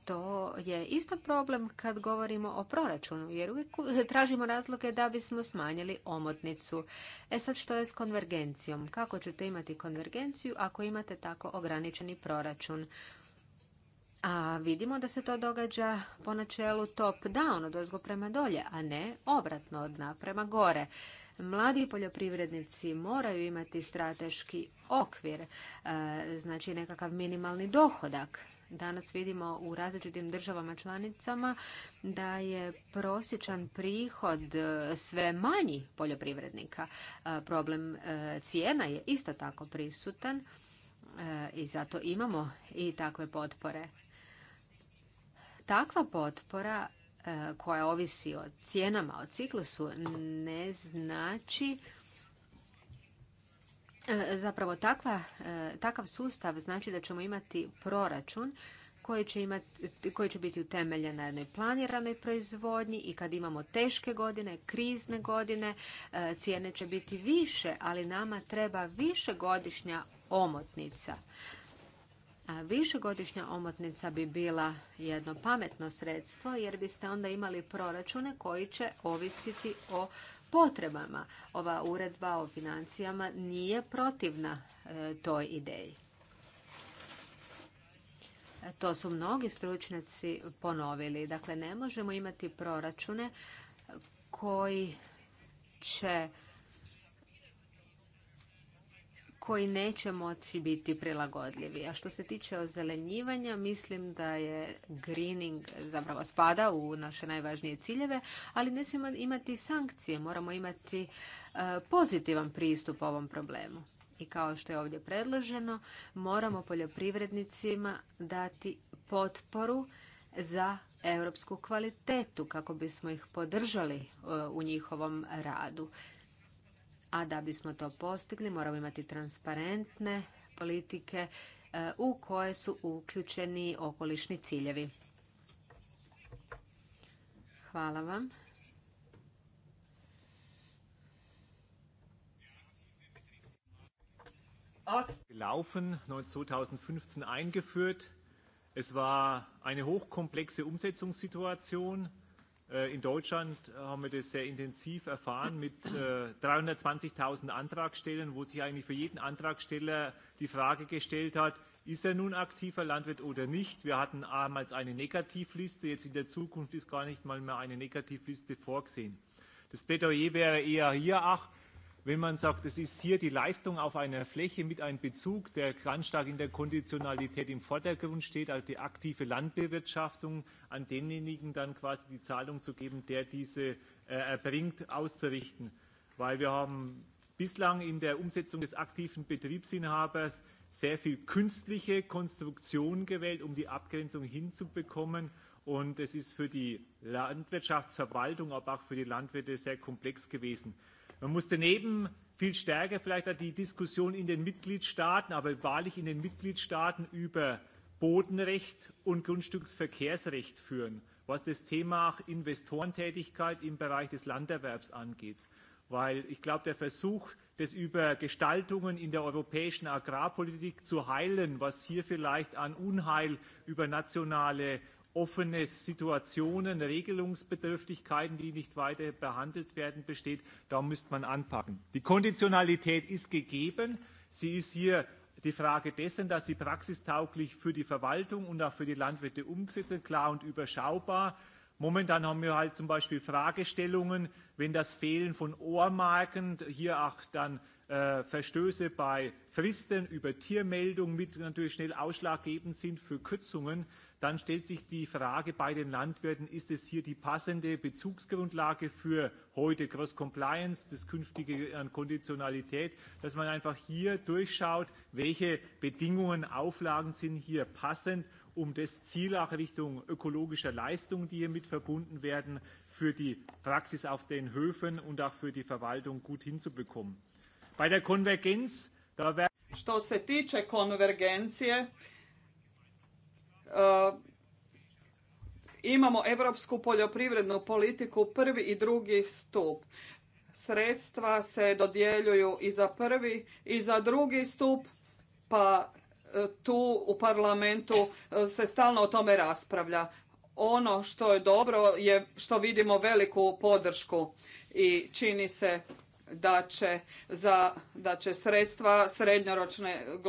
to je isto problem kad govorimo o proračunu, jer uvijek tražimo razloge da bismo smanjili omotnicu. E sad što je s konvergencijom? Kako ćete imati konvergenciju ako imate tako ograničeni proračun? A vidimo da se to događa po načelu top down, od ozgo prema dolje, a ne obratno od prema gore. Mladi poljoprivrednici moraju imati strateški okvir, e, znači nekakav minimalni dohodak danas vidimo u različitim državama članicama da je prosječan prihod e, sve manji poljoprivrednika. E, problem e, cijena je isto tako prisutan i zato imamo i takve potpore. Takva potpora koja ovisi o cijenama, o ciklusu, ne znači E, zapravo takva, e, takav sustav znači da ćemo imati proračun koji će, imati, koji će biti utemeljen na jednoj planiranoj proizvodnji i kad imamo teške godine, krizne godine, e, cijene će biti više, ali nama treba više godišnja omotnica. A godišnja omotnica bi bila jedno pametno sredstvo jer biste onda imali proračune koji će ovisiti o potrebama. Ova uredba o financijama nije protivna e, toj ideji. E, to su mnogi stručnjaci ponovili. Dakle, ne možemo imati proračune koji će koji neće moći biti prilagodljivi. A što se tiče ozelenjivanja, mislim da je greening zapravo spada u naše najvažnije ciljeve, ali ne smijemo imati sankcije, moramo imati e, pozitivan pristup ovom problemu. I kao što je ovdje predloženo, moramo poljoprivrednicima dati potporu za europsku kvalitetu kako bismo ih podržali e, u njihovom radu a da bismo to postigli moramo imati transparentne politike e, u koje su uključeni okolišni ciljevi. Hvala vam. Laufen 2015 eingeführt. Es war eine hochkomplexe Umsetzungssituation. Äh, in Deutschland haben wir das sehr intensiv erfahren mit 320.000 äh, Antragstellern, wo sich eigentlich für jeden Antragsteller die Frage gestellt hat, ist er nun aktiver Landwirt oder nicht? Wir hatten damals eine Negativliste, jetzt in der Zukunft ist gar nicht mal mehr eine Negativliste vorgesehen. Das Plädoyer wäre eher hier, ach, wenn man sagt, es ist hier die Leistung auf einer Fläche mit einem Bezug, der ganz stark in der Konditionalität im Vordergrund steht, also die aktive Landbewirtschaftung, an denjenigen dann quasi die Zahlung zu geben, der diese äh, erbringt, auszurichten. Weil wir haben bislang in der Umsetzung des aktiven Betriebsinhabers sehr viel künstliche Konstruktionen gewählt, um die Abgrenzung hinzubekommen. Und es ist für die Landwirtschaftsverwaltung, aber auch für die Landwirte sehr komplex gewesen. Man muss daneben viel stärker vielleicht auch die Diskussion in den Mitgliedstaaten, aber wahrlich in den Mitgliedstaaten über Bodenrecht und Grundstücksverkehrsrecht führen, was das Thema Investorentätigkeit im Bereich des Landerwerbs angeht. Weil ich glaube, der Versuch, das über Gestaltungen in der europäischen Agrarpolitik zu heilen, was hier vielleicht an Unheil über nationale offene Situationen, Regelungsbedürftigkeiten, die nicht weiter behandelt werden, besteht, da müsste man anpacken. Die Konditionalität ist gegeben. Sie ist hier die Frage dessen, dass sie praxistauglich für die Verwaltung und auch für die Landwirte umgesetzt wird, klar und überschaubar. Momentan haben wir halt zum Beispiel Fragestellungen, wenn das Fehlen von Ohrmarken, hier auch dann äh, Verstöße bei Fristen über Tiermeldung mit natürlich schnell ausschlaggebend sind für Kürzungen, dann stellt sich die Frage bei den Landwirten, ist es hier die passende Bezugsgrundlage für heute Cross Compliance, das künftige an Konditionalität, dass man einfach hier durchschaut, welche Bedingungen, Auflagen sind hier passend, um das Ziel auch Richtung ökologischer Leistungen, die hier mit verbunden werden, für die Praxis auf den Höfen und auch für die Verwaltung gut hinzubekommen. Što se tiče konvergencije, e, imamo europsku poljoprivrednu politiku prvi i drugi stup. Sredstva se dodjeljuju i za prvi i za drugi stup, pa e, tu u parlamentu e, se stalno o tome raspravlja. Ono što je dobro je što vidimo veliku podršku i čini se da će, za, da će sredstva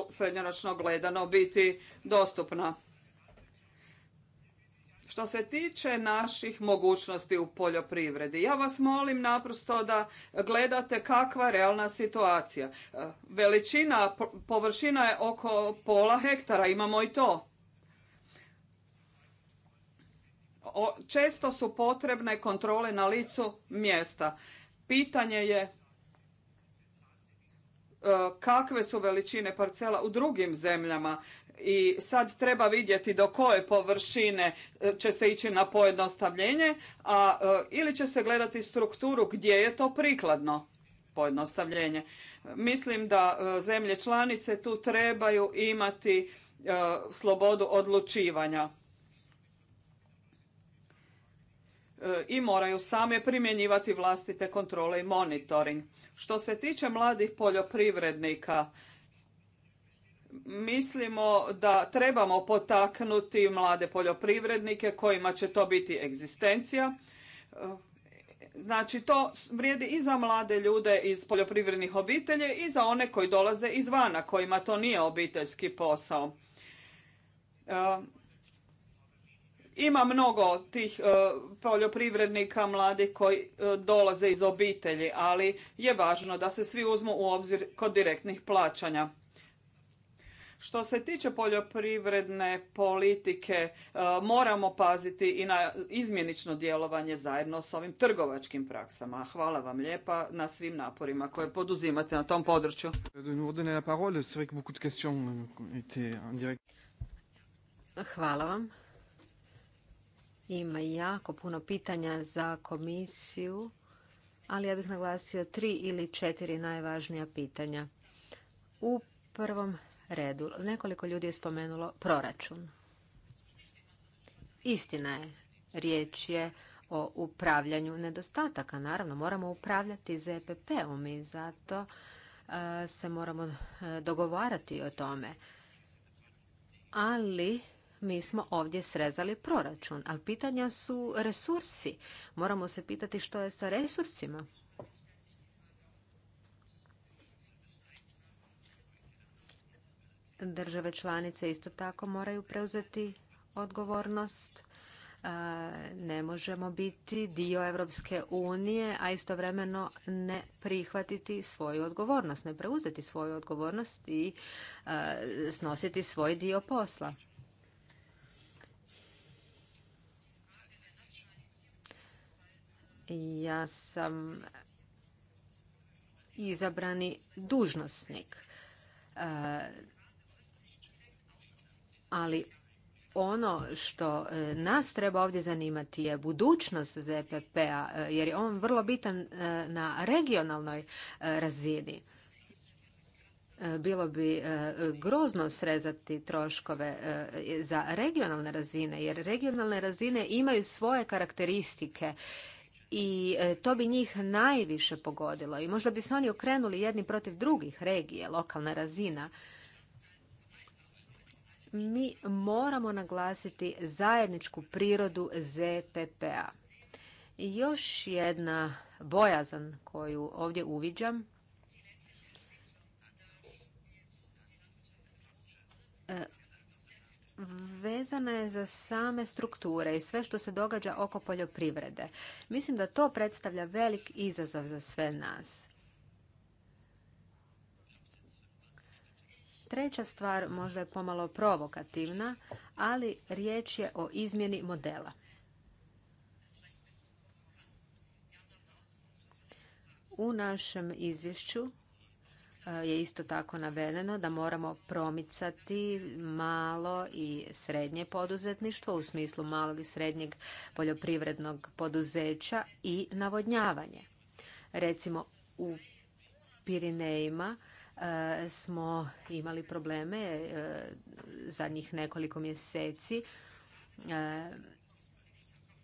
srednjoročno gledano biti dostupna. Što se tiče naših mogućnosti u poljoprivredi, ja vas molim naprosto da gledate kakva realna situacija. Veličina, površina je oko pola hektara, imamo i to. Često su potrebne kontrole na licu mjesta. Pitanje je E, kakve su veličine parcela u drugim zemljama i sad treba vidjeti do koje površine e, će se ići na pojednostavljenje a e, ili će se gledati strukturu gdje je to prikladno pojednostavljenje. Mislim da zemlje članice tu trebaju imati slobodu odlučivanja E, i moraju same primjenjivati vlastite kontrole i monitoring. Što se tiče mladih poljoprivrednika, mislimo da trebamo potaknuti mlade poljoprivrednike kojima će to biti egzistencija. E, znači to vrijedi i za mlade ljude iz poljoprivrednih obitelje i za one koji dolaze izvana, kojima to nije obiteljski posao. E, ima mnogo tih e, poljoprivrednika mladih koji e, dolaze iz obitelji, ali je važno da se svi uzmu u obzir kod direktnih plaćanja. Što se tiče poljoprivredne politike, e, moramo paziti i na izmjenično djelovanje zajedno s ovim trgovačkim praksama. Hvala vam lijepa na svim naporima koje poduzimate na tom području. Hvala vam. Ima jako puno pitanja za komisiju, ali ja bih naglasio tri ili četiri najvažnija pitanja. U prvom redu, nekoliko ljudi je spomenulo proračun. Istina je, riječ je o upravljanju nedostataka. Naravno, moramo upravljati ZPP-om i zato e, se moramo e, dogovarati o tome. Ali mi smo ovdje srezali proračun, ali pitanja su resursi. Moramo se pitati što je sa resursima. Države članice isto tako moraju preuzeti odgovornost. E, ne možemo biti dio Europske unije, a istovremeno ne prihvatiti svoju odgovornost, ne preuzeti svoju odgovornost i e, snositi svoj dio posla. Ja sam izabrani dužnosnik. E, ali ono što e, nas treba ovdje zanimati je budućnost ZPP-a, e, jer je on vrlo bitan na regionalnoj razini. Bilo bi grozno srezati troškove za regionalne razine, jer regionalne razine imaju svoje karakteristike i e, to bi njih najviše pogodilo i možda bi se oni okrenuli jedni protiv drugih regije, lokalna razina. Mi moramo naglasiti zajedničku prirodu ZPP-a. Još jedna bojazan koju ovdje uviđam e, vezana je za same strukture i sve što se događa oko poljoprivrede. Mislim da to predstavlja velik izazov za sve nas. Treća stvar možda je pomalo provokativna, ali riječ je o izmjeni modela. U našem izvješću je isto tako navedeno da moramo promicati malo i srednje poduzetništvo u smislu malog i srednjeg poljoprivrednog poduzeća i navodnjavanje. Recimo u Pirinejima e, smo imali probleme e, zadnjih nekoliko mjeseci e,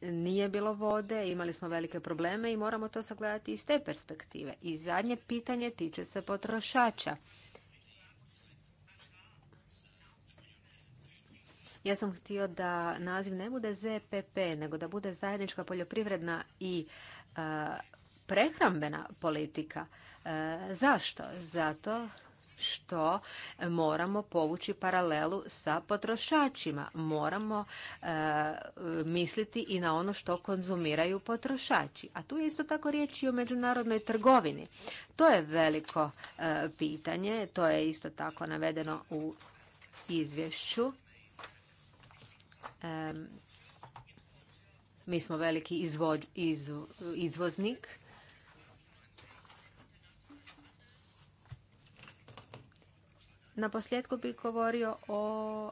nije bilo vode, imali smo velike probleme i moramo to sagledati iz te perspektive. I zadnje pitanje tiče se potrošača. Ja sam htio da naziv ne bude ZPP, nego da bude zajednička poljoprivredna i e, prehrambena politika. E, zašto? Zato što e, moramo povući paralelu sa potrošačima. Moramo e, misliti i na ono što konzumiraju potrošači. A tu je isto tako riječ i o međunarodnoj trgovini. To je veliko e, pitanje, to je isto tako navedeno u izvješću. mi smo veliki izvoznik Na posljedku bih govorio o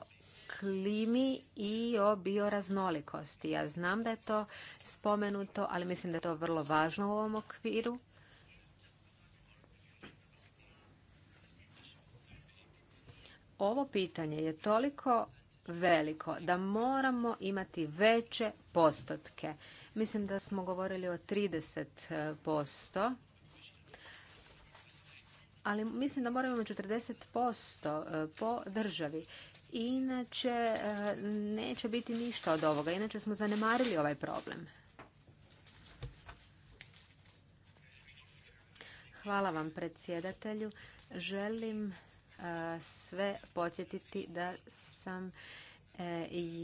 klimi i o bioraznolikosti. Ja znam da je to spomenuto, ali mislim da je to vrlo važno u ovom okviru. Ovo pitanje je toliko veliko da moramo imati veće postotke. Mislim da smo govorili o 30% ali mislim da moramo imati 40% eh, po državi. Inače, eh, neće biti ništa od ovoga. Inače smo zanemarili ovaj problem. Hvala vam predsjedatelju. Želim eh, sve podsjetiti da sam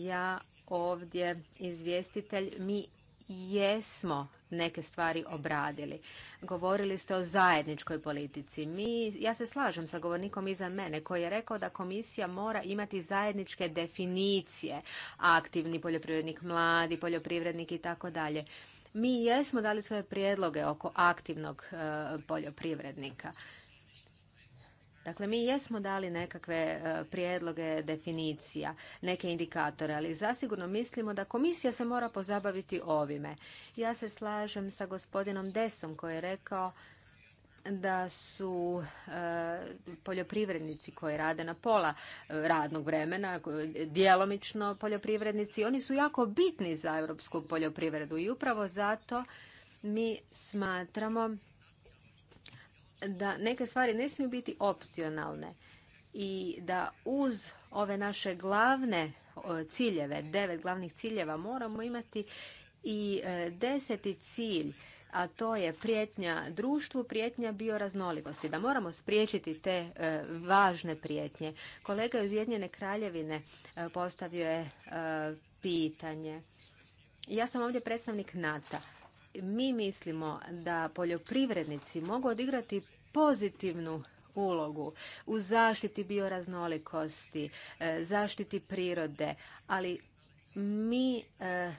ja ovdje izvjestitelj. Mi jesmo neke stvari obradili. Govorili ste o zajedničkoj politici. Mi, ja se slažem sa govornikom iza mene koji je rekao da komisija mora imati zajedničke definicije. Aktivni poljoprivrednik, mladi poljoprivrednik i tako dalje. Mi jesmo dali svoje prijedloge oko aktivnog e, poljoprivrednika. Dakle, mi jesmo dali nekakve e, prijedloge definicija, neke indikatore, ali zasigurno mislimo da komisija se mora pozabaviti ovime. Ja se slažem sa gospodinom Desom koji je rekao da su e, poljoprivrednici koji rade na pola e, radnog vremena, djelomično poljoprivrednici, oni su jako bitni za europsku poljoprivredu i upravo zato mi smatramo da neke stvari ne smiju biti opcionalne i da uz ove naše glavne e, ciljeve, devet glavnih ciljeva, moramo imati i e, deseti cilj, a to je prijetnja društvu, prijetnja bioraznolikosti, da moramo spriječiti te e, važne prijetnje. Kolega iz Ujedinjene kraljevine postavio je pitanje. Ja sam ovdje predstavnik NATO. Mi mislimo da poljoprivrednici mogu odigrati pozitivnu ulogu u zaštiti bioraznolikosti, e, zaštiti prirode, ali mi e,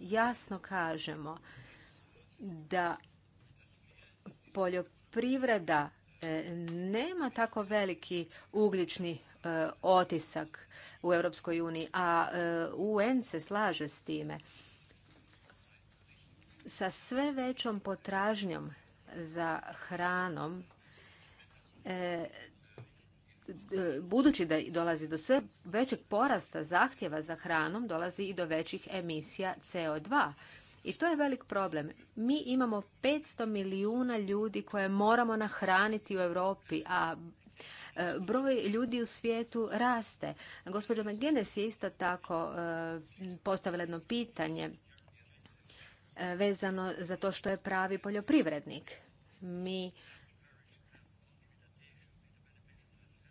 jasno kažemo da poljoprivreda e, nema tako veliki ugljični otisak u Europskoj uniji, a UN se slaže s time. Sa sve većom potražnjom za hranom, e, budući da dolazi do sve većeg porasta zahtjeva za hranom, dolazi i do većih emisija CO2. I to je velik problem. Mi imamo 500 milijuna ljudi koje moramo nahraniti u Europi, a e, broj ljudi u svijetu raste. Gospođa McGuinness je isto tako e, postavila jedno pitanje E, vezano za to što je pravi poljoprivrednik. Mi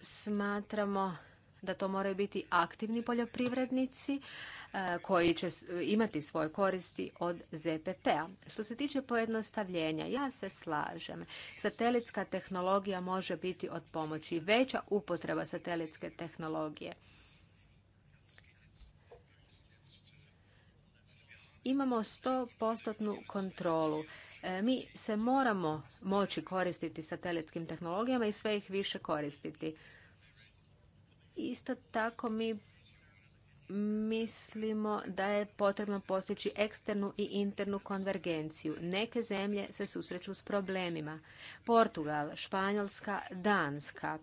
smatramo da to moraju biti aktivni poljoprivrednici e, koji će imati svoje koristi od ZPP-a. Što se tiče pojednostavljenja, ja se slažem. Satelitska tehnologija može biti od pomoći veća upotreba satelitske tehnologije. imamo 100% kontrolu. E, mi se moramo moći koristiti satelitskim tehnologijama i sve ih više koristiti. Isto tako mi mislimo da je potrebno postići eksternu i internu konvergenciju. Neke zemlje se susreću s problemima. Portugal, Španjolska, Danska.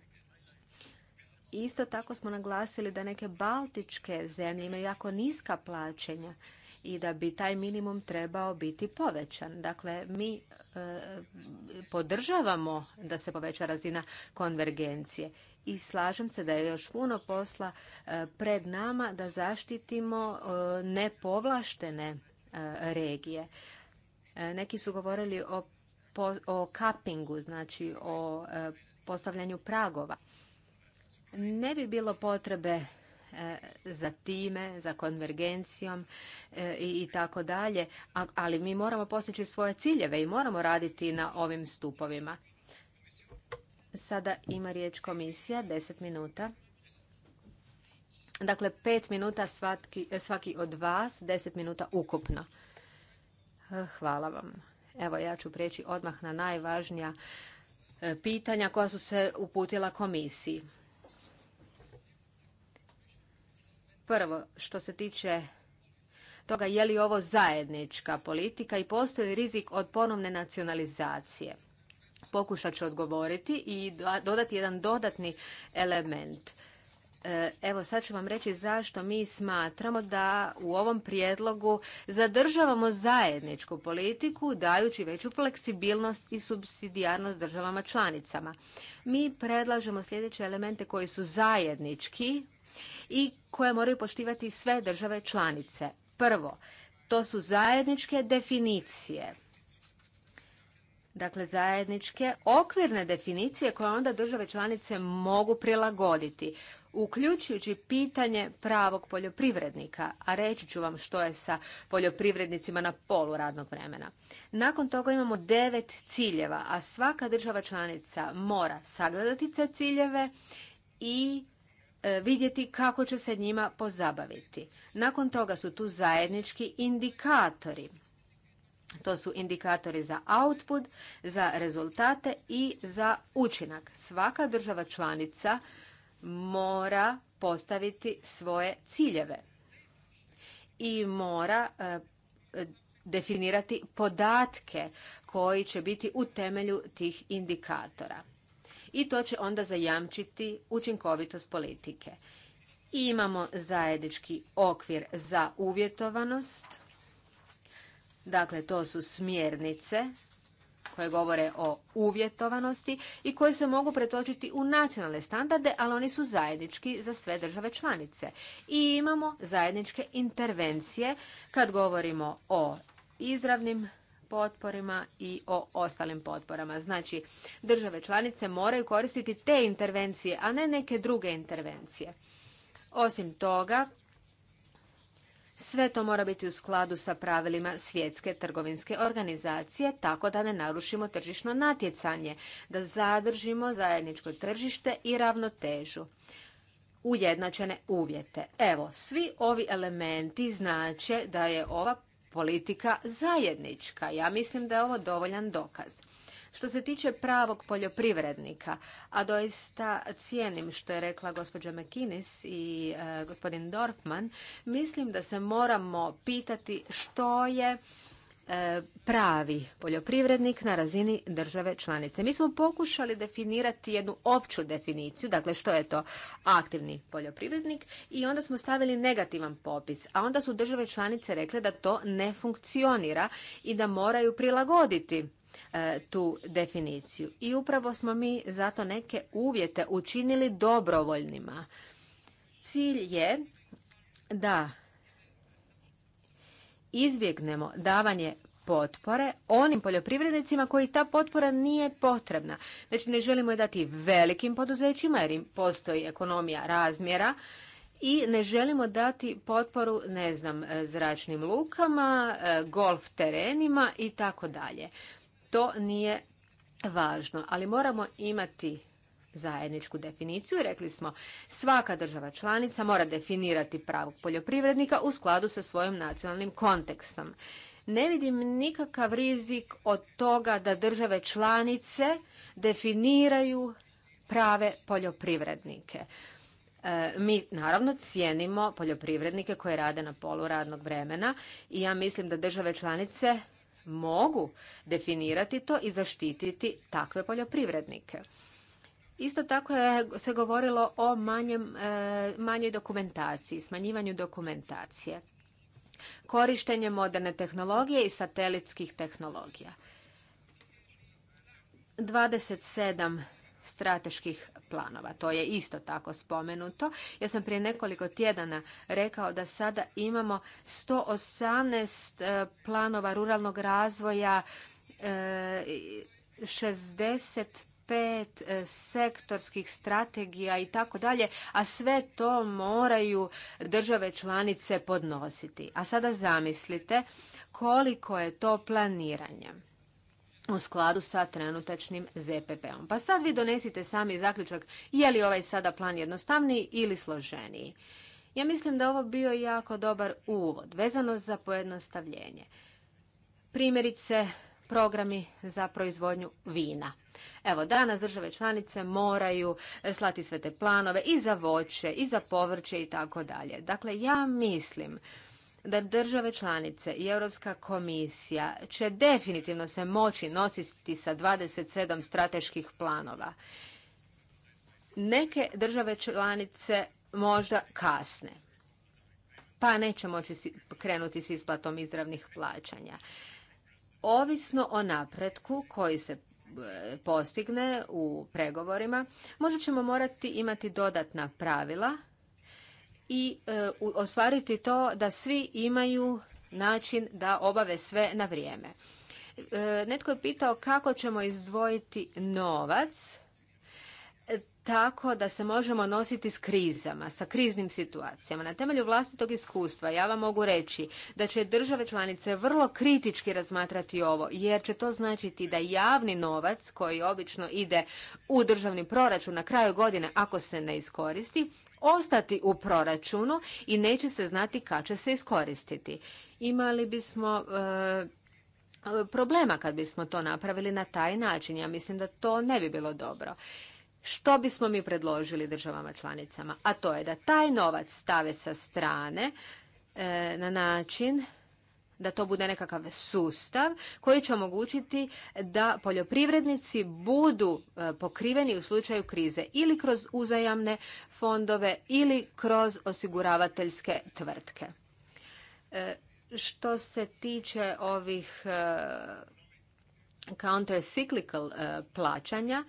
Isto tako smo naglasili da neke baltičke zemlje imaju jako niska plaćanja i da bi taj minimum trebao biti povećan. Dakle, mi e, podržavamo da se poveća razina konvergencije i slažem se da je još puno posla e, pred nama da zaštitimo e, nepovlaštene regije. Neki su govorili o, o kapingu, znači o postavljanju pragova. Ne bi bilo potrebe E, za time, za konvergencijom e, i tako dalje, ali mi moramo postići svoje ciljeve i moramo raditi na ovim stupovima. Sada ima riječ komisija, deset minuta. Dakle, pet minuta svaki, od vas, deset minuta ukupno. E, hvala vam. Evo, ja ću prijeći odmah na najvažnija pitanja koja su se uputila komisiji. Prvo, što se tiče toga je li ovo zajednička politika i postoji rizik od ponovne nacionalizacije. Pokušat ću odgovoriti i dodati jedan dodatni element. E, evo sad ću vam reći zašto mi smatramo da u ovom prijedlogu zadržavamo zajedničku politiku dajući veću fleksibilnost i subsidijarnost državama članicama. Mi predlažemo sljedeće elemente koji su zajednički i koje moraju poštivati sve države članice. Prvo, to su zajedničke definicije. Dakle, zajedničke okvirne definicije koje onda države članice mogu prilagoditi, uključujući pitanje pravog poljoprivrednika, a reći ću vam što je sa poljoprivrednicima na polu radnog vremena. Nakon toga imamo devet ciljeva, a svaka država članica mora sagledati te ciljeve i E, vidjeti kako će se njima pozabaviti. Nakon toga su tu zajednički indikatori. To su indikatori za output, za rezultate i za učinak. Svaka država članica mora postaviti svoje ciljeve i mora e, definirati podatke koji će biti u temelju tih indikatora i to će onda zajamčiti učinkovitost politike. I imamo zajednički okvir za uvjetovanost. Dakle, to su smjernice koje govore o uvjetovanosti i koje se mogu pretočiti u nacionalne standarde, ali oni su zajednički za sve države članice. I imamo zajedničke intervencije kad govorimo o izravnim potporima i o ostalim potporama. Znači, države članice moraju koristiti te intervencije, a ne neke druge intervencije. Osim toga, sve to mora biti u skladu sa pravilima svjetske trgovinske organizacije, tako da ne narušimo tržišno natjecanje, da zadržimo zajedničko tržište i ravnotežu ujednačene uvjete. Evo, svi ovi elementi znače da je ova politika zajednička. Ja mislim da je ovo dovoljan dokaz. Što se tiče pravog poljoprivrednika, a doista cijenim što je rekla gospođa McInnes i e, gospodin Dorfman, mislim da se moramo pitati što je E, pravi poljoprivrednik na razini države članice. Mi smo pokušali definirati jednu opću definiciju, dakle što je to aktivni poljoprivrednik i onda smo stavili negativan popis, a onda su države članice rekle da to ne funkcionira i da moraju prilagoditi e, tu definiciju. I upravo smo mi zato neke uvjete učinili dobrovoljnima. Cilj je da izbjegnemo davanje potpore onim poljoprivrednicima koji ta potpora nije potrebna. Znači ne želimo je dati velikim poduzećima jer im postoji ekonomija razmjera i ne želimo dati potporu, ne znam, e, zračnim lukama, e, golf terenima i tako dalje. To nije važno, ali moramo imati zajedničku definiciju. Rekli smo svaka država članica mora definirati pravog poljoprivrednika u skladu sa svojim nacionalnim kontekstom. Ne vidim nikakav rizik od toga da države članice definiraju prave poljoprivrednike. E, mi naravno cijenimo poljoprivrednike koji rade na polu radnog vremena i ja mislim da države članice mogu definirati to i zaštititi takve poljoprivrednike. Isto tako je se govorilo o e, manjoj dokumentaciji, smanjivanju dokumentacije korištenje moderne tehnologije i satelitskih tehnologija. 27 strateških planova. To je isto tako spomenuto. Ja sam prije nekoliko tjedana rekao da sada imamo 118 e, planova ruralnog razvoja, 60 e, pet e, sektorskih strategija i tako dalje, a sve to moraju države članice podnositi. A sada zamislite koliko je to planiranje u skladu sa trenutačnim ZPP-om. Pa sad vi donesite sami zaključak je li ovaj sada plan jednostavniji ili složeniji. Ja mislim da je ovo bio jako dobar uvod vezano za pojednostavljenje. Primjerice, programi za proizvodnju vina. Evo, danas države članice moraju slati sve te planove i za voće, i za povrće i tako dalje. Dakle, ja mislim da države članice i Europska komisija će definitivno se moći nositi sa 27 strateških planova. Neke države članice možda kasne, pa neće moći krenuti s isplatom izravnih plaćanja ovisno o napretku koji se e, postigne u pregovorima, možda ćemo morati imati dodatna pravila i e, ostvariti to da svi imaju način da obave sve na vrijeme. E, netko je pitao kako ćemo izdvojiti novac tako da se možemo nositi s krizama, sa kriznim situacijama. Na temelju vlastitog iskustva ja vam mogu reći da će države članice vrlo kritički razmatrati ovo, jer će to značiti da javni novac koji obično ide u državni proračun na kraju godine ako se ne iskoristi, ostati u proračunu i neće se znati kad će se iskoristiti. Imali bismo e, problema kad bismo to napravili na taj način. Ja mislim da to ne bi bilo dobro. Što bismo mi predložili državama članicama? A to je da taj novac stave sa strane e, na način da to bude nekakav sustav koji će omogućiti da poljoprivrednici budu e, pokriveni u slučaju krize ili kroz uzajamne fondove ili kroz osiguravateljske tvrtke. E, što se tiče ovih counter-cyclical plaćanja,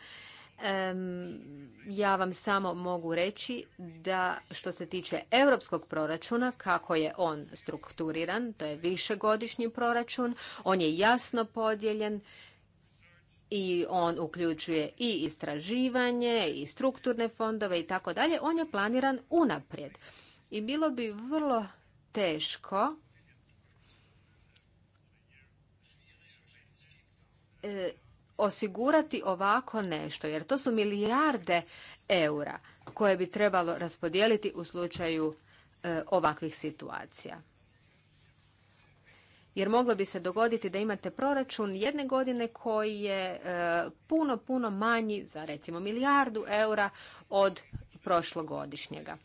ja vam samo mogu reći da što se tiče europskog proračuna, kako je on strukturiran, to je višegodišnji proračun, on je jasno podijeljen i on uključuje i istraživanje i strukturne fondove i tako dalje. On je planiran unaprijed i bilo bi vrlo teško e, osigurati ovako nešto, jer to su milijarde eura koje bi trebalo raspodijeliti u slučaju e, ovakvih situacija. Jer moglo bi se dogoditi da imate proračun jedne godine koji je e, puno, puno manji za recimo milijardu eura od prošlogodišnjega.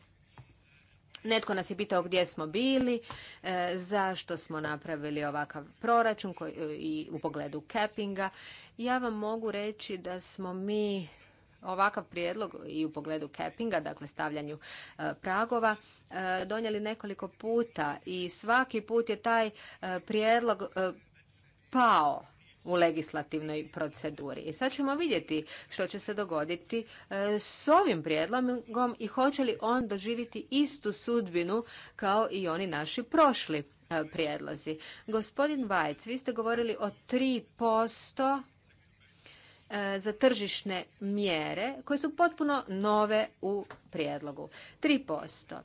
Netko nas je pitao gdje smo bili, e, zašto smo napravili ovakav proračun e, i u pogledu kepinga. Ja vam mogu reći da smo mi ovakav prijedlog i u pogledu kepinga, dakle stavljanju e, pragova, donijeli nekoliko puta i svaki put je taj prijedlog pao u legislativnoj proceduri. I sad ćemo vidjeti što će se dogoditi e, s ovim prijedlogom i hoće li on doživjeti istu sudbinu kao i oni naši prošli e, prijedlozi. Gospodin Vajc, vi ste govorili o 3% e, za tržišne mjere koje su potpuno nove u prijedlogu. 3%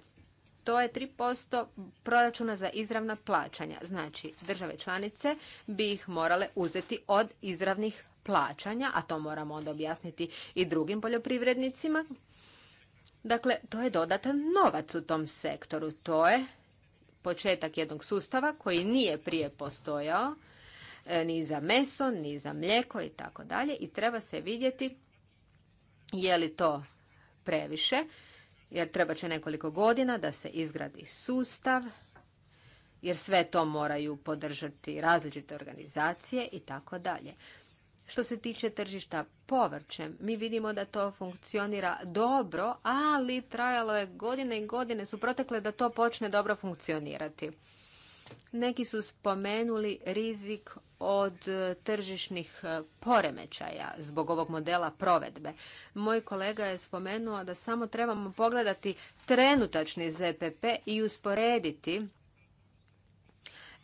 to je 3% proračuna za izravna plaćanja. Znači, države članice bi ih morale uzeti od izravnih plaćanja, a to moramo onda objasniti i drugim poljoprivrednicima. Dakle, to je dodatan novac u tom sektoru. To je početak jednog sustava koji nije prije postojao e, ni za meso, ni za mlijeko i tako dalje. I treba se vidjeti je li to previše jer treba će nekoliko godina da se izgradi sustav, jer sve to moraju podržati različite organizacije i tako dalje. Što se tiče tržišta povrćem, mi vidimo da to funkcionira dobro, ali trajalo je godine i godine su protekle da to počne dobro funkcionirati. Neki su spomenuli rizik od e, tržišnih e, poremećaja zbog ovog modela provedbe. Moj kolega je spomenuo da samo trebamo pogledati trenutačni ZPP i usporediti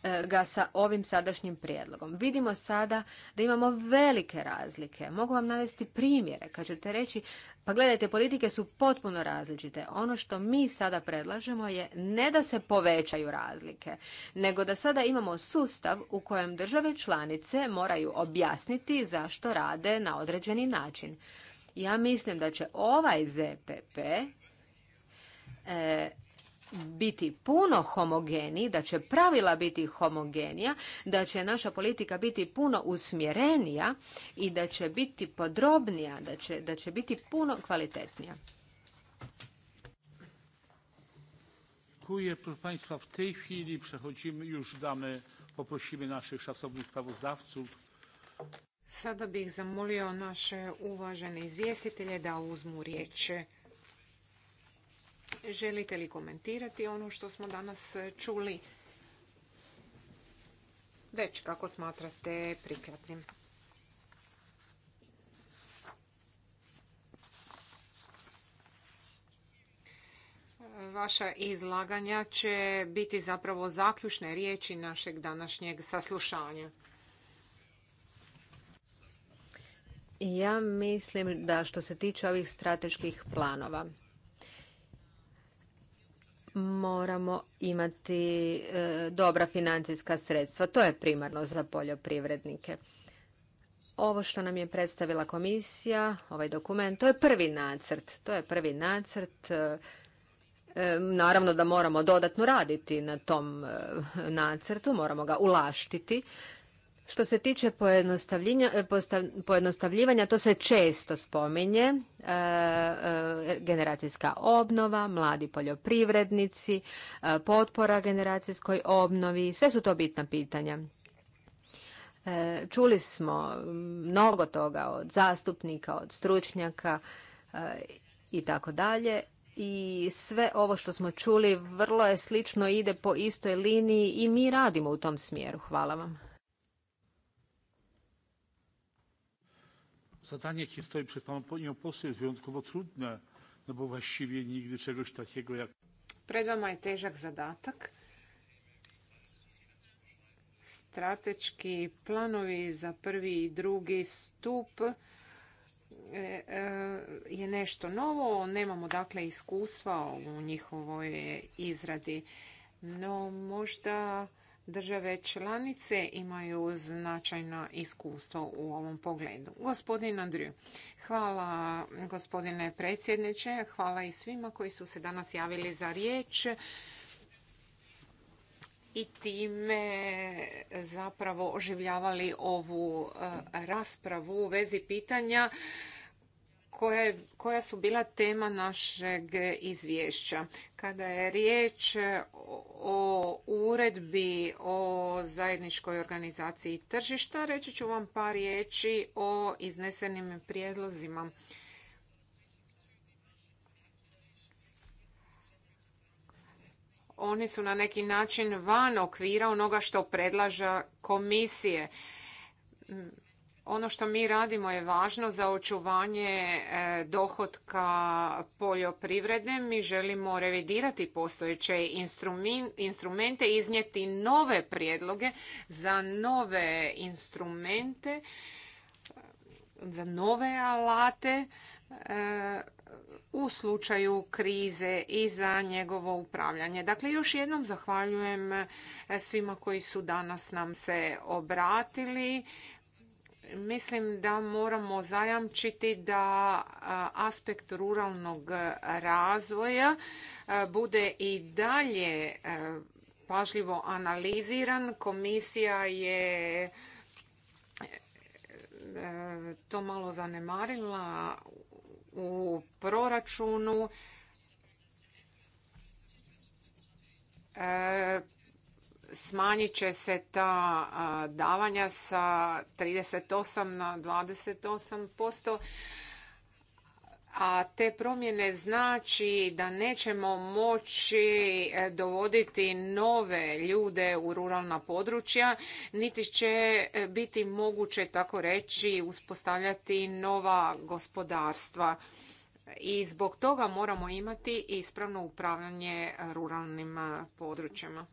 e, ga sa ovim sadašnjim prijedlogom. Vidimo sada da imamo velike razlike. Mogu vam navesti primjere. Kad ćete reći pa gledajte, politike su potpuno različite. Ono što mi sada predlažemo je ne da se povećaju razlike, nego da sada imamo sustav u kojem države članice moraju objasniti zašto rade na određeni način. Ja mislim da će ovaj ZPP biti puno homogeniji, da će pravila biti homogenija, da će naša politika biti puno usmjerenija i da će biti podrobnija, da će, da će biti puno kvalitetnija. tej Sada bih zamolio naše uvažene izvjestitelje da uzmu riječ. Želite li komentirati ono što smo danas e, čuli? Već kako smatrate prikladnim. Vaša izlaganja će biti zapravo zaključne riječi našeg današnjeg saslušanja. Ja mislim da što se tiče ovih strateških planova, moramo imati e, dobra financijska sredstva. To je primarno za poljoprivrednike. Ovo što nam je predstavila komisija, ovaj dokument, to je prvi nacrt. To je prvi nacrt. E, e, naravno da moramo dodatno raditi na tom nacrtu, moramo ga ulaštiti što se tiče eh, pojednostavljivanja, to se često spominje, eh, eh, generacijska obnova, mladi poljoprivrednici, potpora generacijskoj obnovi, sve su to bitna pitanja. Čuli smo mm, mnogo toga od zastupnika, od stručnjaka i tako dalje i sve ovo što smo čuli vrlo je slično ide po istoj liniji i mi radimo u tom smjeru. Hvala vam. zadanie jakie stoi przed panią poseł jest wyjątkowo trudne, no bo właściwie nigdy czegoś takiego jak... Pred vama je težak zadatak. Strateški planovi za prvi i drugi stup e, e, je nešto novo. Nemamo dakle iskustva u njihovoj izradi. No možda Države članice imaju značajno iskustvo u ovom pogledu. Gospodin Andriju, hvala gospodine predsjedniče, hvala i svima koji su se danas javili za riječ i time zapravo oživljavali ovu e, raspravu u vezi pitanja koja, su bila tema našeg izvješća. Kada je riječ o uredbi o zajedničkoj organizaciji tržišta, reći ću vam par riječi o iznesenim prijedlozima. Oni su na neki način van okvira onoga što predlaža komisije ono što mi radimo je važno za očuvanje e, dohotka poljoprivrede. Mi želimo revidirati postojeće instrumente, iznijeti nove prijedloge za nove instrumente, za nove alate e, u slučaju krize i za njegovo upravljanje. Dakle, još jednom zahvaljujem e, svima koji su danas nam se obratili. Mislim da moramo zajamčiti da aspekt ruralnog razvoja bude i dalje pažljivo analiziran. Komisija je to malo zanemarila u proračunu smanjit će se ta davanja sa 38 na 28%. A te promjene znači da nećemo moći e, dovoditi nove ljude u ruralna područja, niti će e, biti moguće, tako reći, uspostavljati nova gospodarstva. I zbog toga moramo imati ispravno upravljanje ruralnim područjima.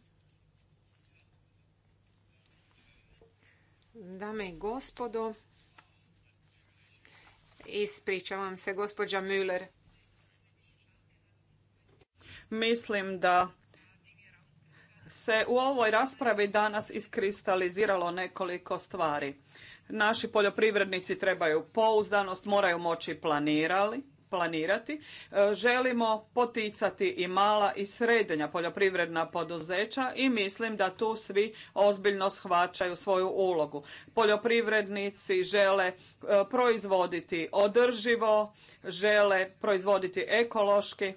Dame i gospodo, ispričavam se, gospođa Müller. Mislim da se u ovoj raspravi danas iskristaliziralo nekoliko stvari. Naši poljoprivrednici trebaju pouzdanost, moraju moći planirali planirati. E, želimo poticati i mala i srednja poljoprivredna poduzeća i mislim da tu svi ozbiljno shvaćaju svoju ulogu. Poljoprivrednici žele e, proizvoditi održivo, žele proizvoditi ekološki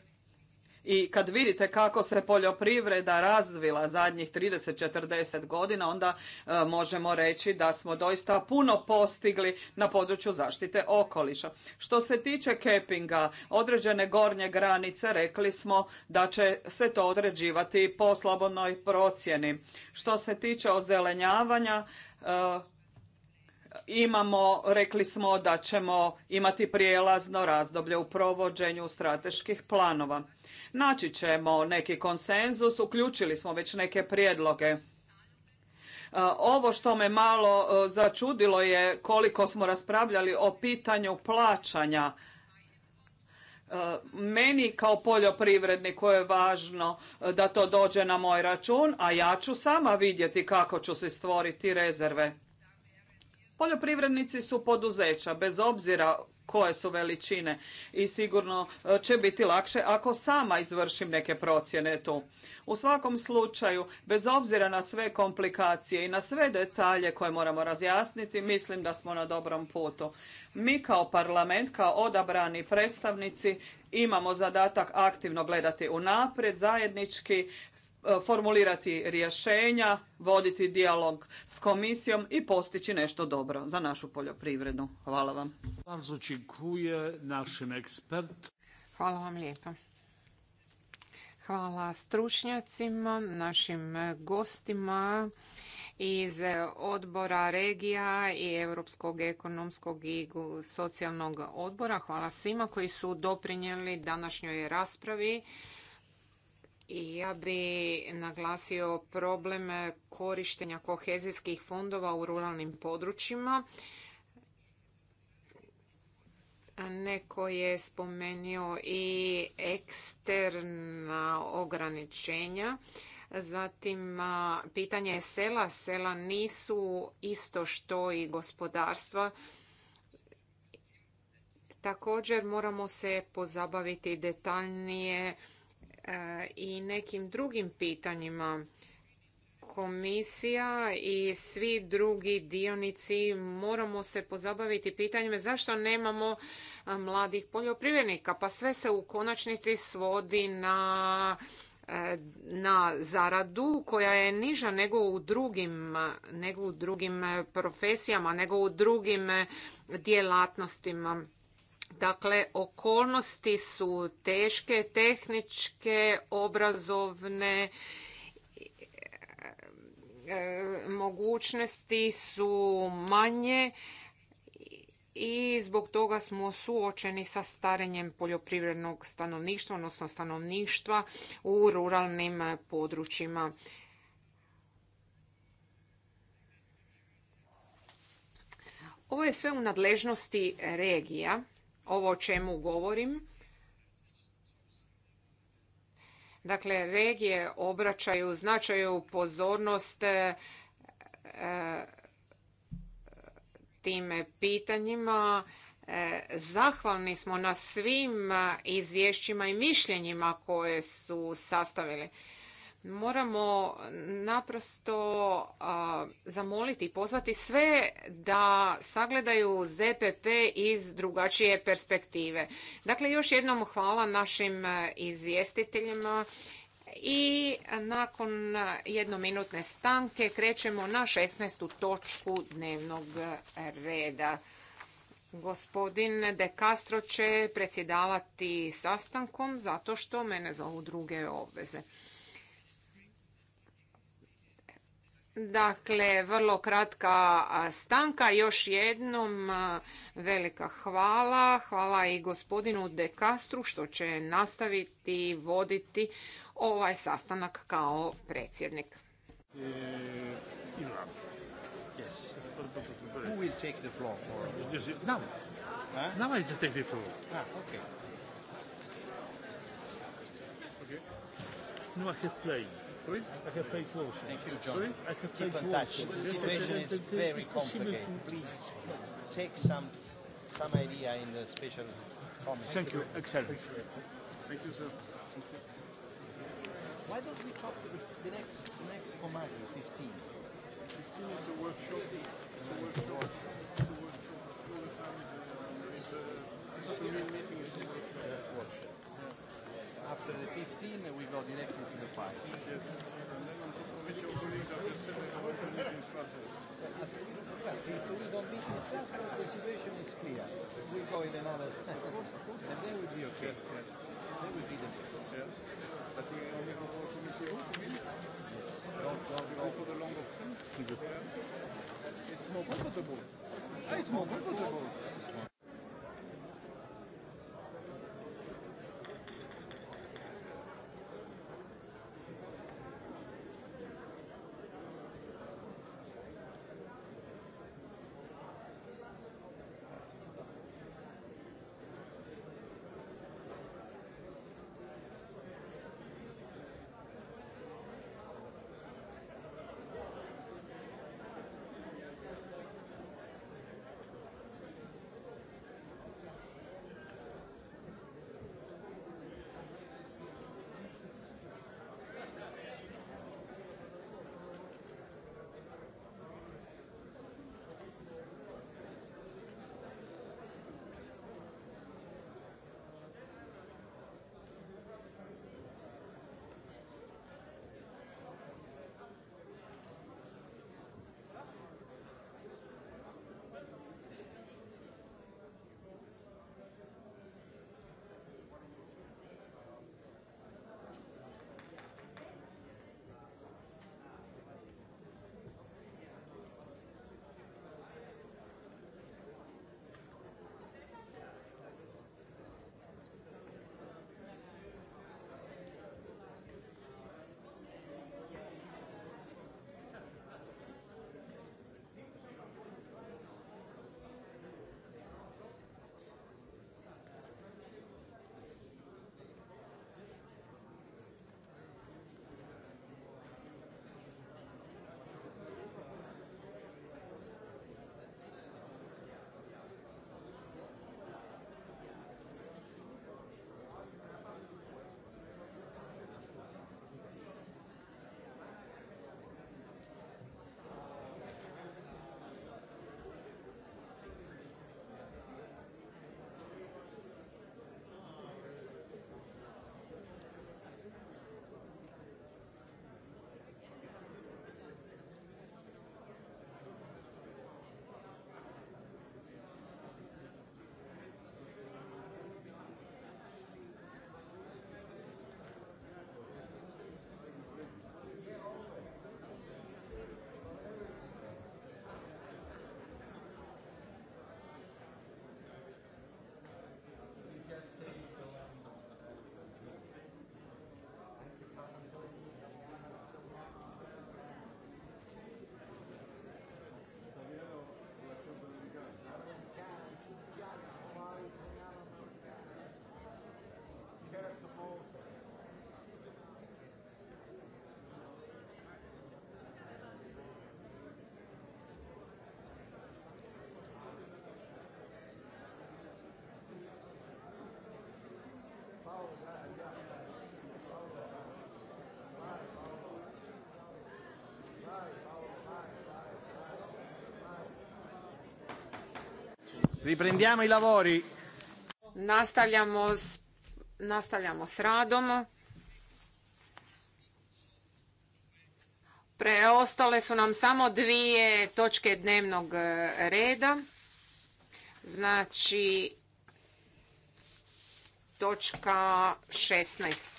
i kad vidite kako se poljoprivreda razvila zadnjih 30-40 godina, onda e, možemo reći da smo doista puno postigli na području zaštite okoliša. Što se tiče kepinga, određene gornje granice rekli smo da će se to određivati po slobodnoj procjeni. Što se tiče ozelenjavanja, e, imamo, rekli smo da ćemo imati prijelazno razdoblje u provođenju strateških planova. Naći ćemo neki konsenzus, uključili smo već neke prijedloge. E, ovo što me malo e, začudilo je koliko smo raspravljali o pitanju plaćanja. E, meni kao poljoprivredniku je važno da to dođe na moj račun, a ja ću sama vidjeti kako ću se stvoriti rezerve. Poljoprivrednici su poduzeća, bez obzira koje su veličine i sigurno e, će biti lakše ako sama izvršim neke procjene tu. U svakom slučaju, bez obzira na sve komplikacije i na sve detalje koje moramo razjasniti, mislim da smo na dobrom putu. Mi kao parlament, kao odabrani predstavnici, imamo zadatak aktivno gledati unaprijed, zajednički E, formulirati rješenja, voditi dijalog s komisijom i postići nešto dobro za našu poljoprivredu. Hvala vam. Hvala vam lijepa. Hvala stručnjacima, našim gostima iz odbora regija i Europskog ekonomskog i socijalnog odbora. Hvala svima koji su doprinijeli današnjoj raspravi ja bi naglasio problem korištenja kohezijskih fondova u ruralnim područjima. Neko je spomenuo i eksterna ograničenja. Zatim, pitanje je sela. Sela nisu isto što i gospodarstva. Također moramo se pozabaviti detaljnije E, i nekim drugim pitanjima komisija i svi drugi dionici moramo se pozabaviti pitanjima zašto nemamo mladih poljoprivrednika pa sve se u konačnici svodi na e, na zaradu koja je niža nego u drugim, nego u drugim profesijama, nego u drugim e, djelatnostima. Dakle, okolnosti su teške, tehničke, obrazovne, e, mogućnosti su manje i zbog toga smo suočeni sa starenjem poljoprivrednog stanovništva, odnosno stanovništva u ruralnim područjima. Ovo je sve u nadležnosti regija ovo o čemu govorim. Dakle, regije obraćaju značaju pozornost e, tim pitanjima. E, zahvalni smo na svim izvješćima i mišljenjima koje su sastavili moramo naprosto zamoliti i pozvati sve da sagledaju ZPP iz drugačije perspektive. Dakle, još jednom hvala našim e, izvjestiteljima i nakon jednominutne stanke krećemo na 16. točku dnevnog reda. Gospodin De Castro će predsjedavati sastankom zato što mene zovu druge obveze. Dakle, vrlo kratka stanka. Još jednom velika hvala. Hvala i gospodinu De Castru što će nastaviti voditi ovaj sastanak kao predsjednik. Sorry? I can take you Thank you, John. Sorry? I can Keep in touch. The situation is very complicated. Please take some, some idea in the special comments. Thank you. Excellent. Thank you, sir. Why don't we talk the, next, the next Comagri, 15? 15 is a workshop. It's a workshop. It's a workshop. it's a, it's a meeting. It's a workshop after the 15 we go directly to the five. And then the Well, if we don't this in Strasbourg, the situation is clear. We go in another... and then we'll be okay. Yeah, yeah. Then we'll be the best. Yeah. But we only go for Tunisia. Yes. Don't, go for the long option. It's more comfortable. It's more comfortable. Riprendiamo i lavori. Nastavljamo s, nastavljamo s radom. Preostale su nam samo dvije točke dnevnog e, reda. Znači, točka 16.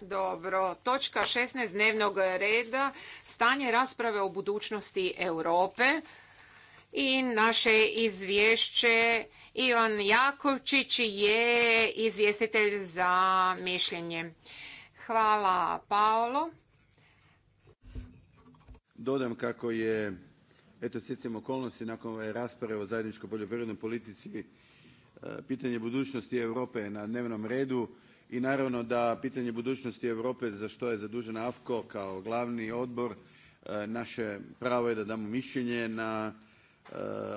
Dobro, točka 16 dnevnog reda, stanje rasprave o budućnosti Europe i naše izvješće Ivan Jakovčić je izvjestitelj za mišljenje. Hvala Paolo. Dodam kako je eto stjecajem okolnosti nakon ove rasprave o zajedničkoj poljoprivrednoj politici e, pitanje budućnosti Europe na dnevnom redu i naravno da pitanje budućnosti Europe za što je zadužena AFKO kao glavni odbor e, naše pravo je da damo mišljenje na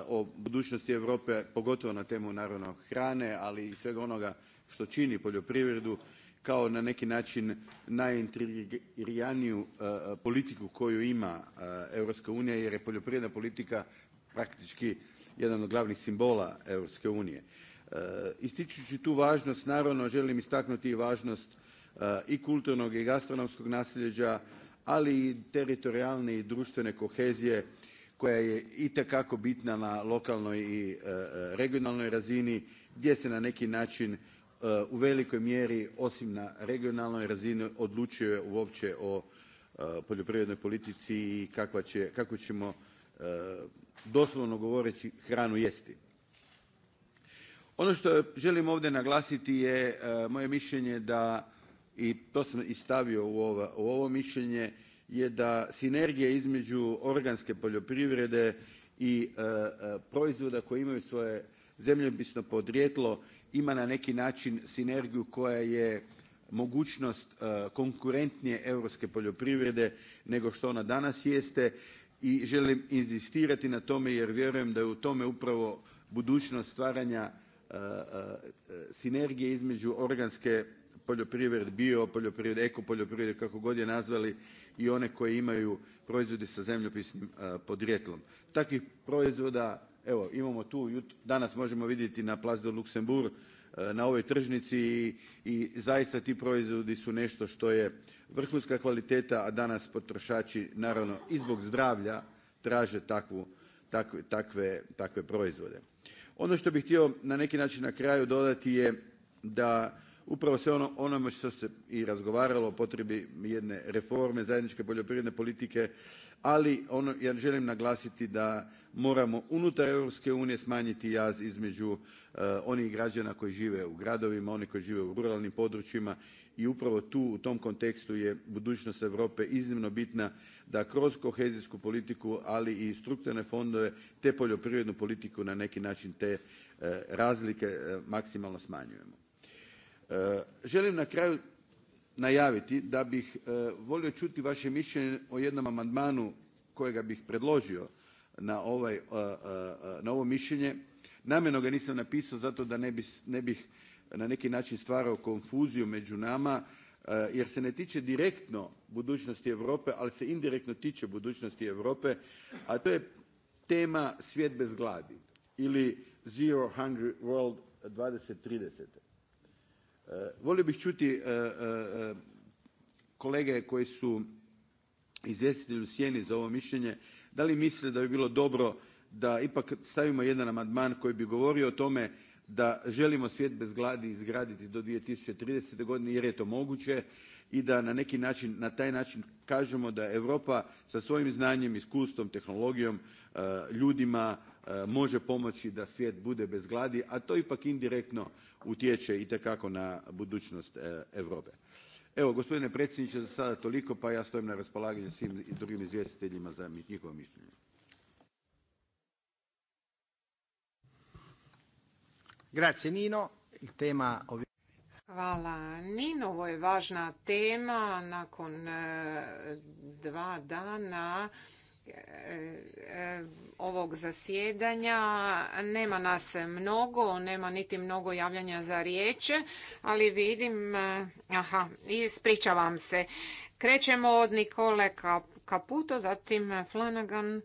o budućnosti Europe, pogotovo na temu naravno hrane, ali i svega onoga što čini poljoprivredu kao na neki način najintrigiraniju e, politiku koju ima e, Europska unija jer je poljoprivredna politika praktički jedan od glavnih simbola Europske unije. E, ističući tu važnost naravno želim istaknuti i važnost i kulturnog i gastronomskog nasljeđa ali i teritorijalne i društvene kohezije koja je itekako bitna na lokalnoj i e, regionalnoj razini gdje se na neki način e, u velikoj mjeri osim na regionalnoj razini odlučuje uopće o e, poljoprivrednoj politici i kakvu ćemo doslovno govoreći hranu jesti. Ono što želim ovdje naglasiti je moje mišljenje da i to sam i stavio u ovo mišljenje je da sinergija između organske poljoprivrede i e, e, proizvoda koji imaju svoje zemljopisno podrijetlo ima na neki način sinergiju koja je mogućnost e, konkurentnije europske poljoprivrede nego što ona danas jeste i želim inzistirati na tome jer vjerujem da je u tome upravo budućnost stvaranja sinergije između organske poljoprivrede, eko ekopoljoprivrede kako god je nazvali i one koje imaju proizvode sa zemljopisnim e, podrijetlom. Takvih proizvoda evo imamo tu, danas možemo vidjeti na Place de Luxembourg e, na ovoj tržnici i, zaista ti proizvodi su nešto što je vrhunska kvaliteta, a danas potrošači naravno i zbog zdravlja traže takve proizvode. Ono što bih htio na neki način na kraju dodati je da upravo sve ono o onome što se i razgovaralo o potrebi jedne reforme zajedničke poljoprivredne politike ali ono, ja želim naglasiti da moramo unutar europske unije smanjiti jaz između e, onih građana koji žive u gradovima onih koji žive u ruralnim područjima i upravo tu u tom kontekstu je budućnost europe iznimno bitna da kroz kohezijsku politiku ali i strukturne fondove te poljoprivrednu politiku na neki način te e, razlike e, maksimalno smanjujemo. E, želim na kraju najaviti da bih e, volio čuti vaše mišljenje o jednom amandmanu kojega bih predložio na, ovaj, e, ovo mišljenje namjerno ga nisam napisao zato da ne, bih na neki način stvarao konfuziju među nama jer se ne tiče direktno budućnosti europe ali se indirektno tiče budućnosti europe a to je tema svijet bez gladi ili zero hungry world two thousand and Volio bih čuti e, e, kolege koji su izvjestitelji u sjeni za ovo mišljenje da li misle da bi bilo dobro da ipak stavimo jedan amandman koji bi govorio o tome da želimo svijet bez gladi izgraditi do. 2030. godine jer je to moguće i da na neki način na taj način kažemo da europa sa svojim znanjem iskustvom tehnologijom e, ljudima E, može pomoći da svijet bude bez gladi a to ipak indirektno utječe itekako na budućnost e, europe. evo gospodine predsjedniče za sada toliko pa ja stojim na raspolaganju svim drugim izvjestiteljima za njihovo mišljenje. Grazie Nino. Hvala Nino, ovo je važna tema nakon e, dva dana Eh, ovog zasjedanja. Nema nas mnogo, nema niti mnogo javljanja za riječ, ali vidim, eh, aha, ispričavam se. Krećemo od Nikole Kaputo, zatim Flanagan,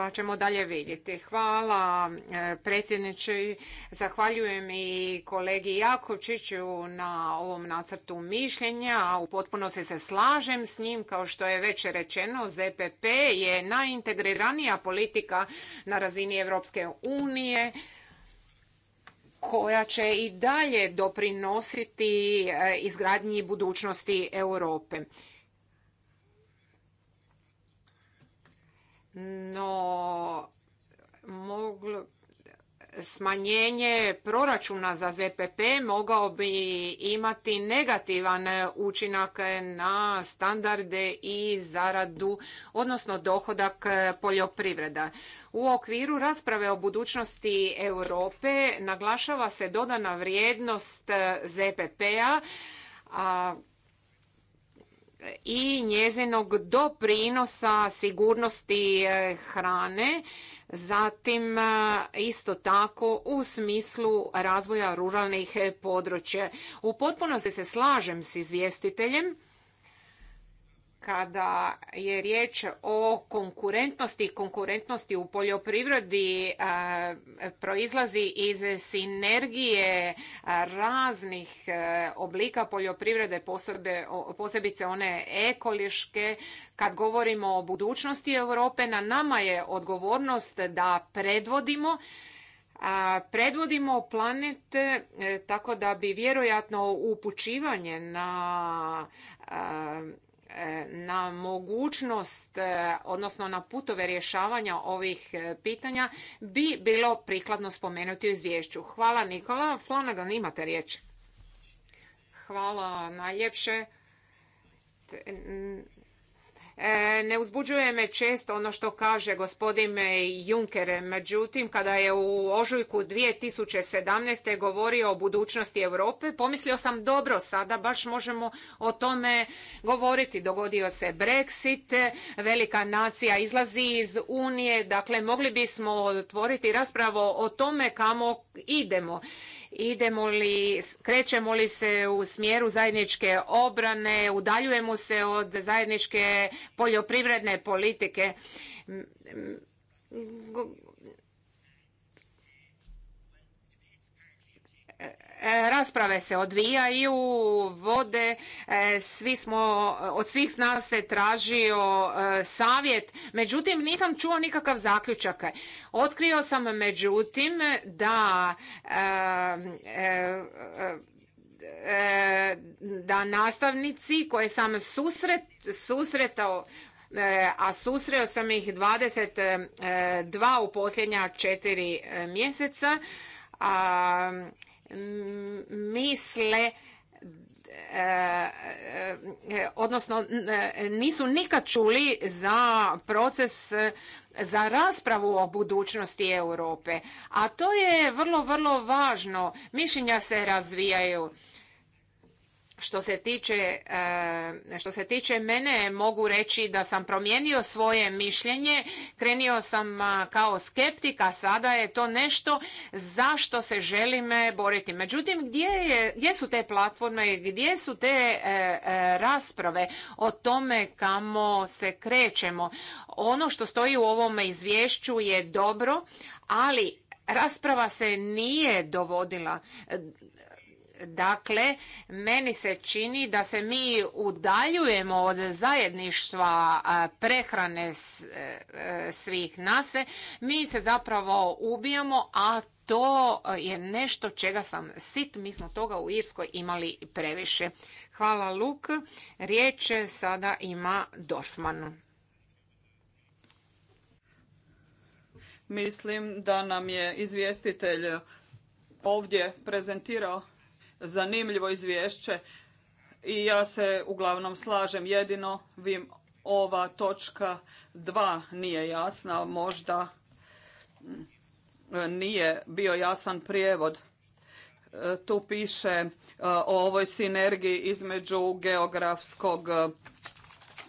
pa ćemo dalje vidjeti. Hvala e, predsjedniče, zahvaljujem i kolegi Jakovčiću na ovom nacrtu mišljenja. U potpunosti se se slažem s njim, kao što je već rečeno, ZPP je najintegriranija politika na razini Europske unije koja će i dalje doprinositi e, izgradnji budućnosti Europe. no moglo, smanjenje proračuna za ZPP mogao bi imati negativan učinak na standarde i zaradu, odnosno dohodak poljoprivreda. U okviru rasprave o budućnosti Europe naglašava se dodana vrijednost ZPP-a, a i njezinog doprinosa sigurnosti e, hrane, zatim e, isto tako u smislu razvoja ruralnih e, područja. U potpunosti se slažem s izvjestiteljem kada je riječ o konkurentnosti konkurentnosti u poljoprivredi e, proizlazi iz sinergije e, raznih e, oblika poljoprivrede, posebice one ekoliške. Kad govorimo o budućnosti Europe, na nama je odgovornost da predvodimo predvodimo planet tako da bi vjerojatno upućivanje na E, na mogućnost, e, odnosno na putove rješavanja ovih e, pitanja bi bilo prikladno spomenuti u izvješću. Hvala Nikola. Flanagan, imate riječ. Hvala najljepše E, ne uzbuđuje me često ono što kaže gospodin Juncker, međutim kada je u ožujku 2017. govorio o budućnosti Europe, pomislio sam dobro sada baš možemo o tome govoriti. Dogodio se Brexit, velika nacija izlazi iz Unije, dakle mogli bismo otvoriti raspravo o tome kamo idemo idemo li, krećemo li se u smjeru zajedničke obrane, udaljujemo se od zajedničke poljoprivredne politike E, rasprave se odvijaju, vode, e, svi smo, od svih nas se tražio e, savjet, međutim nisam čuo nikakav zaključak. Otkrio sam međutim da da nastavnici koje sam susret, susretao a susreo sam ih 22 u posljednja četiri mjeseca. A, misle e, e, odnosno e, nisu nikad čuli za proces za raspravu o budućnosti Europe. A to je vrlo, vrlo važno. Mišljenja se razvijaju. Što se, tiče, eh, što se tiče mene mogu reći da sam promijenio svoje mišljenje, krenio sam eh, kao skeptik, a sada je to nešto za što se želim eh, boriti. Međutim, gdje, je, gdje su te platforme, gdje su te rasprave o tome kamo se krećemo? Ono što stoji u ovom izvješću je dobro, ali rasprava se nije dovodila Dakle, meni se čini da se mi udaljujemo od zajedništva prehrane e, e, svih nas. Mi se zapravo ubijamo, a to je nešto čega sam sit. Mi smo toga u Irskoj imali previše. Hvala Luk. Riječ sada ima Dorfmanu. Mislim da nam je izvjestitelj ovdje prezentirao zanimljivo izvješće i ja se uglavnom slažem. Jedino vi ova točka dva nije jasna, možda mm, nije bio jasan prijevod. E, tu piše e, o ovoj sinergiji između geografskog e,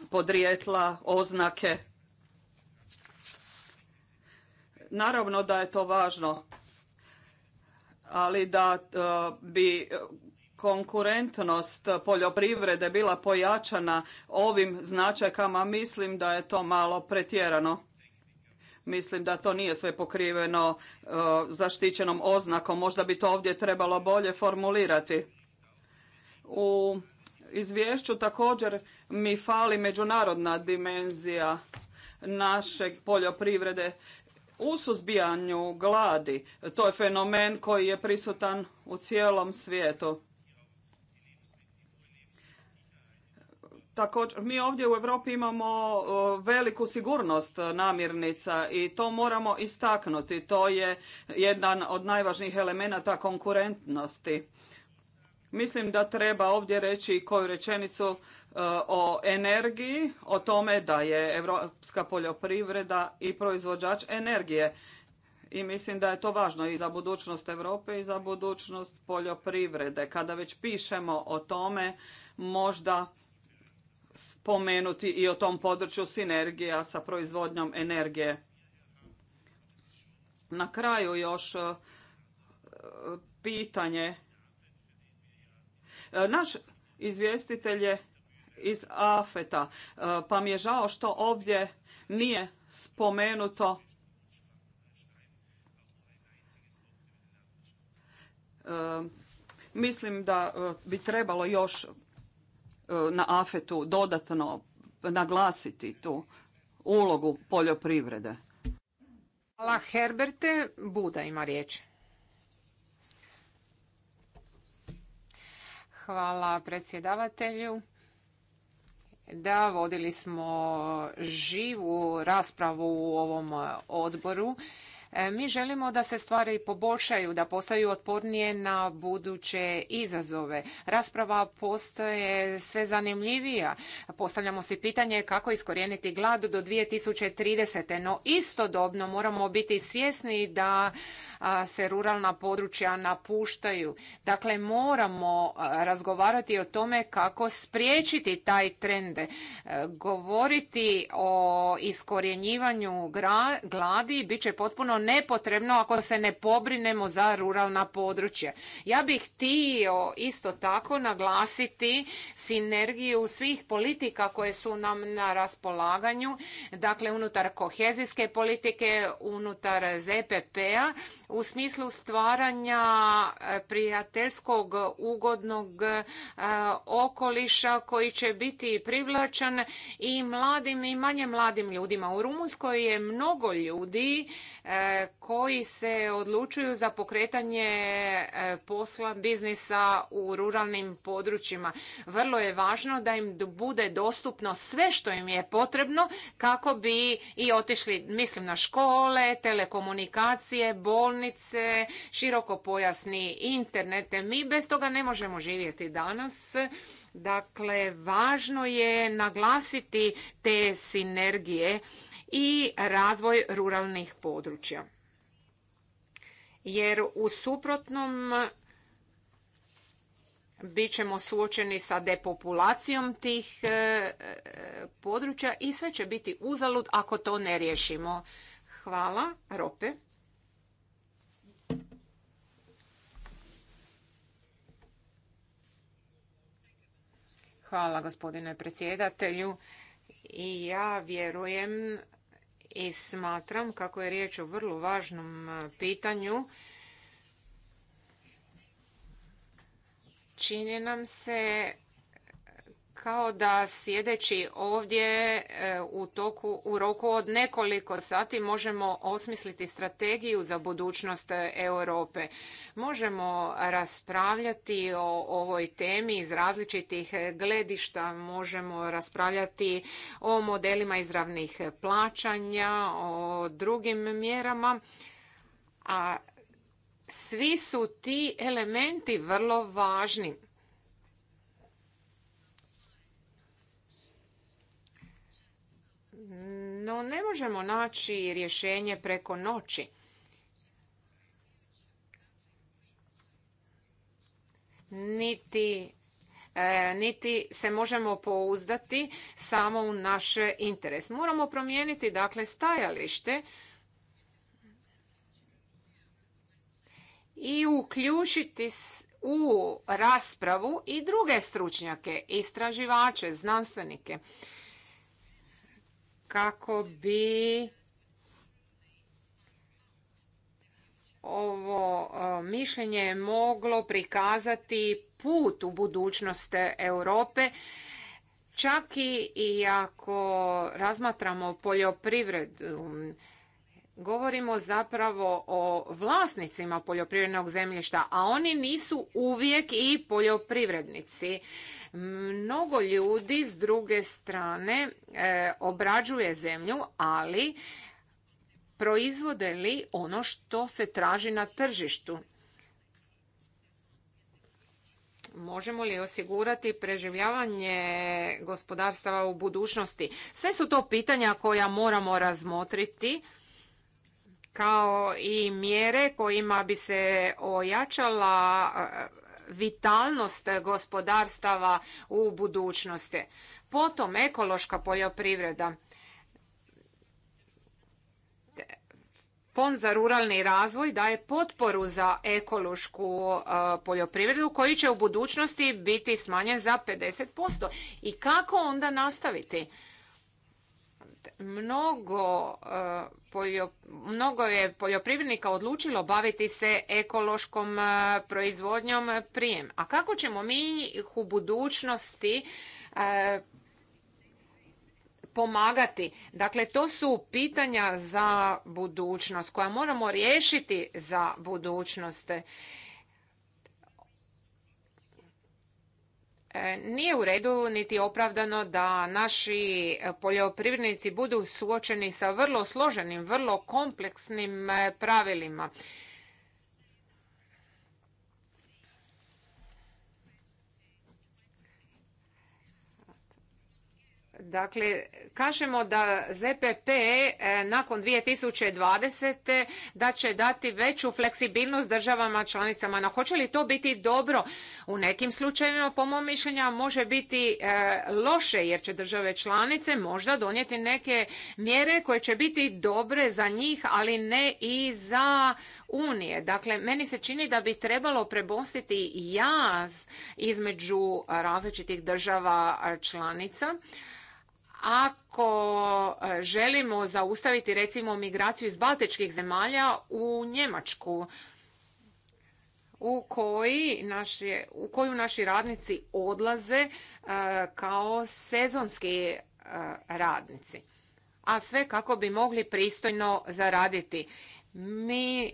podrijetla, oznake. Naravno da je to važno ali da e, bi konkurentnost poljoprivrede bila pojačana ovim značajkama, mislim da je to malo pretjerano. Mislim da to nije sve pokriveno e, zaštićenom oznakom. Možda bi to ovdje trebalo bolje formulirati. U izvješću također mi fali međunarodna dimenzija naše poljoprivrede u suzbijanju gladi. To je fenomen koji je prisutan u cijelom svijetu. Također, mi ovdje u Europi imamo veliku sigurnost namirnica i to moramo istaknuti. To je jedan od najvažnijih elemenata konkurentnosti. Mislim da treba ovdje reći koju rečenicu o energiji, o tome da je europska poljoprivreda i proizvođač energije. I mislim da je to važno i za budućnost Europe i za budućnost poljoprivrede. Kada već pišemo o tome, možda spomenuti i o tom području sinergija sa proizvodnjom energije. Na kraju još e, pitanje. Naš izvjestitelj je iz AFETA, e, pa mi je žao što ovdje nije spomenuto e, mislim da e, bi trebalo još na AFETu dodatno naglasiti tu ulogu poljoprivrede. Hvala Herberte. Buda ima riječ. Hvala predsjedavatelju. Da, vodili smo živu raspravu u ovom odboru. E, mi želimo da se stvari poboljšaju, da postaju otpornije na buduće izazove. Rasprava postaje sve zanimljivija. Postavljamo si pitanje kako iskorijeniti glad do 2030. No istodobno moramo biti svjesni da se ruralna područja napuštaju. Dakle, moramo e, razgovarati o tome kako spriječiti taj trend. E, govoriti o iskorjenjivanju gladi bit će potpuno nepotrebno ako se ne pobrinemo za ruralna područja. Ja bih htio isto tako naglasiti sinergiju svih politika koje su nam na raspolaganju, dakle unutar kohezijske politike, unutar ZPP-a, u smislu stvaranja e, prijateljskog, ugodnog e, okoliša koji će biti privlačan i mladim i manje mladim ljudima. U Rumunskoj je mnogo ljudi e, koji se odlučuju za pokretanje e, posla biznisa u ruralnim područjima. Vrlo je važno da im bude dostupno sve što im je potrebno kako bi i otišli, mislim na škole, telekomunikacije, bolnice, pojasni internet. Mi bez toga ne možemo živjeti danas. Dakle, važno je naglasiti te sinergije i razvoj ruralnih područja jer u suprotnom bit ćemo suočeni sa depopulacijom tih e, e, područja i sve će biti uzalud ako to ne riješimo. Hvala. Rope. Hvala gospodine predsjedatelju. I ja vjerujem i smatram kako je riječ o vrlo važnom e, pitanju čini nam se kao da sjedeći ovdje e, u, toku, u roku od nekoliko sati možemo osmisliti strategiju za budućnost Europe. Možemo raspravljati o ovoj temi iz različitih gledišta, možemo raspravljati o modelima izravnih plaćanja, o drugim mjerama, a svi su ti elementi vrlo važni No ne možemo naći rješenje preko noći. Niti e, niti se možemo pouzdati samo u naš interes. Moramo promijeniti dakle stajalište i uključiti u raspravu i druge stručnjake, istraživače, znanstvenike kako bi ovo e, mišljenje moglo prikazati put u budućnost Europe čak i ako razmatramo poljoprivredu govorimo zapravo o vlasnicima poljoprivrednog zemljišta, a oni nisu uvijek i poljoprivrednici. Mnogo ljudi s druge strane e, obrađuje zemlju, ali proizvode li ono što se traži na tržištu? možemo li osigurati preživljavanje gospodarstava u budućnosti sve su to pitanja koja moramo razmotriti kao i mjere kojima bi se ojačala e, vitalnost gospodarstava u budućnosti. Potom ekološka poljoprivreda. Fond za ruralni razvoj daje potporu za ekološku e, poljoprivredu koji će u budućnosti biti smanjen za 50%. I kako onda nastaviti? mnogo, eh, mnogo je poljoprivrednika odlučilo baviti se ekološkom eh, proizvodnjom prijem. A kako ćemo mi ih u budućnosti eh, pomagati. Dakle, to su pitanja za budućnost koja moramo riješiti za budućnost. E, nije u redu niti opravdano da naši poljoprivrednici budu suočeni sa vrlo složenim, vrlo kompleksnim e, pravilima. Dakle, kažemo da ZPP e, nakon 2020. da će dati veću fleksibilnost državama članicama. No, hoće li to biti dobro? U nekim slučajevima, po mom mišljenju, može biti e, loše jer će države članice možda donijeti neke mjere koje će biti dobre za njih, ali ne i za Unije. Dakle, meni se čini da bi trebalo prebostiti jaz između e, različitih država članica ako e, želimo zaustaviti recimo migraciju iz baltičkih zemalja u Njemačku u, u koju naši radnici odlaze e, kao sezonski e, radnici. A sve kako bi mogli pristojno zaraditi. Mi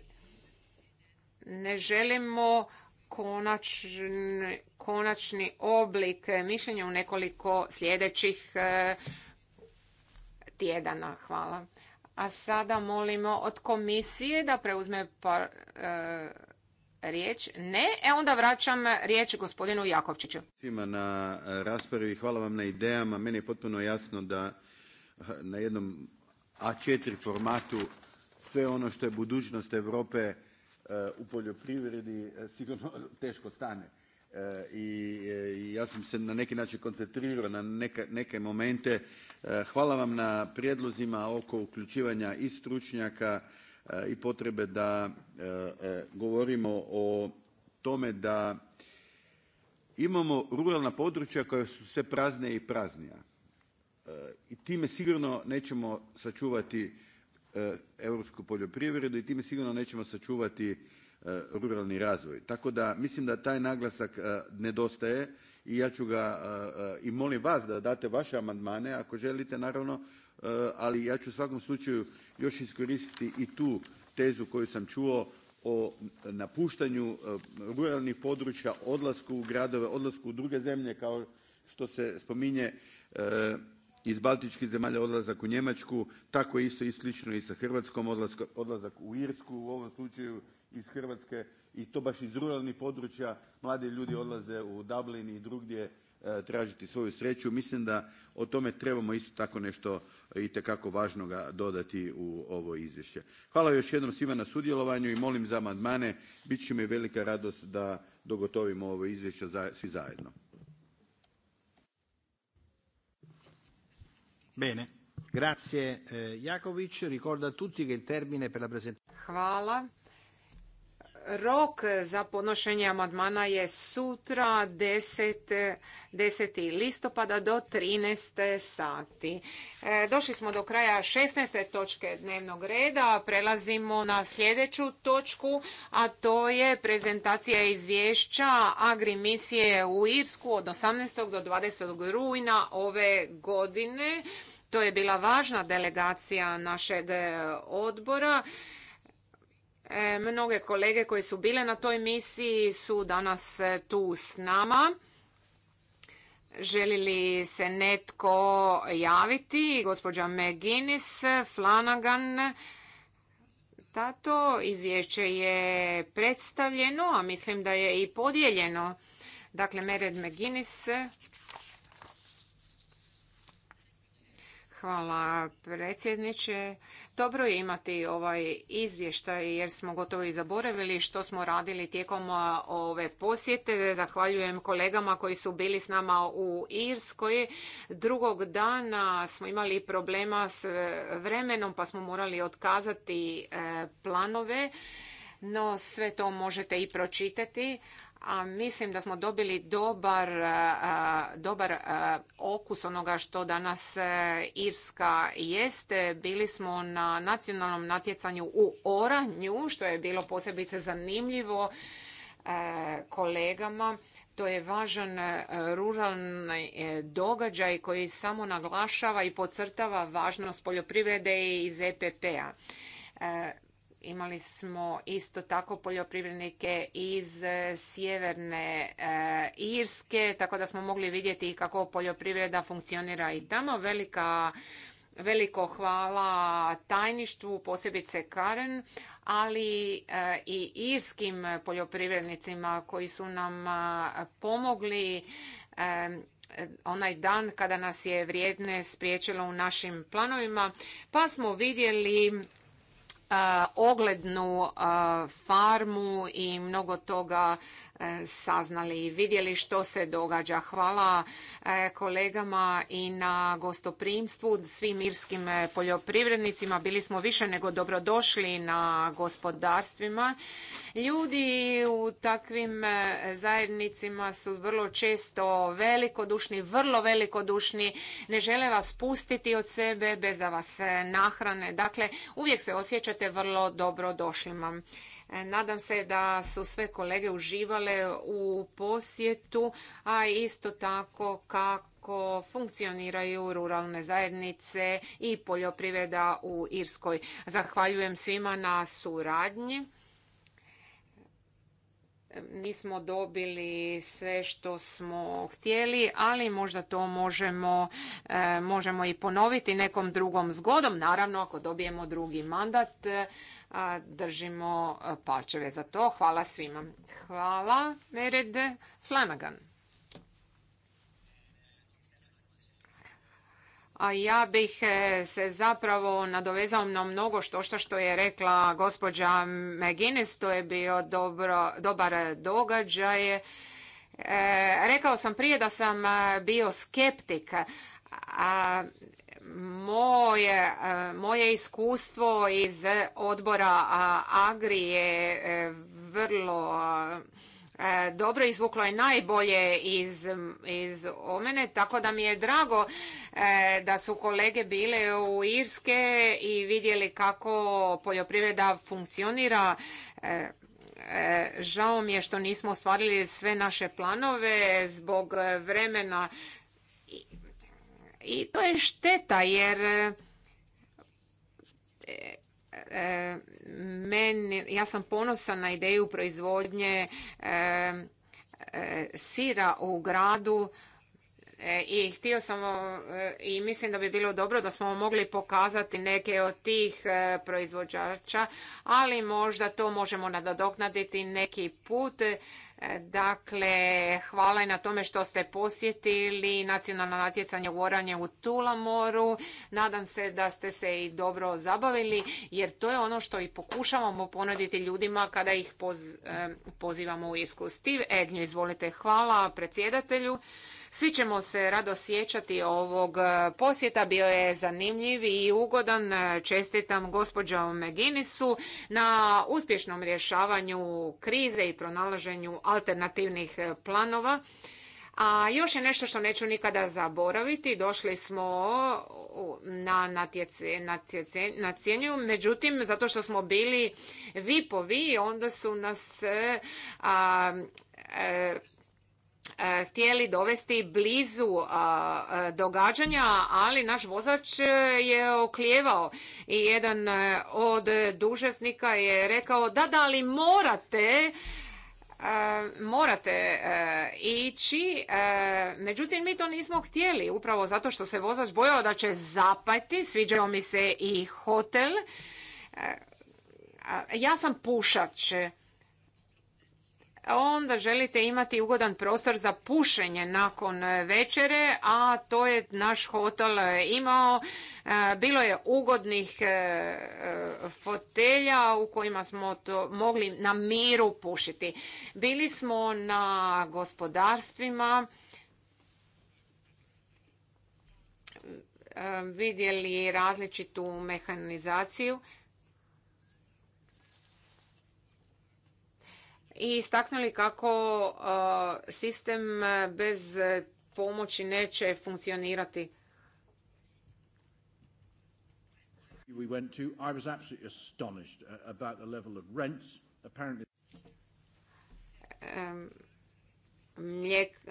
ne želimo konačni, oblik mišljenja u nekoliko sljedećih e, tjedana. Hvala. A sada molimo od komisije da preuzme par, e, riječ. Ne, e onda vraćam riječ gospodinu Jakovčiću. Svima na e, raspravi, hvala vam na idejama. Meni je potpuno jasno da na jednom A4 formatu sve ono što je budućnost Europe u poljoprivredi e, sigurno [laughs] teško stane e, e, i ja sam se na neki način koncentrirao na neke, momente. Hvala vam na prijedlozima oko uključivanja i stručnjaka i potrebe da govorimo o tome da imamo ruralna područja koja su sve praznija i praznija i time sigurno nećemo sačuvati E, europsku poljoprivredu i time sigurno nećemo sačuvati e, ruralni razvoj. Tako da mislim da taj naglasak e, nedostaje i ja ću ga i molim vas da date vaše amandmane ako želite naravno, ali ja ću u svakom slučaju još iskoristiti i tu tezu koju sam čuo o napuštanju ruralnih područja, odlasku u gradove, odlasku u druge zemlje kao što se spominje iz baltičkih zemalja odlazak u njemačku tako isto i slično i sa hrvatskom odlazak u irsku u ovom slučaju iz hrvatske i to baš iz ruralnih područja mladi ljudi odlaze u dublin i drugdje e, tražiti svoju sreću mislim da o tome trebamo isto tako nešto itekako važnoga dodati u ovo izvješće. hvala još jednom svima na sudjelovanju i molim za amandmane bit će mi velika radost da dogotovimo ovo izvješće svi zajedno. Bene. Grazie eh, Jakovic, ricordo a tutti che il termine per la presentazione Hvala. Rok za podnošenje amandmana je sutra 10. 10. listopada do 13. sati. E, došli smo do kraja 16. točke dnevnog reda. Prelazimo na sljedeću točku, a to je prezentacija izvješća agrimisije u Irsku od 18. do 20. rujna ove godine. To je bila važna delegacija našeg odbora. E, mnoge kolege koje su bile na toj misiji su danas e, tu s nama. Želi li se netko javiti? Gospođa McGinnis, Flanagan, Tato, izvješće je predstavljeno, a mislim da je i podijeljeno. Dakle, Mered McGinnis, Hvala predsjedniče. Dobro je imati ovaj izvještaj jer smo gotovo i zaboravili što smo radili tijekom ove posjete. Zahvaljujem kolegama koji su bili s nama u Irskoj. Drugog dana smo imali problema s e, vremenom pa smo morali otkazati e, planove, no sve to možete i pročitati a mislim da smo dobili dobar, dobar okus onoga što danas e, Irska jeste. Bili smo na nacionalnom natjecanju u Oranju, što je bilo posebice zanimljivo e, kolegama. To je važan e, ruralni događaj koji samo naglašava i podcrtava važnost poljoprivrede iz EPP-a imali smo isto tako poljoprivrednike iz e, sjeverne e, Irske, tako da smo mogli vidjeti kako poljoprivreda funkcionira i tamo. Velika Veliko hvala tajništvu, posebice Karen, ali e, i irskim poljoprivrednicima koji su nam pomogli onaj dan kada nas je vrijedne spriječilo u našim planovima, pa smo vidjeli oglednu farmu i mnogo toga e, saznali i vidjeli što se događa. Hvala e, kolegama i na gostoprimstvu, svim irskim e, poljoprivrednicima. Bili smo više nego dobrodošli na gospodarstvima. Ljudi u takvim zajednicima su vrlo često velikodušni, vrlo velikodušni, ne žele vas pustiti od sebe bez da vas nahrane. Dakle, uvijek se osjećate budete vrlo dobro došlima. E, nadam se da su sve kolege uživale u posjetu, a isto tako kako funkcioniraju ruralne zajednice i poljoprivreda u Irskoj. Zahvaljujem svima na suradnji nismo dobili sve što smo htjeli, ali možda to možemo, e, možemo i ponoviti nekom drugom zgodom. Naravno, ako dobijemo drugi mandat, e, držimo e, pačeve za to. Hvala svima. Hvala, Mered Flanagan. A ja bih e, se zapravo nadovezao na mnogo što što je rekla gospođa McGuinness, to je bio dobro, dobar događaj. E, rekao sam prije da sam e, bio skeptik, a moje, moje iskustvo iz odbora Agri je vrlo E, dobro izvuklo je najbolje iz, iz omene, tako da mi je drago e, da su kolege bile u Irske i vidjeli kako poljoprivreda funkcionira. E, žao mi je što nismo ostvarili sve naše planove zbog vremena i, i to je šteta jer E, meni, ja sam ponosan na ideju proizvodnje e, e, sira u gradu i htio sam i mislim da bi bilo dobro da smo mogli pokazati neke od tih proizvođača, ali možda to možemo nadoknaditi neki put Dakle, hvala i na tome što ste posjetili nacionalno natjecanje u oranje u Tulamoru. Nadam se da ste se i dobro zabavili, jer to je ono što i pokušavamo ponuditi ljudima kada ih eh, pozivamo u iskustiv. Egnju, izvolite, hvala predsjedatelju. Svi ćemo se rado sjećati ovog e, posjeta, bio je zanimljiv i ugodan. E, čestitam gospođom Meginisu na uspješnom rješavanju krize i pronalaženju alternativnih e, planova. A još je nešto što neću nikada zaboraviti. Došli smo na na međutim, zato što smo bili vipovi, onda su nas E, htjeli dovesti blizu e, događanja, ali naš vozač je oklijevao i jedan e, od dužesnika je rekao da, da, ali morate morate ići, međutim mi to nismo htjeli, upravo zato što se vozač bojao da će zapati, sviđao mi se i hotel. Ja sam pušač, onda želite imati ugodan prostor za pušenje nakon e, večere, a to je naš hotel e, imao. E, bilo je ugodnih fotelja u kojima smo to mogli na miru pušiti. Bili smo na gospodarstvima, vidjeli različitu mehanizaciju. i istaknuli kako e, sistem bez pomoći neće funkcionirati.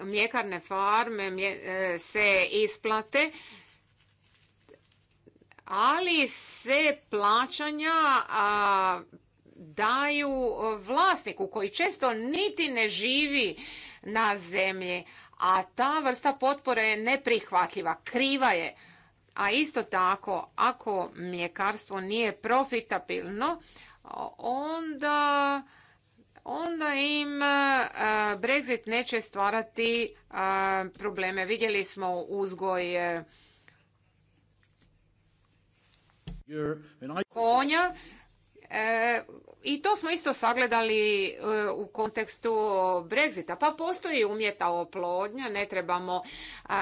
mljekarne farme e, se isplate, ali se plaćanja daju vlasniku koji često niti ne živi na zemlji, a ta vrsta potpore je neprihvatljiva, kriva je. A isto tako, ako mljekarstvo nije profitabilno, onda onda im e, Brexit neće stvarati e, probleme. Vidjeli smo uzgoj e, konja E, I to smo isto sagledali e, u kontekstu Brexita. Pa postoji umjeta oplodnja, ne trebamo,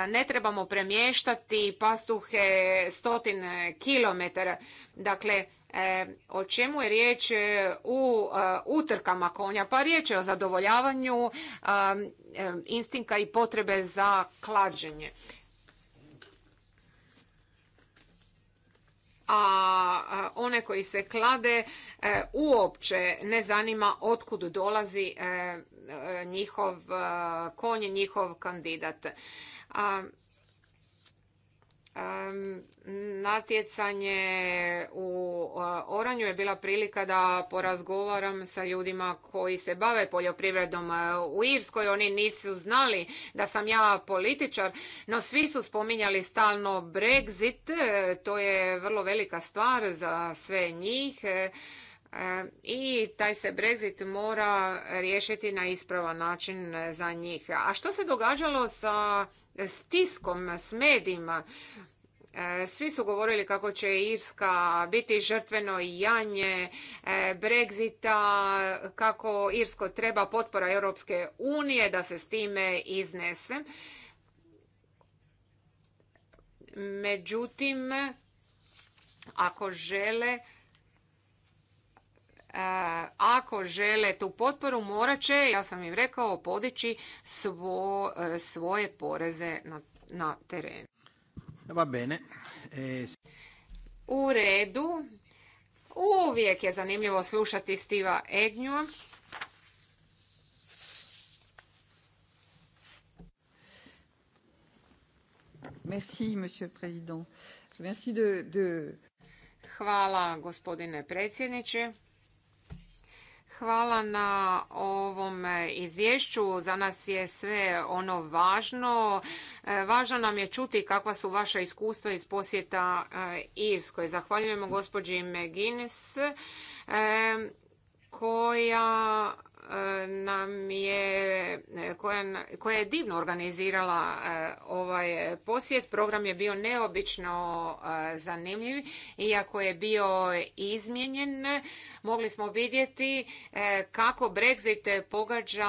ne trebamo premještati pastuhe stotine kilometara. Dakle, e, o čemu je riječ u utrkama konja? Pa riječ je o zadovoljavanju instinka i potrebe za klađenje. a one koji se klade e, uopće ne zanima otkud dolazi e, e, njihov konj, njihov kandidat natjecanje u e, Oranju je bila prilika da porazgovaram sa ljudima koji se bave poljoprivredom e, u Irskoj. Oni nisu znali da sam ja političar, no svi su spominjali stalno Brexit. E, to je vrlo velika stvar za sve njih i taj se Brexit mora riješiti na ispravan način za njih. A što se događalo sa s tiskom, s medijima. E, svi su govorili kako će Irska biti žrtveno janje e, Brexita, kako Irsko treba potpora Europske unije da se s time iznese. Međutim, ako žele E, ako žele tu potporu morat će, ja sam im rekao, podići svo, e, svoje poreze na, na terenu. E, va bene. U redu. Uvijek je zanimljivo slušati Stiva Egnjua. Merci, monsieur président. Merci de, de... Hvala, gospodine predsjedniče. Hvala na ovom izvješću. Za nas je sve ono važno. E, važno nam je čuti kakva su vaša iskustva iz posjeta e, Irskoj. Zahvaljujemo gospođi McGuinness e, koja nam je, koja, je divno organizirala e, ovaj posjet. Program je bio neobično e, zanimljiv, iako je bio izmijenjen. Mogli smo vidjeti e, kako Brexit pogađa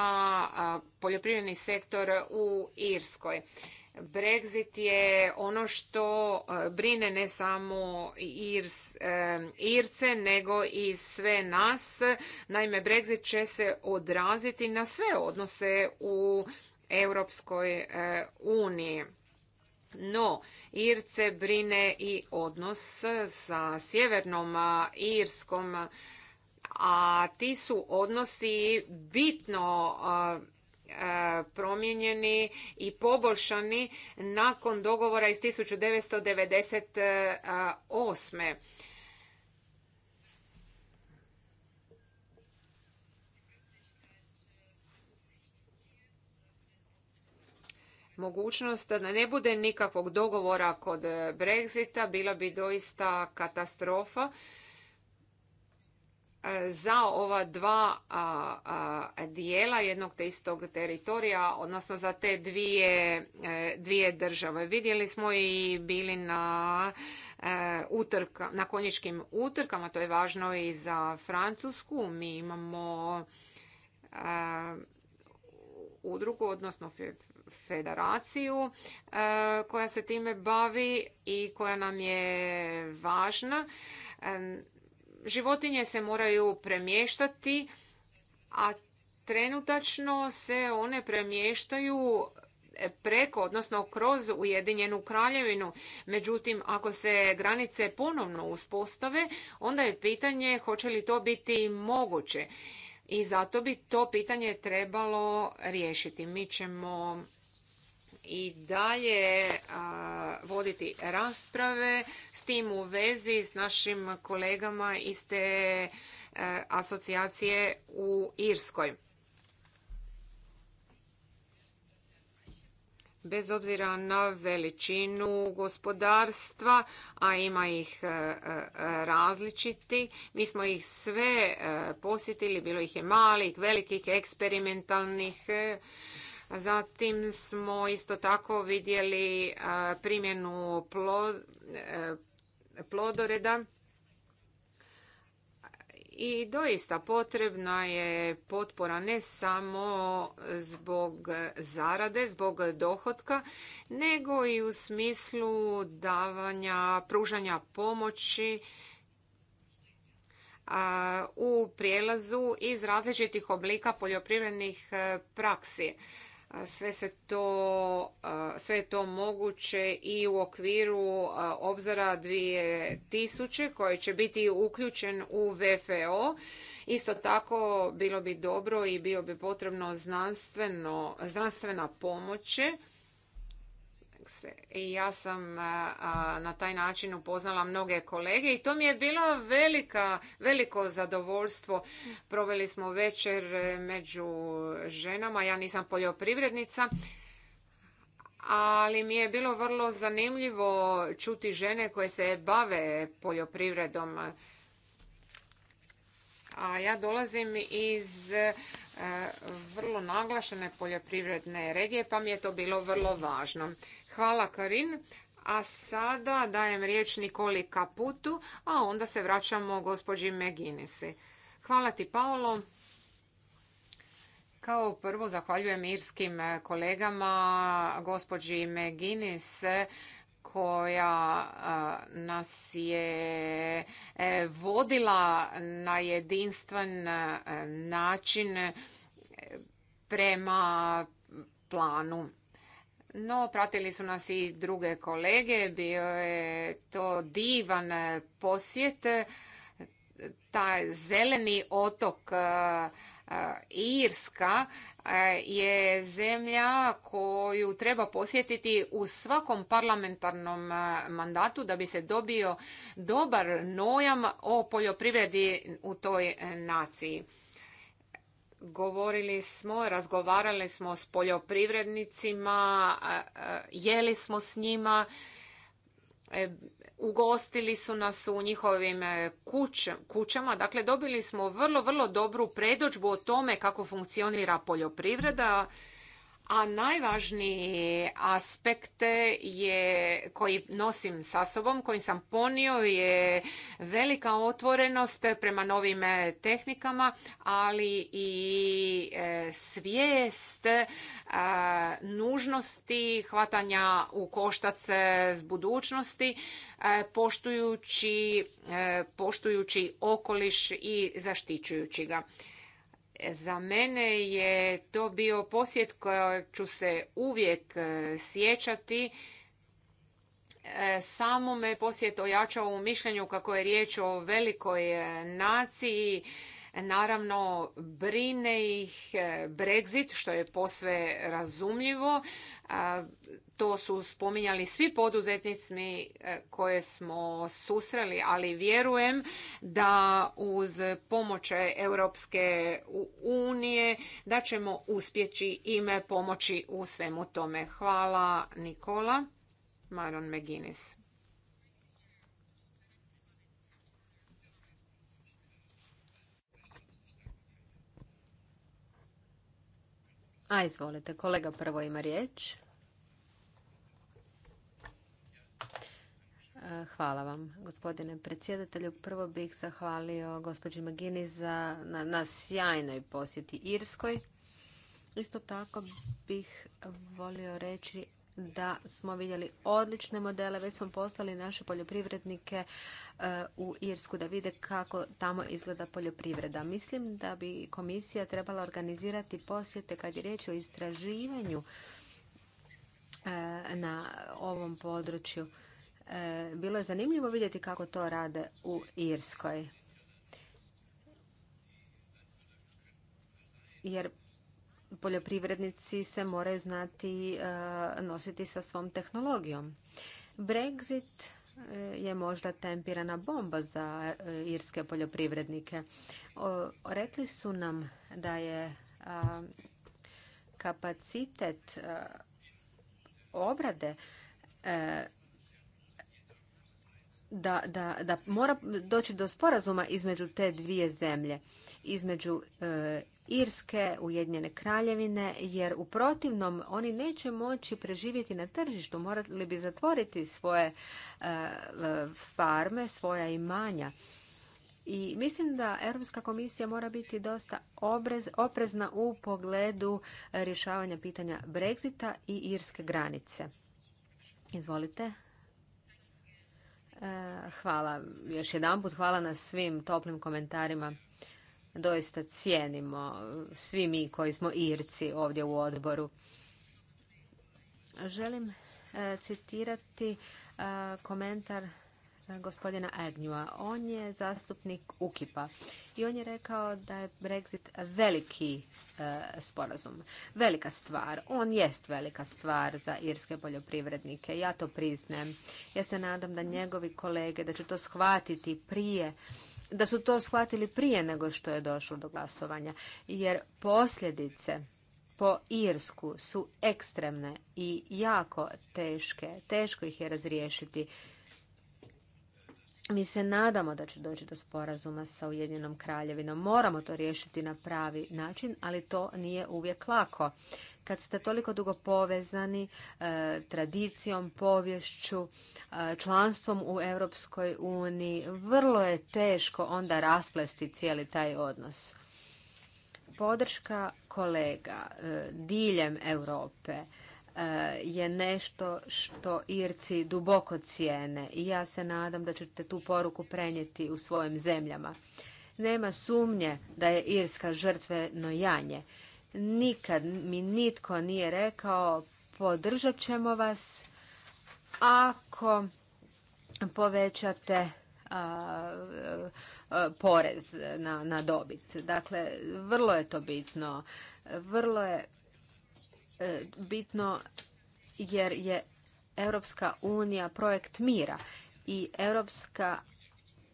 poljoprivredni sektor u Irskoj. Brexit je ono što e, brine ne samo Irs, e, Irce, nego i sve nas. Naime, Brexit će se odraziti na sve odnose u Europskoj e, uniji. No, Irce brine i odnos sa Sjevernom Irskom, a ti su odnosi bitno promijenjeni i poboljšani nakon dogovora iz 1998. mogućnost da ne bude nikakvog dogovora kod Brexita bila bi doista katastrofa za ova dva dijela jednog te istog teritorija, odnosno za te dvije, e, dvije države. Vidjeli smo i bili na e, utrka, na konjičkim utrkama, to je važno i za Francusku. Mi imamo e, udrugu, odnosno federaciju koja se time bavi i koja nam je važna. Životinje se moraju premještati, a trenutačno se one premještaju e, preko, odnosno kroz Ujedinjenu kraljevinu. Međutim, ako se granice ponovno uspostave, onda je pitanje hoće li to biti moguće. I zato bi to pitanje trebalo riješiti. Mi ćemo i dalje voditi rasprave s tim u vezi s našim kolegama iz te e, asocijacije u Irskoj. bez obzira na veličinu gospodarstva, a ima ih e, e, različiti. Mi smo ih sve posjetili, bilo ih je malih, velikih, eksperimentalnih, Zatim smo isto tako vidjeli primjenu e, plodoreda i doista potrebna je potpora ne samo zbog zarade, zbog dohotka, nego i u smislu davanja, pružanja pomoći u prijelazu iz različitih oblika poljoprivrednih e, praksi. Sve, sve je to moguće i u okviru obzora 2000 koji će biti uključen u VFO. Isto tako bilo bi dobro i bio bi potrebno znanstveno, znanstvena pomoće i ja sam na taj način upoznala mnoge kolege i to mi je bilo velika, veliko zadovoljstvo. Proveli smo večer e, među ženama, ja nisam poljoprivrednica, ali mi je bilo vrlo zanimljivo čuti žene koje se bave poljoprivredom a ja dolazim iz e, vrlo naglašene poljoprivredne regije, pa mi je to bilo vrlo važno. Hvala Karin. A sada dajem riječ Nikoli Kaputu, a onda se vraćamo gospođi Meginisi. Hvala ti, Paolo. Kao prvo zahvaljujem irskim kolegama, gospođi Meginis, koja nas je e, vodila na jedinstven e, način e, prema planu. No, pratili su nas i druge kolege, bio je to divan posjet taj zeleni otok e, e, Irska e, je zemlja koju treba posjetiti u svakom parlamentarnom mandatu da bi se dobio dobar nojam o poljoprivredi u toj naciji. Govorili smo, razgovarali smo s poljoprivrednicima, jeli smo s njima, ugostili su nas u njihovim e, kućama. Dakle, dobili smo vrlo, vrlo dobru predođbu o tome kako funkcionira poljoprivreda, a najvažniji aspekt je, koji nosim sa sobom, koji sam ponio, je velika otvorenost prema novim e, tehnikama, ali i e, svijest e, nužnosti hvatanja u koštac s budućnosti, poštujući, poštujući okoliš i zaštićujući ga. Za mene je to bio posjet koja ću se uvijek e, sjećati. E, samo me posjet ojačao u mišljenju kako je riječ o velikoj e, naciji. Naravno, brine ih Brexit, što je posve razumljivo to su spominjali svi poduzetnici eh, koje smo susreli, ali vjerujem da uz pomoć Europske unije da ćemo uspjeći ime pomoći u svemu tome. Hvala Nikola. Maron Meginis. A izvolite, kolega prvo ima riječ. Hvala vam, gospodine predsjedatelju. Prvo bih zahvalio gospođi Magini za, na, na sjajnoj posjeti Irskoj. Isto tako bih volio reći da smo vidjeli odlične modele, već smo poslali naše poljoprivrednike eh, u Irsku da vide kako tamo izgleda poljoprivreda. Mislim da bi komisija trebala organizirati posjete kad je riječ o istraživanju eh, na ovom području E, bilo je zanimljivo vidjeti kako to rade u Irskoj. Jer poljoprivrednici se moraju znati e, nositi sa svom tehnologijom. Brexit e, je možda tempirana bomba za irske poljoprivrednike. Rekli su nam da je kapacitet obrade da, da, da mora doći do sporazuma između te dvije zemlje, između e, Irske, Ujedinjene kraljevine, jer u protivnom oni neće moći preživjeti na tržištu, morali bi zatvoriti svoje e, farme, svoja imanja. I mislim da Europska komisija mora biti dosta oprezna u pogledu rješavanja pitanja Brexita i irske granice. Izvolite, Eh, hvala još jedanput, hvala na svim toplim komentarima. Doista cijenimo svi mi koji smo Irci ovdje u odboru. Želim eh, citirati eh, komentar gospodina Agnjua. On je zastupnik Ukipa i on je rekao da je Brexit veliki e, sporazum, velika stvar. On jest velika stvar za irske poljoprivrednike. Ja to priznem Ja se nadam da njegovi kolege da će to shvatiti prije da su to shvatili prije nego što je došlo do glasovanja. Jer posljedice po Irsku su ekstremne i jako teške. Teško ih je razriješiti. Mi se nadamo da će doći do sporazuma sa Ujedinjenom kraljevinom. Moramo to riješiti na pravi način, ali to nije uvijek lako. Kad ste toliko dugo povezani e, tradicijom, povješću, e, članstvom u Europskoj uniji, vrlo je teško onda rasplesti cijeli taj odnos. Podrška kolega e, diljem Europe E, je nešto što Irci duboko cijene i ja se nadam da ćete tu poruku prenijeti u svojim zemljama. Nema sumnje da je Irska žrtveno janje. Nikad mi nitko nije rekao podržat ćemo vas ako povećate porez na, na dobit. Dakle, vrlo je to bitno. Vrlo je E, bitno jer je Europska unija projekt mira i Europska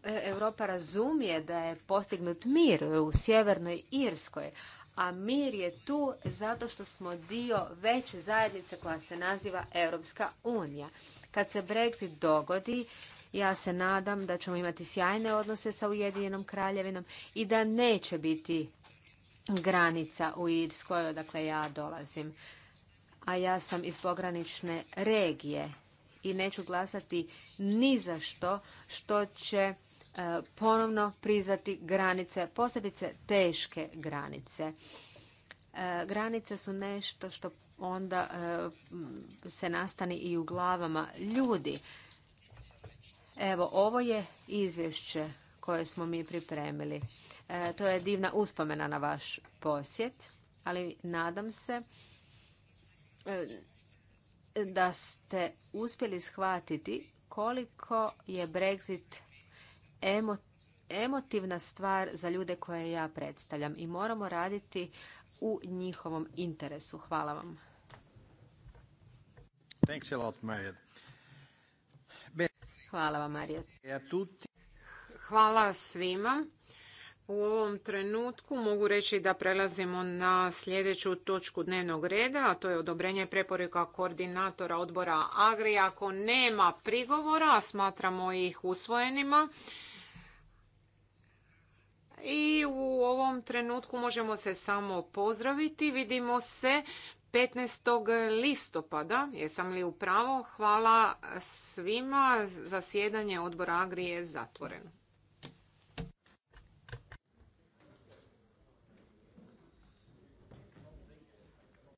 e, Europa razumije da je postignut mir u Sjevernoj Irskoj, a mir je tu zato što smo dio veće zajednice koja se naziva Europska unija. Kad se Brexit dogodi, ja se nadam da ćemo imati sjajne odnose sa Ujedinjenom kraljevinom i da neće biti granica u Irskoj, odakle ja dolazim. A ja sam iz pogranične regije i neću glasati ni za što što će e, ponovno prizvati granice, posebice teške granice. E, granice su nešto što onda e, se nastani i u glavama ljudi. Evo, ovo je izvješće koje smo mi pripremili. E, to je divna uspomena na vaš posjet, ali nadam se e, da ste uspjeli shvatiti koliko je Brexit emotivna stvar za ljude koje ja predstavljam i moramo raditi u njihovom interesu. Hvala vam. Hvala vam, Marija. E, Hvala svima. U ovom trenutku mogu reći da prelazimo na sljedeću točku dnevnog reda, a to je odobrenje preporuka koordinatora odbora Agri. Ako nema prigovora, smatramo ih usvojenima. I u ovom trenutku možemo se samo pozdraviti. Vidimo se 15. listopada, jesam li u pravu. Hvala svima. Zasjedanje odbora Agri je zatvoreno.